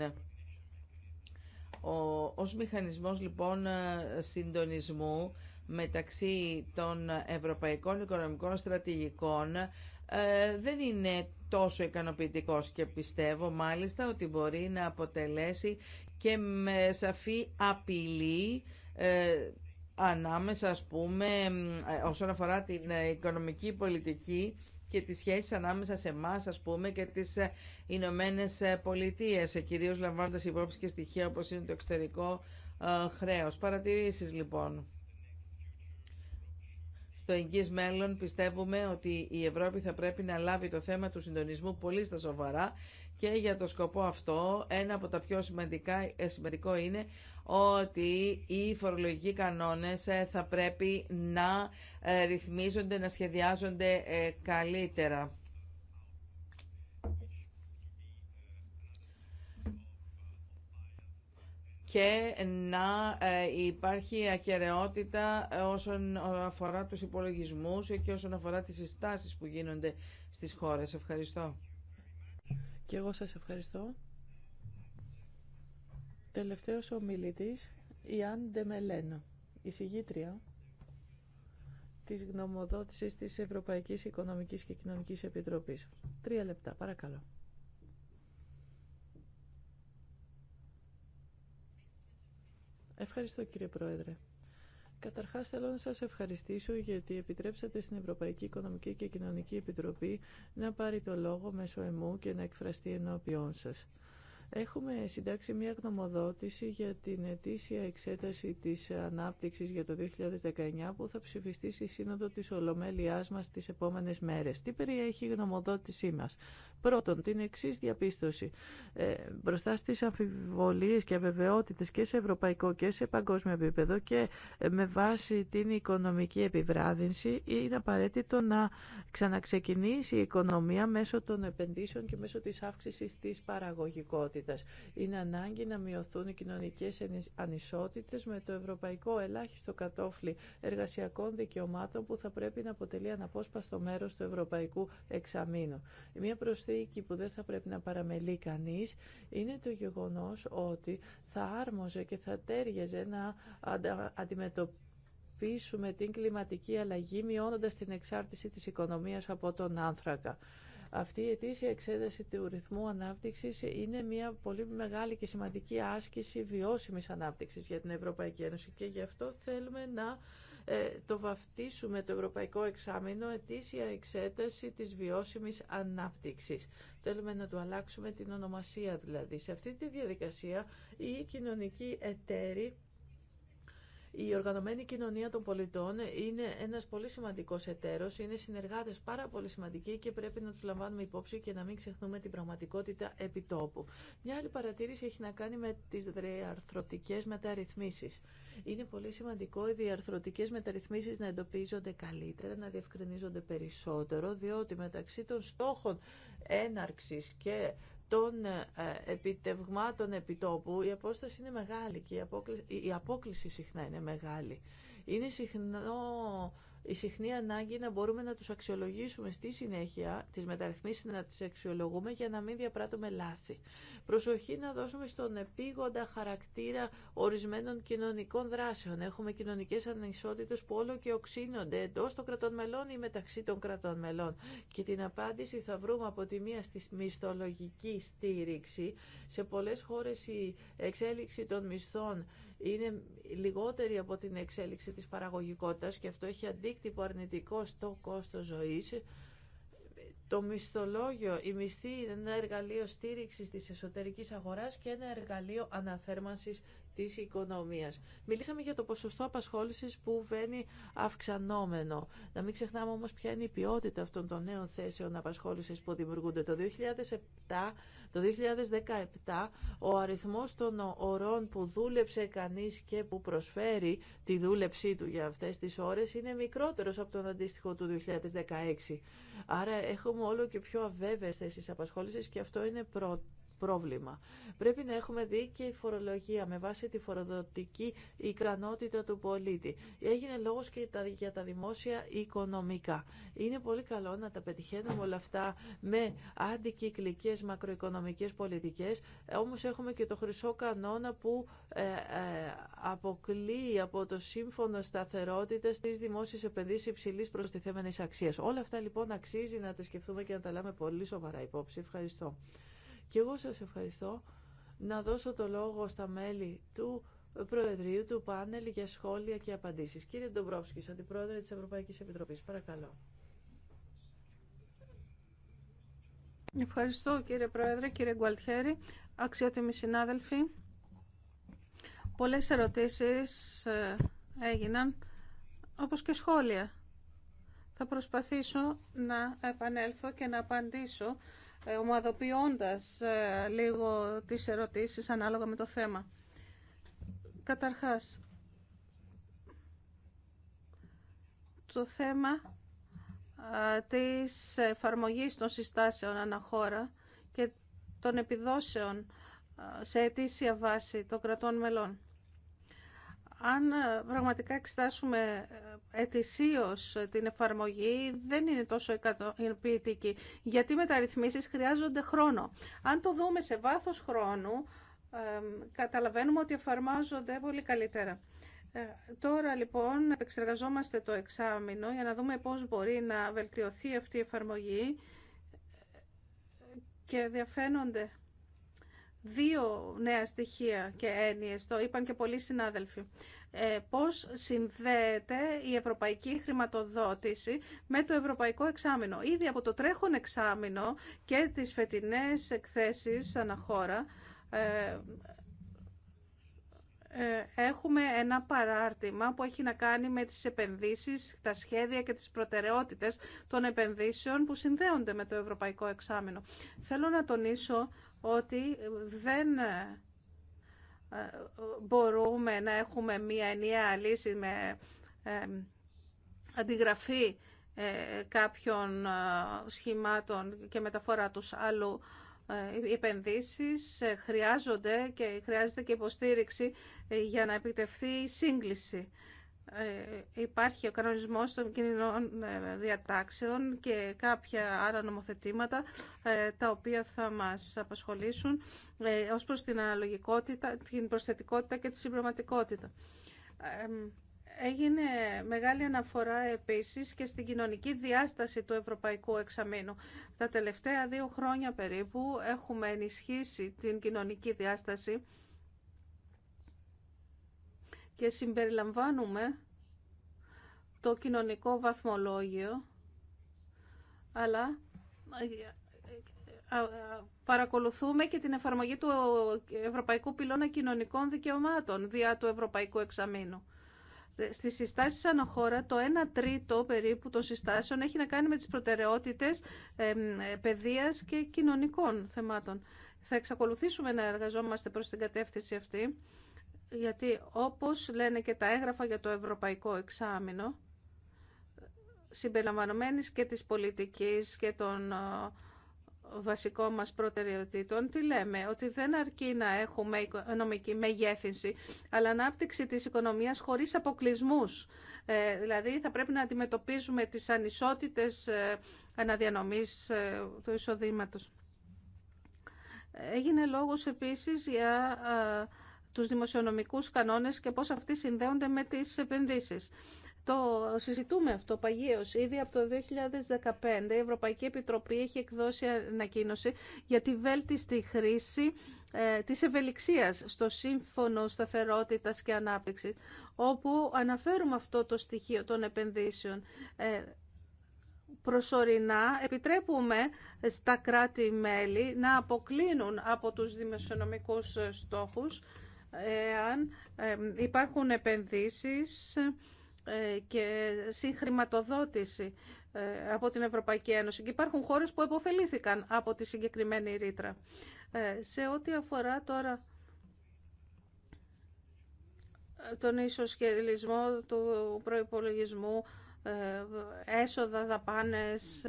ο, ως μηχανισμός λοιπόν ε, συντονισμού μεταξύ των ευρωπαϊκών οικονομικών στρατηγικών ε, δεν είναι τόσο ικανοποιητικός και πιστεύω μάλιστα ότι μπορεί να αποτελέσει και με σαφή απειλή ε, ανάμεσα ας πούμε όσον αφορά την οικονομική πολιτική και τις σχέσεις ανάμεσα σε εμά, ας πούμε, και τις ε, Ηνωμένε Πολιτείε, ε, κυρίως λαμβάνοντας υπόψη και στοιχεία όπως είναι το εξωτερικό ε, χρέος. Παρατηρήσεις, λοιπόν. Στο εγγύς μέλλον πιστεύουμε ότι η Ευρώπη θα πρέπει να λάβει το θέμα του συντονισμού πολύ στα σοβαρά και για το σκοπό αυτό ένα από τα πιο σημαντικά, ε, σημαντικό είναι ότι οι φορολογικοί κανόνες ε, θα πρέπει να ε, ρυθμίζονται, να σχεδιάζονται καλύτερα. και να υπάρχει ακαιρεότητα όσον αφορά τους υπολογισμούς και όσον αφορά τις συστάσεις που γίνονται στις χώρες. Ευχαριστώ. Και εγώ σας ευχαριστώ. Τελευταίος ο μιλητής, Ιάνν Ντεμελένα, η συγγήτρια της γνωμοδότησης της Ευρωπαϊκής Οικονομικής και Κοινωνικής Επιτροπής. Τρία λεπτά, παρακαλώ. Ευχαριστώ κύριε Πρόεδρε. Καταρχάς θέλω να σας ευχαριστήσω γιατί επιτρέψατε στην Ευρωπαϊκή Οικονομική και Κοινωνική Επιτροπή να πάρει το λόγο μέσω εμού και να εκφραστεί ενώπιόν σας. Έχουμε συντάξει μια γνωμοδότηση για την ετήσια εξέταση της ανάπτυξης για το 2019 που θα ψηφιστεί στη Σύνοδο της Ολομέλειάς μας τις επόμενες μέρες. Τι περιέχει η γνωμοδότησή μας. Πρώτον, την εξή διαπίστωση. Ε, μπροστά στις αμφιβολίες και αβεβαιότητες και σε ευρωπαϊκό και σε παγκόσμιο επίπεδο και με βάση την οικονομική επιβράδυνση είναι απαραίτητο να ξαναξεκινήσει η οικονομία μέσω των επενδύσεων και μέσω της αύξησης της παραγωγικότητας. Είναι ανάγκη να μειωθούν οι κοινωνικές ανισότητες με το ευρωπαϊκό ελάχιστο κατόφλι εργασιακών δικαιωμάτων που θα πρέπει να αποτελεί αναπόσπαστο μέρος του ευρωπαϊκού εξαμήνου. Μία προσθήκη που δεν θα πρέπει να παραμελεί κανείς είναι το γεγονός ότι θα άρμοζε και θα τέριαζε να αντιμετωπίσουμε την κλιματική αλλαγή μειώνοντας την εξάρτηση της οικονομίας από τον άνθρακα. Αυτή η ετήσια εξέταση του ρυθμού ανάπτυξης είναι μια πολύ μεγάλη και σημαντική άσκηση βιώσιμης ανάπτυξης για την Ευρωπαϊκή Ένωση και γι' αυτό θέλουμε να ε, το βαφτίσουμε το Ευρωπαϊκό Εξάμεινο ετήσια εξέταση της βιώσιμης ανάπτυξης. Θέλουμε να του αλλάξουμε την ονομασία δηλαδή. Σε αυτή τη διαδικασία οι κοινωνικοί εταίροι η οργανωμένη κοινωνία των πολιτών είναι ένας πολύ σημαντικός εταίρο. είναι συνεργάτες πάρα πολύ σημαντικοί και πρέπει να του λαμβάνουμε υπόψη και να μην ξεχνούμε την πραγματικότητα επιτόπου. Μια άλλη παρατήρηση έχει να κάνει με τις διαρθρωτικές μεταρρυθμίσεις. Είναι πολύ σημαντικό οι διαρθρωτικές μεταρρυθμίσεις να εντοπίζονται καλύτερα, να διευκρινίζονται περισσότερο, διότι μεταξύ των στόχων έναρξη και των ε, επιτευγμάτων επιτόπου η απόσταση είναι μεγάλη και η απόκληση, η συχνά είναι μεγάλη. Είναι συχνό η συχνή ανάγκη να μπορούμε να τους αξιολογήσουμε στη συνέχεια, τις μεταρρυθμίσεις να τις αξιολογούμε για να μην διαπράττουμε λάθη. Προσοχή να δώσουμε στον επίγοντα χαρακτήρα ορισμένων κοινωνικών δράσεων. Έχουμε κοινωνικές ανισότητες που όλο και οξύνονται εντός των κρατών μελών ή μεταξύ των κρατών μελών. Και την απάντηση θα βρούμε από τη μία στη μισθολογική στήριξη. Σε πολλές χώρες η εξέλιξη των μισθών είναι λιγότερη από την εξέλιξη της παραγωγικότητας και αυτό έχει αντίκτυπο αρνητικό στο κόστος ζωής. Το μισθολόγιο, η μισθή είναι ένα εργαλείο στήριξης της εσωτερικής αγοράς και ένα εργαλείο αναθέρμανσης τη οικονομίας. Μιλήσαμε για το ποσοστό απασχόλησης που βαίνει αυξανόμενο. Να μην ξεχνάμε όμως ποια είναι η ποιότητα αυτών των νέων θέσεων απασχόλησης που δημιουργούνται. Το 2007, το 2017 ο αριθμός των ωρών που δούλεψε κανεί και που προσφέρει τη δούλεψή του για αυτές τις ώρες είναι μικρότερο από τον αντίστοιχο του 2016. Άρα έχουμε όλο και πιο αβέβαιες θέσεις απασχόλησης και αυτό είναι πρώτο πρόβλημα. Πρέπει να έχουμε δίκαιη φορολογία με βάση τη φοροδοτική ικανότητα του πολίτη. Έγινε λόγο και για τα δημόσια οικονομικά. Είναι πολύ καλό να τα πετυχαίνουμε όλα αυτά με αντικυκλικές μακροοικονομικές πολιτικέ, όμω έχουμε και το χρυσό κανόνα που ε, ε, αποκλείει από το σύμφωνο σταθερότητας τη δημόσιες επενδύσεις υψηλής προστιθέμενη αξία. Όλα αυτά λοιπόν αξίζει να τα σκεφτούμε και να τα λάμε πολύ σοβαρά υπόψη. Ευχαριστώ. Και εγώ σας ευχαριστώ να δώσω το λόγο στα μέλη του Προεδρείου του πάνελ για σχόλια και απαντήσεις. Κύριε Ντομπρόφσκης, Αντιπρόεδρε της Ευρωπαϊκής Επιτροπής, παρακαλώ. Ευχαριστώ κύριε Πρόεδρε, κύριε Γκουαλτιέρη, αξιότιμοι συνάδελφοι. Πολλές ερωτήσεις ε, έγιναν, όπως και σχόλια. Θα προσπαθήσω να επανέλθω και να απαντήσω ε, ομαδοποιώντας ε, λίγο τις ερωτήσεις ανάλογα με το θέμα. Καταρχάς, το θέμα της εφαρμογής των συστάσεων αναχώρα και των επιδόσεων σε αιτήσια βάση των κρατών μελών αν ε, πραγματικά εξετάσουμε ε, ετησίως ε, την εφαρμογή, δεν είναι τόσο ικανοποιητική, γιατί οι μεταρρυθμίσεις χρειάζονται χρόνο. Αν το δούμε σε βάθος χρόνου, καταλαβαίνουμε ότι εφαρμόζονται πολύ καλύτερα. Τώρα λοιπόν επεξεργαζόμαστε το εξάμεινο για να δούμε πώς μπορεί να βελτιωθεί αυτή η εφαρμογή και διαφαίνονται δύο νέα στοιχεία και έννοιες, το είπαν και πολλοί συνάδελφοι. Ε, πώς συνδέεται η ευρωπαϊκή χρηματοδότηση με το ευρωπαϊκό εξάμεινο. Ήδη από το τρέχον εξάμεινο και τις φετινές εκθέσεις αναχώρα ε, ε, έχουμε ένα παράρτημα που έχει να κάνει με τις επενδύσεις, τα σχέδια και τις προτεραιότητες των επενδύσεων που συνδέονται με το Ευρωπαϊκό Εξάμεινο. Θέλω να τονίσω ότι δεν ε, μπορούμε να έχουμε μία ενιαία λύση με ε, αντιγραφή ε, κάποιων σχημάτων και μεταφορά τους άλλου. Οι επενδύσεις χρειάζονται και χρειάζεται και υποστήριξη για να επιτευχθεί η σύγκληση. Ε, υπάρχει ο κανονισμός των κοινωνικών ε, διατάξεων και κάποια άλλα νομοθετήματα ε, τα οποία θα μας απασχολήσουν ως προς την αναλογικότητα, την προσθετικότητα και τη συμπληρωματικότητα. Έγινε μεγάλη αναφορά επίσης και στην κοινωνική διάσταση του Ευρωπαϊκού Εξαμήνου. Τα τελευταία δύο χρόνια περίπου έχουμε ενισχύσει την κοινωνική διάσταση και συμπεριλαμβάνουμε το κοινωνικό βαθμολόγιο, αλλά ε, ε, παρακολουθούμε και την εφαρμογή του Ευρωπαϊκού Πυλώνα Κοινωνικών Δικαιωμάτων διά του Ευρωπαϊκού Εξαμήνου. Ε, Στι συστάσει αναχώρα, το 1 τρίτο περίπου των συστάσεων έχει να κάνει με τι προτεραιότητε παιδεία και κοινωνικών θεμάτων. Θα εξακολουθήσουμε να εργαζόμαστε προ την κατεύθυνση αυτή γιατί όπως λένε και τα έγγραφα για το Ευρωπαϊκό Εξάμεινο, συμπεριλαμβανομένης και της πολιτικής και των ε, βασικών μας προτεραιοτήτων, τι λέμε, ότι δεν αρκεί να έχουμε οικονομική μεγέθυνση, αλλά ανάπτυξη της οικονομίας χωρίς αποκλεισμούς. Ε, δηλαδή θα πρέπει να αντιμετωπίζουμε τις ανισότητες ε, αναδιανομής ε, του εισοδήματος. Έγινε λόγος επίσης για τους δημοσιονομικούς κανόνες και πώς αυτοί συνδέονται με τις επενδύσεις. Το συζητούμε αυτό παγίως. Ήδη από το 2015 η Ευρωπαϊκή Επιτροπή έχει εκδώσει ανακοίνωση για τη βέλτιστη χρήση ε, της ευελιξίας στο Σύμφωνο Σταθερότητας και Ανάπτυξης, όπου αναφέρουμε αυτό το στοιχείο των επενδύσεων. Ε, προσωρινά επιτρέπουμε στα κράτη-μέλη να αποκλίνουν από τους δημοσιονομικούς στόχους εάν υπάρχουν επενδύσεις ε, και συγχρηματοδότηση ε, από την Ευρωπαϊκή Ένωση. Και υπάρχουν χώρες που επωφελήθηκαν από τη συγκεκριμένη ρήτρα. Ε, σε ό,τι αφορά τώρα τον ισοσχεδιασμό του προϋπολογισμού, έσοδα, δαπάνες,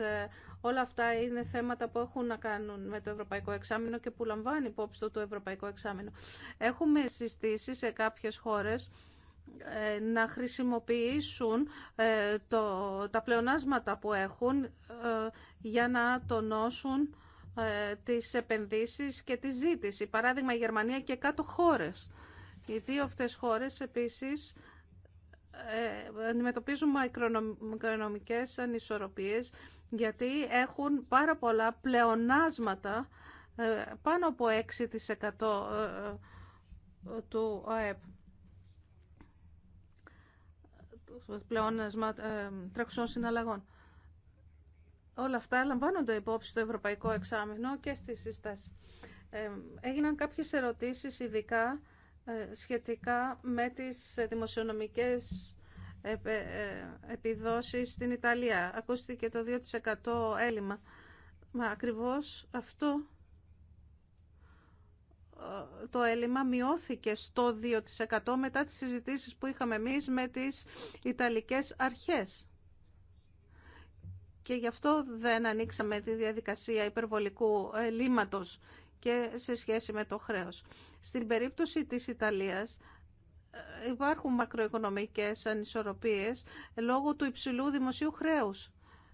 Όλα αυτά είναι θέματα που έχουν να κάνουν με το Ευρωπαϊκό Εξάμεινο και που λαμβάνει υπόψη το, το Ευρωπαϊκό Εξάμεινο. Έχουμε συστήσει σε κάποιες χώρες ε, να χρησιμοποιήσουν ε, τα πλεονάσματα που έχουν ε, για να τονώσουν τις επενδύσεις και τη ζήτηση. Παράδειγμα, η Γερμανία και κάτω χώρες. Οι δύο αυτές χώρες επίσης αντιμετωπίζουν μικρονομικές ανισορροπίες γιατί έχουν πάρα πολλά πλεονάσματα ε, πάνω από 6% ε, ε, του ΑΕΠ. Πλεόνασμα τραξιών συναλλαγών. Όλα αυτά λαμβάνονται υπόψη στο Ευρωπαϊκό Εξάμεινο και στη σύσταση. έγιναν κάποιες ερωτήσεις ειδικά σχετικά με τις δημοσιονομικές ε, επιδόσεις στην Ιταλία. Ακούστηκε το 2% έλλειμμα. Μα ακριβώς αυτό ε, το έλλειμμα μειώθηκε στο 2% μετά τις συζητήσεις που είχαμε εμείς με τις Ιταλικές αρχές. Και γι' αυτό δεν ανοίξαμε τη διαδικασία υπερβολικού λύματος και σε σχέση με το χρέος. Στην περίπτωση της Ιταλίας υπάρχουν μακροοικονομικές ανισορροπίες λόγω του υψηλού δημοσίου χρέους.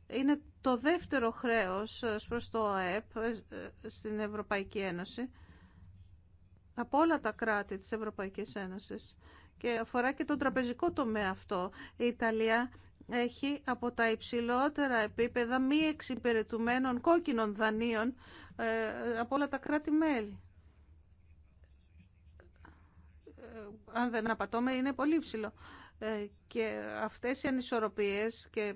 Είναι το δεύτερο χρέος ε, προς το ΑΕΠ ε, στην Ευρωπαϊκή Ένωση από όλα τα κράτη της Ευρωπαϊκής Ένωσης και αφορά και τον τραπεζικό τομέα αυτό. Η Ιταλία έχει από τα υψηλότερα επίπεδα μη εξυπηρετουμένων κόκκινων δανείων ε, από όλα τα κράτη-μέλη. αν δεν απατώμε, είναι πολύ ψηλό. Ε, και αυτές οι ανισορροπίες και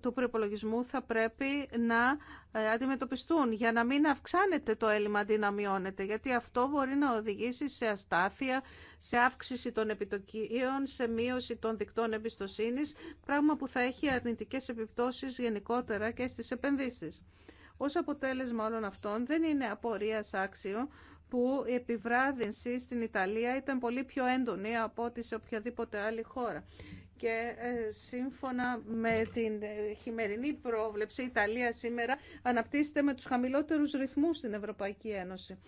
του προπολογισμού θα πρέπει να ε, αντιμετωπιστούν για να μην αυξάνεται το έλλειμμα αντί να μειώνεται γιατί αυτό μπορεί να οδηγήσει σε αστάθεια, σε αύξηση των επιτοκίων, σε μείωση των δικτών εμπιστοσύνης πράγμα που θα έχει αρνητικές επιπτώσεις γενικότερα και στις επενδύσεις. Ως αποτέλεσμα όλων αυτών δεν είναι απορία άξιο που η επιβράδυνση στην Ιταλία ήταν πολύ πιο έντονη από ό,τι σε οποιαδήποτε άλλη χώρα. Και ε, σύμφωνα με την ε, χειμερινή πρόβλεψη, η Ιταλία σήμερα αναπτύσσεται με τους χαμηλότερους ρυθμούς στην Ευρωπαϊκή Ένωση.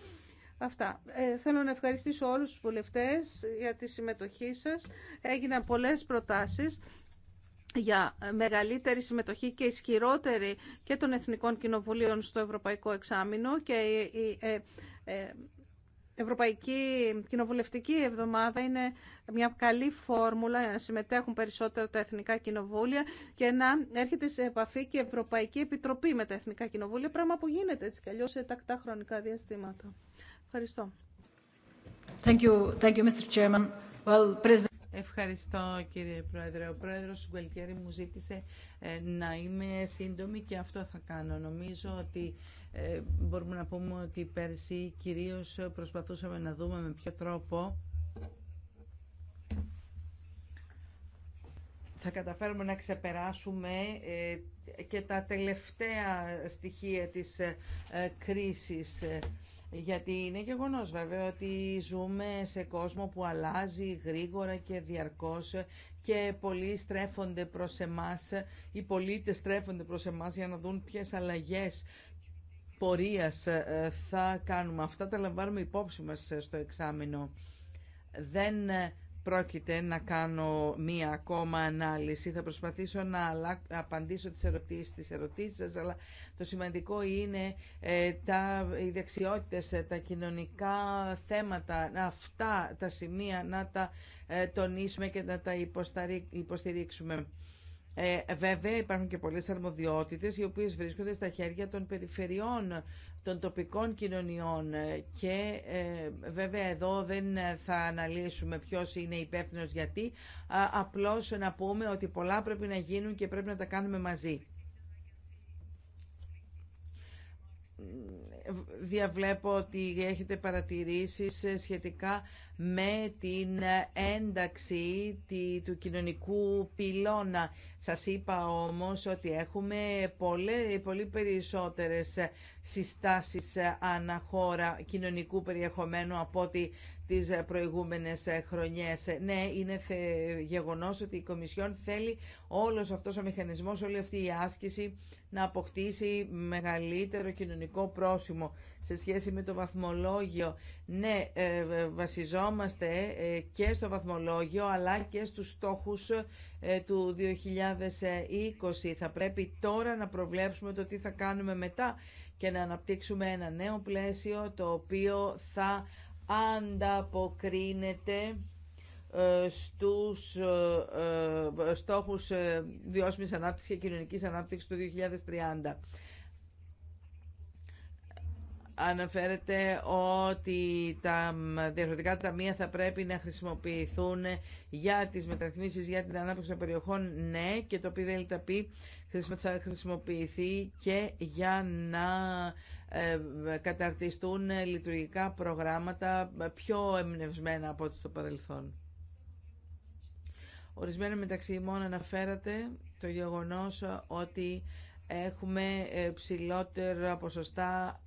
Αυτά. Ε, θέλω να ευχαριστήσω όλους τους βουλευτές για τη συμμετοχή σας. Έγιναν πολλές προτάσεις για μεγαλύτερη συμμετοχή και ισχυρότερη και των Εθνικών Κοινοβουλίων στο Ευρωπαϊκό Εξάμεινο ε, ε, Ευρωπαϊκή Κοινοβουλευτική Εβδομάδα είναι μια καλή φόρμουλα να συμμετέχουν περισσότερο τα Εθνικά Κοινοβούλια και να έρχεται σε επαφή και η Ευρωπαϊκή Επιτροπή με τα Εθνικά Κοινοβούλια, πράγμα που γίνεται έτσι κι σε τακτά χρονικά διαστήματα. Ευχαριστώ. Thank you. Thank you, Mr. Chairman. Well, President... Ευχαριστώ κύριε Πρόεδρε. Ο Πρόεδρος Γκουελκέρη μου ζήτησε ε, να είμαι σύντομη και αυτό θα κάνω. Νομίζω ότι ε, μπορούμε να πούμε ότι πέρσι κυρίως προσπαθούσαμε να δούμε με ποιο τρόπο θα καταφέρουμε να ξεπεράσουμε ε, και τα τελευταία στοιχεία της ε, κρίσης. Γιατί είναι γεγονός βέβαια ότι ζούμε σε κόσμο που αλλάζει γρήγορα και διαρκώς και πολλοί στρέφονται προς εμάς, οι πολίτες στρέφονται προς εμάς για να δουν ποιες αλλαγές ε, θα κάνουμε αυτά, τα λαμβάνουμε υπόψη μας ε, στο εξάμεινο. Δεν ε, πρόκειται να κάνω μία ακόμα ανάλυση. Θα προσπαθήσω να απαντήσω τις ερωτήσεις, τις ερωτήσεις σας, αλλά το σημαντικό είναι τα, οι δεξιότητες, τα κοινωνικά θέματα, αυτά τα σημεία να τα τονίσουμε και να τα υποστηρίξουμε. Ε, βέβαια υπάρχουν και πολλές αρμοδιότητες οι οποίες βρίσκονται στα χέρια των περιφερειών, των τοπικών κοινωνιών ε, και ε, βέβαια εδώ δεν θα αναλύσουμε ποιος είναι υπεύθυνο γιατί, α, απλώς να πούμε ότι πολλά πρέπει να γίνουν και πρέπει να τα κάνουμε μαζί διαβλέπω ότι έχετε παρατηρήσεις ε, σχετικά με την ε, ένταξη του κοινωνικού πυλώνα. Σας είπα όμως ότι έχουμε πολλές, πολύ περισσότερες ε, συστάσεις αναχώρα κοινωνικού περιεχομένου από ότι τις ε, προηγούμενες ε, χρονιές. Ε, ναι, είναι γεγονός ότι η Κομισιόν θέλει όλος αυτός ο μηχανισμός, όλη αυτή η άσκηση να αποκτήσει μεγαλύτερο κοινωνικό πρόσημο σε σχέση με το βαθμολόγιο. Ναι, βασιζόμαστε και στο βαθμολόγιο αλλά και στους στόχους του 2020. Θα πρέπει τώρα να προβλέψουμε το τι θα κάνουμε μετά και να αναπτύξουμε ένα νέο πλαίσιο το οποίο θα ανταποκρίνεται ε, στους ε, ε, στόχους βιώσιμης ανάπτυξης και κοινωνικής ανάπτυξης του 2030. Αναφέρεται ότι τα τα ταμεία θα πρέπει να χρησιμοποιηθούν για τις μεταρρυθμίσεις για την ανάπτυξη των περιοχών, ναι, και το ΠΔΛΤΑΠ θα χρησιμοποιηθεί και για να καταρτιστούν λειτουργικά προγράμματα πιο εμπνευσμένα από ό,τι στο παρελθόν. Ορισμένα μεταξύ μόνο αναφέρατε το γεγονός ότι έχουμε ψηλότερα ποσοστά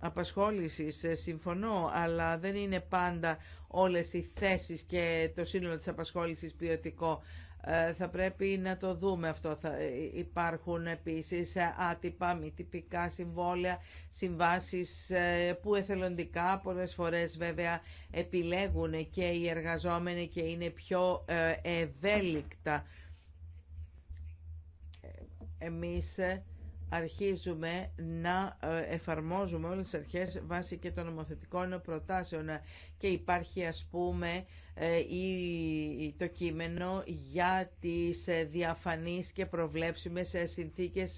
απασχόλησης, ε, συμφωνώ, αλλά δεν είναι πάντα όλες οι θέσεις και το σύνολο της απασχόλησης ποιοτικό. Ε, θα πρέπει να το δούμε αυτό. Θα ε, υπάρχουν επίσης ε, άτυπα, μη τυπικά συμβόλαια, συμβάσεις που εθελοντικά πολλές φορές βέβαια επιλέγουν και οι εργαζόμενοι και είναι πιο ευέλικτα. Εμείς αρχίζουμε να ε, εφαρμόζουμε όλες τις αρχές βάσει και των νομοθετικών προτάσεων και υπάρχει ας πούμε ε, το κείμενο για τις ε, διαφανείς και προβλέψιμες συνθήκες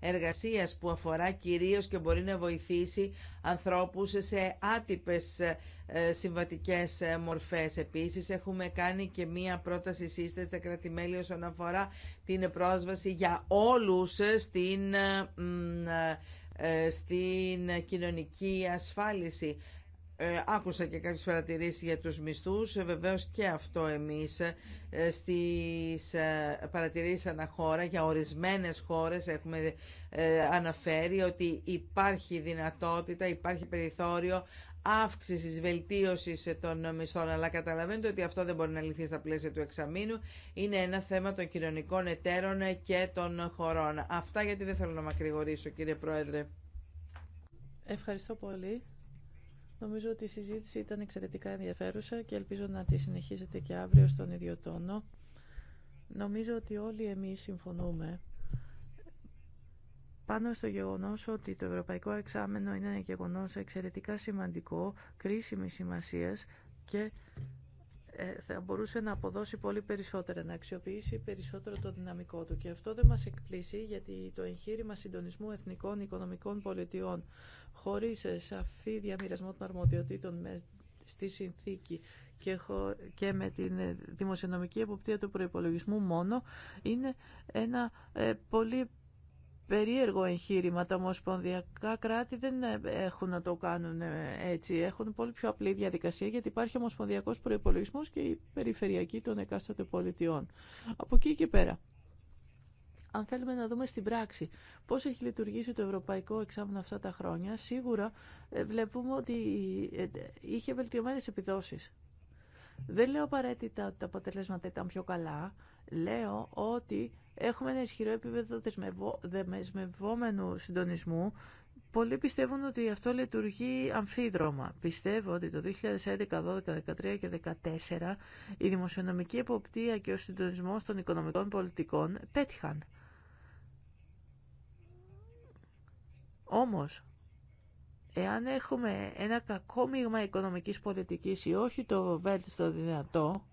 εργασίας που αφορά κυρίως και μπορεί να βοηθήσει ανθρώπους σε άτυπες ε, συμβατικές ε, μορφές. Επίσης έχουμε κάνει και μία πρόταση σύσταση στα κρατημέλη όσον αφορά την πρόσβαση για όλους στην, ε, στην κοινωνική ασφάλιση. Άκουσα και κάποιες παρατηρήσεις για τους μισθούς. Βεβαίως και αυτό εμείς στις παρατηρήσεις αναχώρα για ορισμένες χώρες έχουμε αναφέρει ότι υπάρχει δυνατότητα, υπάρχει περιθώριο Αύξηση βελτίωση των μισθών, αλλά καταλαβαίνετε ότι αυτό δεν μπορεί να λυθεί στα πλαίσια του εξαμήνου. Είναι ένα θέμα των κοινωνικών εταίρων και των χωρών. Αυτά γιατί δεν θέλω να μακρηγορήσω, κύριε Πρόεδρε. Ευχαριστώ πολύ. Νομίζω ότι η συζήτηση ήταν εξαιρετικά ενδιαφέρουσα και ελπίζω να τη συνεχίσετε και αύριο στον ίδιο τόνο. Νομίζω ότι όλοι εμείς συμφωνούμε πάνω στο γεγονός ότι το Ευρωπαϊκό Εξάμενο είναι ένα γεγονός εξαιρετικά σημαντικό, κρίσιμη σημασίας και ε, θα μπορούσε να αποδώσει πολύ περισσότερα, να αξιοποιήσει περισσότερο το δυναμικό του. Και αυτό δεν μας εκπλήσει γιατί το εγχείρημα συντονισμού εθνικών οικονομικών πολιτιών χωρίς ε, σαφή διαμοιρασμό των αρμοδιοτήτων με στη συνθήκη και με την ε, δημοσιονομική εποπτεία του προϋπολογισμού μόνο είναι ένα πολύ περίεργο εγχείρημα. Τα ομοσπονδιακά κράτη δεν έχουν να το κάνουν ε, έτσι. Έχουν πολύ πιο απλή διαδικασία γιατί υπάρχει ομοσπονδιακός προπολογισμό και η περιφερειακή των εκάστοτε πολιτιών. Από εκεί και πέρα. Αν θέλουμε να δούμε στην πράξη πώς έχει λειτουργήσει το ευρωπαϊκό εξάμεινο αυτά τα χρόνια, σίγουρα ε, βλέπουμε ότι ε, είχε βελτιωμένες επιδόσεις. Δεν λέω απαραίτητα ότι τα αποτελέσματα ήταν πιο καλά. Λέω ότι Έχουμε ένα ισχυρό επίπεδο δεσμευόμενου συντονισμού. Πολλοί πιστεύουν ότι αυτό λειτουργεί αμφίδρομα. Πιστεύω ότι το 2011, 2012, 2013 και 2014 η δημοσιονομική εποπτεία και ο συντονισμός των οικονομικών πολιτικών πέτυχαν. Όμως, εάν έχουμε ένα κακό μείγμα οικονομικής πολιτικής ή όχι το βέλτιστο δυνατό,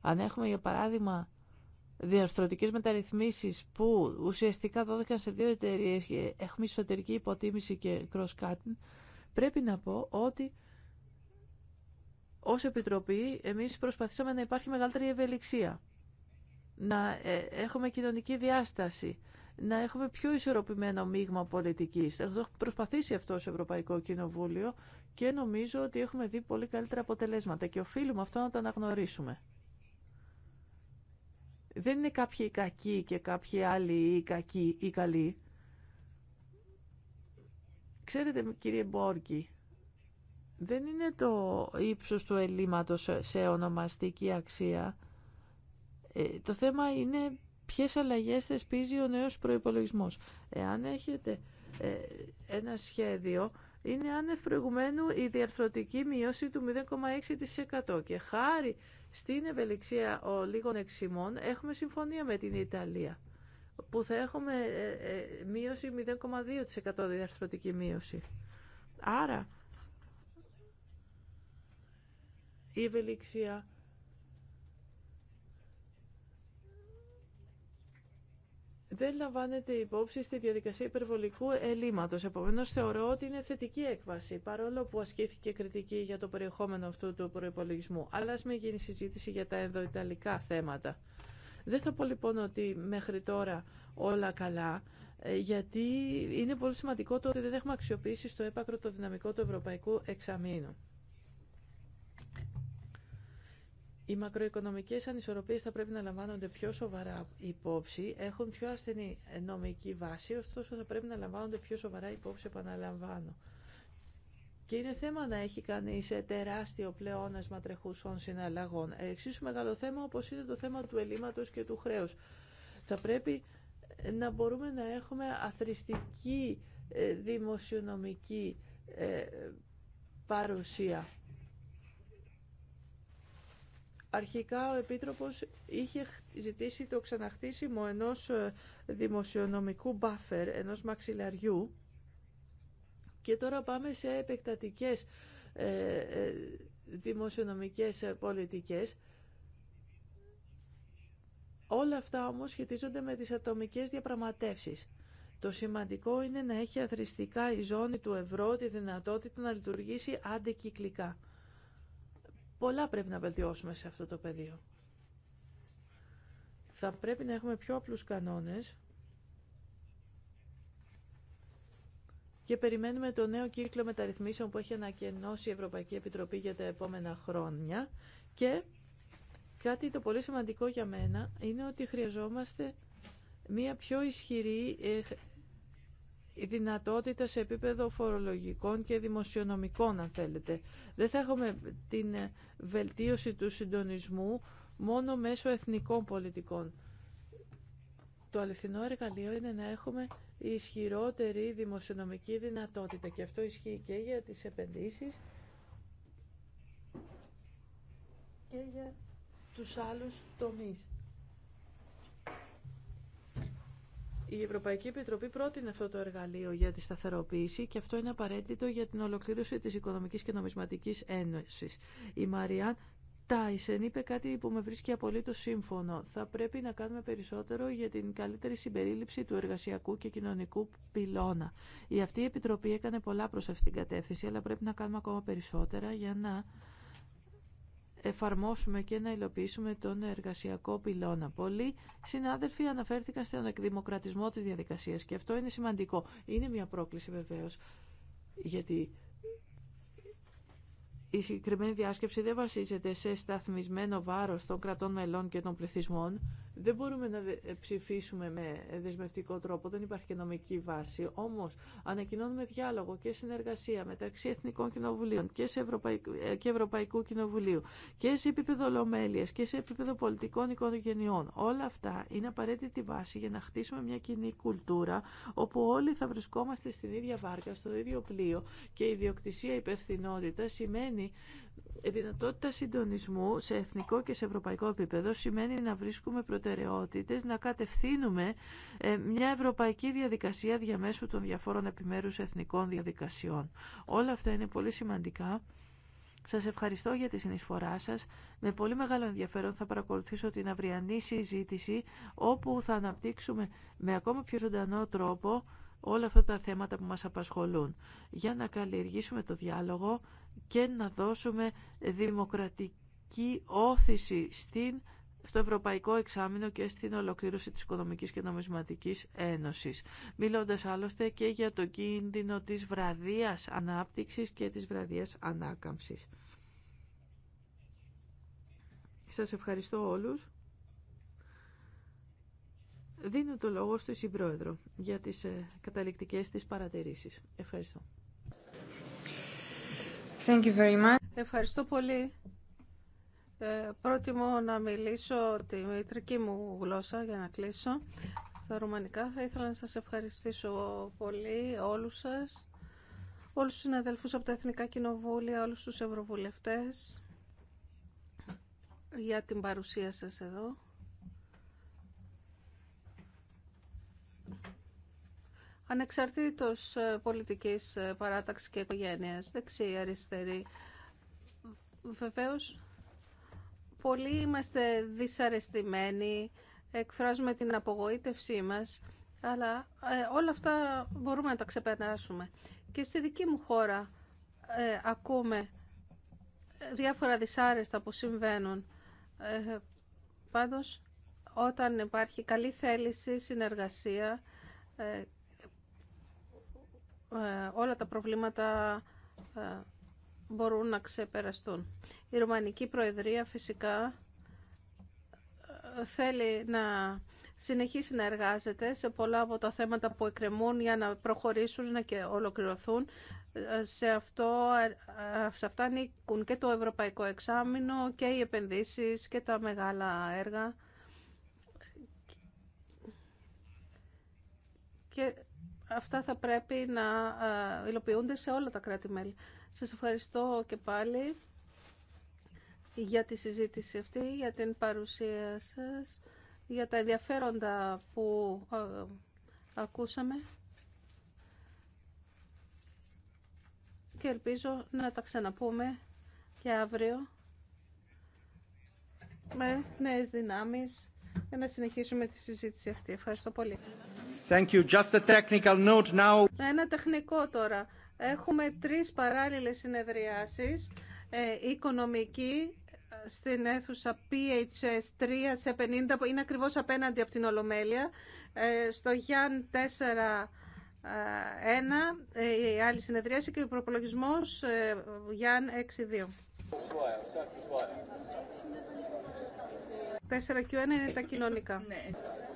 αν έχουμε για παράδειγμα διαρθρωτικές μεταρρυθμίσεις που ουσιαστικά δόθηκαν σε δύο εταιρείε και έχουμε εσωτερική υποτίμηση και cross-cutting, πρέπει να πω ότι ως Επιτροπή εμείς προσπαθήσαμε να υπάρχει μεγαλύτερη ευελιξία, να ε, έχουμε κοινωνική διάσταση, να έχουμε πιο ισορροπημένο μείγμα πολιτικής. Έχω προσπαθήσει αυτό στο Ευρωπαϊκό Κοινοβούλιο και νομίζω ότι έχουμε δει πολύ καλύτερα αποτελέσματα και οφείλουμε αυτό να το αναγνωρίσουμε. Δεν είναι κάποιοι κακοί και κάποιοι άλλοι ή κακοί ή καλοί. Ξέρετε κύριε Μπόρκη, δεν είναι το ύψος του ελλείμματος σε ονομαστική αξία. Ε, το θέμα είναι ποιες αλλαγές θεσπίζει ο νέος προϋπολογισμός. Εάν έχετε ε, ένα σχέδιο, είναι άνευ η διαρθρωτική μείωση του 0,6% και χάρη στην ευελιξία ο λίγων εξημών έχουμε συμφωνία με την Ιταλία που θα έχουμε ε, ε, μείωση 0,2% διαρθρωτική μείωση. Άρα η ευελιξία δεν λαμβάνεται υπόψη στη διαδικασία υπερβολικού ελλείμματος. Επομένως, θεωρώ ότι είναι θετική έκβαση, παρόλο που ασκήθηκε κριτική για το περιεχόμενο αυτού του προϋπολογισμού. Αλλά ας μην γίνει συζήτηση για τα ενδοϊταλικά θέματα. Δεν θα πω λοιπόν ότι μέχρι τώρα όλα καλά, ε, γιατί είναι πολύ σημαντικό το ότι δεν έχουμε αξιοποιήσει στο έπακρο το δυναμικό του ευρωπαϊκού εξαμήνου. Οι μακροοικονομικές ανισορροπίες θα πρέπει να λαμβάνονται πιο σοβαρά υπόψη, έχουν πιο ασθενή νομική βάση, ωστόσο θα πρέπει να λαμβάνονται πιο σοβαρά υπόψη, επαναλαμβάνω. Και είναι θέμα να έχει κανεί τεράστιο πλεόνασμα τρεχούσων συναλλαγών. Εξίσου μεγάλο θέμα όπως είναι το θέμα του ελλείμματο και του χρέους. Θα πρέπει ε, να μπορούμε να έχουμε αθρηστική ε, δημοσιονομική ε, παρουσία Αρχικά ο Επίτροπος είχε ζητήσει το ξαναχτίσιμο ενός ε, δημοσιονομικού μπάφερ, ενός μαξιλαριού και τώρα πάμε σε επεκτατικές ε, ε, δημοσιονομικές πολιτικές. Όλα αυτά όμως σχετίζονται με τις ατομικές διαπραγματεύσεις. Το σημαντικό είναι να έχει αθρηστικά η ζώνη του ευρώ τη δυνατότητα να λειτουργήσει αντικυκλικά. Πολλά πρέπει να βελτιώσουμε σε αυτό το πεδίο. Θα πρέπει να έχουμε πιο απλούς κανόνες και περιμένουμε το νέο κύκλο μεταρρυθμίσεων που έχει ανακαινώσει η Ευρωπαϊκή Επιτροπή για τα επόμενα χρόνια και κάτι το πολύ σημαντικό για μένα είναι ότι χρειαζόμαστε μια πιο ισχυρή ε, η δυνατότητα σε επίπεδο φορολογικών και δημοσιονομικών, αν θέλετε. Δεν θα έχουμε την βελτίωση του συντονισμού μόνο μέσω εθνικών πολιτικών. Το αληθινό εργαλείο είναι να έχουμε ισχυρότερη δημοσιονομική δυνατότητα και αυτό ισχύει και για τις επενδύσεις και για τους άλλους τομείς. Η Ευρωπαϊκή Επιτροπή πρότεινε αυτό το εργαλείο για τη σταθεροποίηση και αυτό είναι απαραίτητο για την ολοκλήρωση της Οικονομικής και Νομισματικής Ένωσης. Η Μαριάν Τάισεν είπε κάτι που με βρίσκει απολύτως σύμφωνο. Θα πρέπει να κάνουμε περισσότερο για την καλύτερη συμπερίληψη του εργασιακού και κοινωνικού πυλώνα. Η αυτή η Επιτροπή έκανε πολλά προς αυτήν την κατεύθυνση, αλλά πρέπει να κάνουμε ακόμα περισσότερα για να εφαρμόσουμε και να υλοποιήσουμε τον εργασιακό πυλώνα. Πολλοί συνάδελφοι αναφέρθηκαν στον εκδημοκρατισμό της διαδικασίας και αυτό είναι σημαντικό. Είναι μια πρόκληση βεβαίως, γιατί η συγκεκριμένη διάσκεψη δεν βασίζεται σε σταθμισμένο βάρος των κρατών μελών και των πληθυσμών, δεν μπορούμε να ε, ψηφίσουμε με δεσμευτικό τρόπο, δεν υπάρχει και νομική βάση. Όμω, ανακοινώνουμε διάλογο και συνεργασία μεταξύ Εθνικών Κοινοβουλίων και, σε Ευρωπαϊκού, ε, και Ευρωπαϊκού Κοινοβουλίου και σε επίπεδο ολομέλεια και σε επίπεδο πολιτικών οικογενειών. Όλα αυτά είναι απαραίτητη βάση για να χτίσουμε μια κοινή κουλτούρα όπου όλοι θα βρισκόμαστε στην ίδια βάρκα, στο ίδιο πλοίο και η ιδιοκτησία υπευθυνότητα σημαίνει η ε, δυνατότητα συντονισμού σε εθνικό και σε ευρωπαϊκό επίπεδο σημαίνει να βρίσκουμε προτεραιότητες, να κατευθύνουμε ε, μια ευρωπαϊκή διαδικασία διαμέσου των διαφόρων επιμέρους εθνικών διαδικασιών. Όλα αυτά είναι πολύ σημαντικά. Σας ευχαριστώ για τη συνεισφορά σας. Με πολύ μεγάλο ενδιαφέρον θα παρακολουθήσω την αυριανή συζήτηση όπου θα αναπτύξουμε με ακόμα πιο ζωντανό τρόπο όλα αυτά τα θέματα που μας απασχολούν για να καλλιεργήσουμε το διάλογο και να δώσουμε δημοκρατική όθηση στην, στο Ευρωπαϊκό Εξάμεινο και στην ολοκλήρωση της Οικονομικής και Νομισματικής Ένωσης. Μιλώντας άλλωστε και για το κίνδυνο της βραδίας ανάπτυξης και της βραδίας ανάκαμψης. Σας ευχαριστώ όλους. Δίνω το λόγο στη Συμπρόεδρο για τις ε, καταληκτικές της παρατηρήσεις. Ευχαριστώ. Thank you very much. Ευχαριστώ πολύ. Ε, πρότιμο να μιλήσω τη μητρική μου γλώσσα για να κλείσω. Στα ρουμανικά θα ήθελα να σας ευχαριστήσω πολύ όλους σας, όλους τους συναδελφούς από τα Εθνικά Κοινοβούλια, όλους τους Ευρωβουλευτές για την παρουσία σας εδώ ανεξαρτήτως ε, πολιτικής ε, παράταξης και οικογένειας, δεξί, αριστερή. Βεβαίως, πολλοί είμαστε δυσαρεστημένοι, εκφράζουμε την απογοήτευσή μας, αλλά ε, όλα αυτά μπορούμε να τα ξεπεράσουμε. Και στη δική μου χώρα ακούμε διάφορα δυσάρεστα που συμβαίνουν. Ε, πάντως, όταν υπάρχει καλή θέληση, συνεργασία ε, όλα τα προβλήματα ε, μπορούν να ξεπεραστούν. Η Ρουμανική Προεδρία φυσικά ε, θέλει να συνεχίσει να εργάζεται σε πολλά από τα θέματα που εκκρεμούν για να προχωρήσουν να και ολοκληρωθούν. Σε, αυτό, σε αυτά ανήκουν και το Ευρωπαϊκό Εξάμεινο και οι επενδύσεις και τα μεγάλα έργα. Και αυτά θα πρέπει να ε, υλοποιούνται σε όλα τα κράτη-μέλη. Σας ευχαριστώ και πάλι για τη συζήτηση αυτή, για την παρουσία σας, για τα ενδιαφέροντα που ε, ακούσαμε και ελπίζω να τα ξαναπούμε και αύριο με νέες δυνάμεις για να συνεχίσουμε τη συζήτηση αυτή. Ευχαριστώ πολύ. Thank you. Just a technical note now. Ένα τεχνικό τώρα. Έχουμε τρεις παράλληλες συνεδριάσεις. Ε, οικονομική στην αίθουσα PHS 3 σε 50 που είναι ακριβώς απέναντι από την Ολομέλεια. Ε, στο Γιάν 4 ε, η άλλη συνεδρίαση και ο προπολογισμό ε, Γιάν 6-2. 4Q1 είναι τα κοινωνικά. Ναι.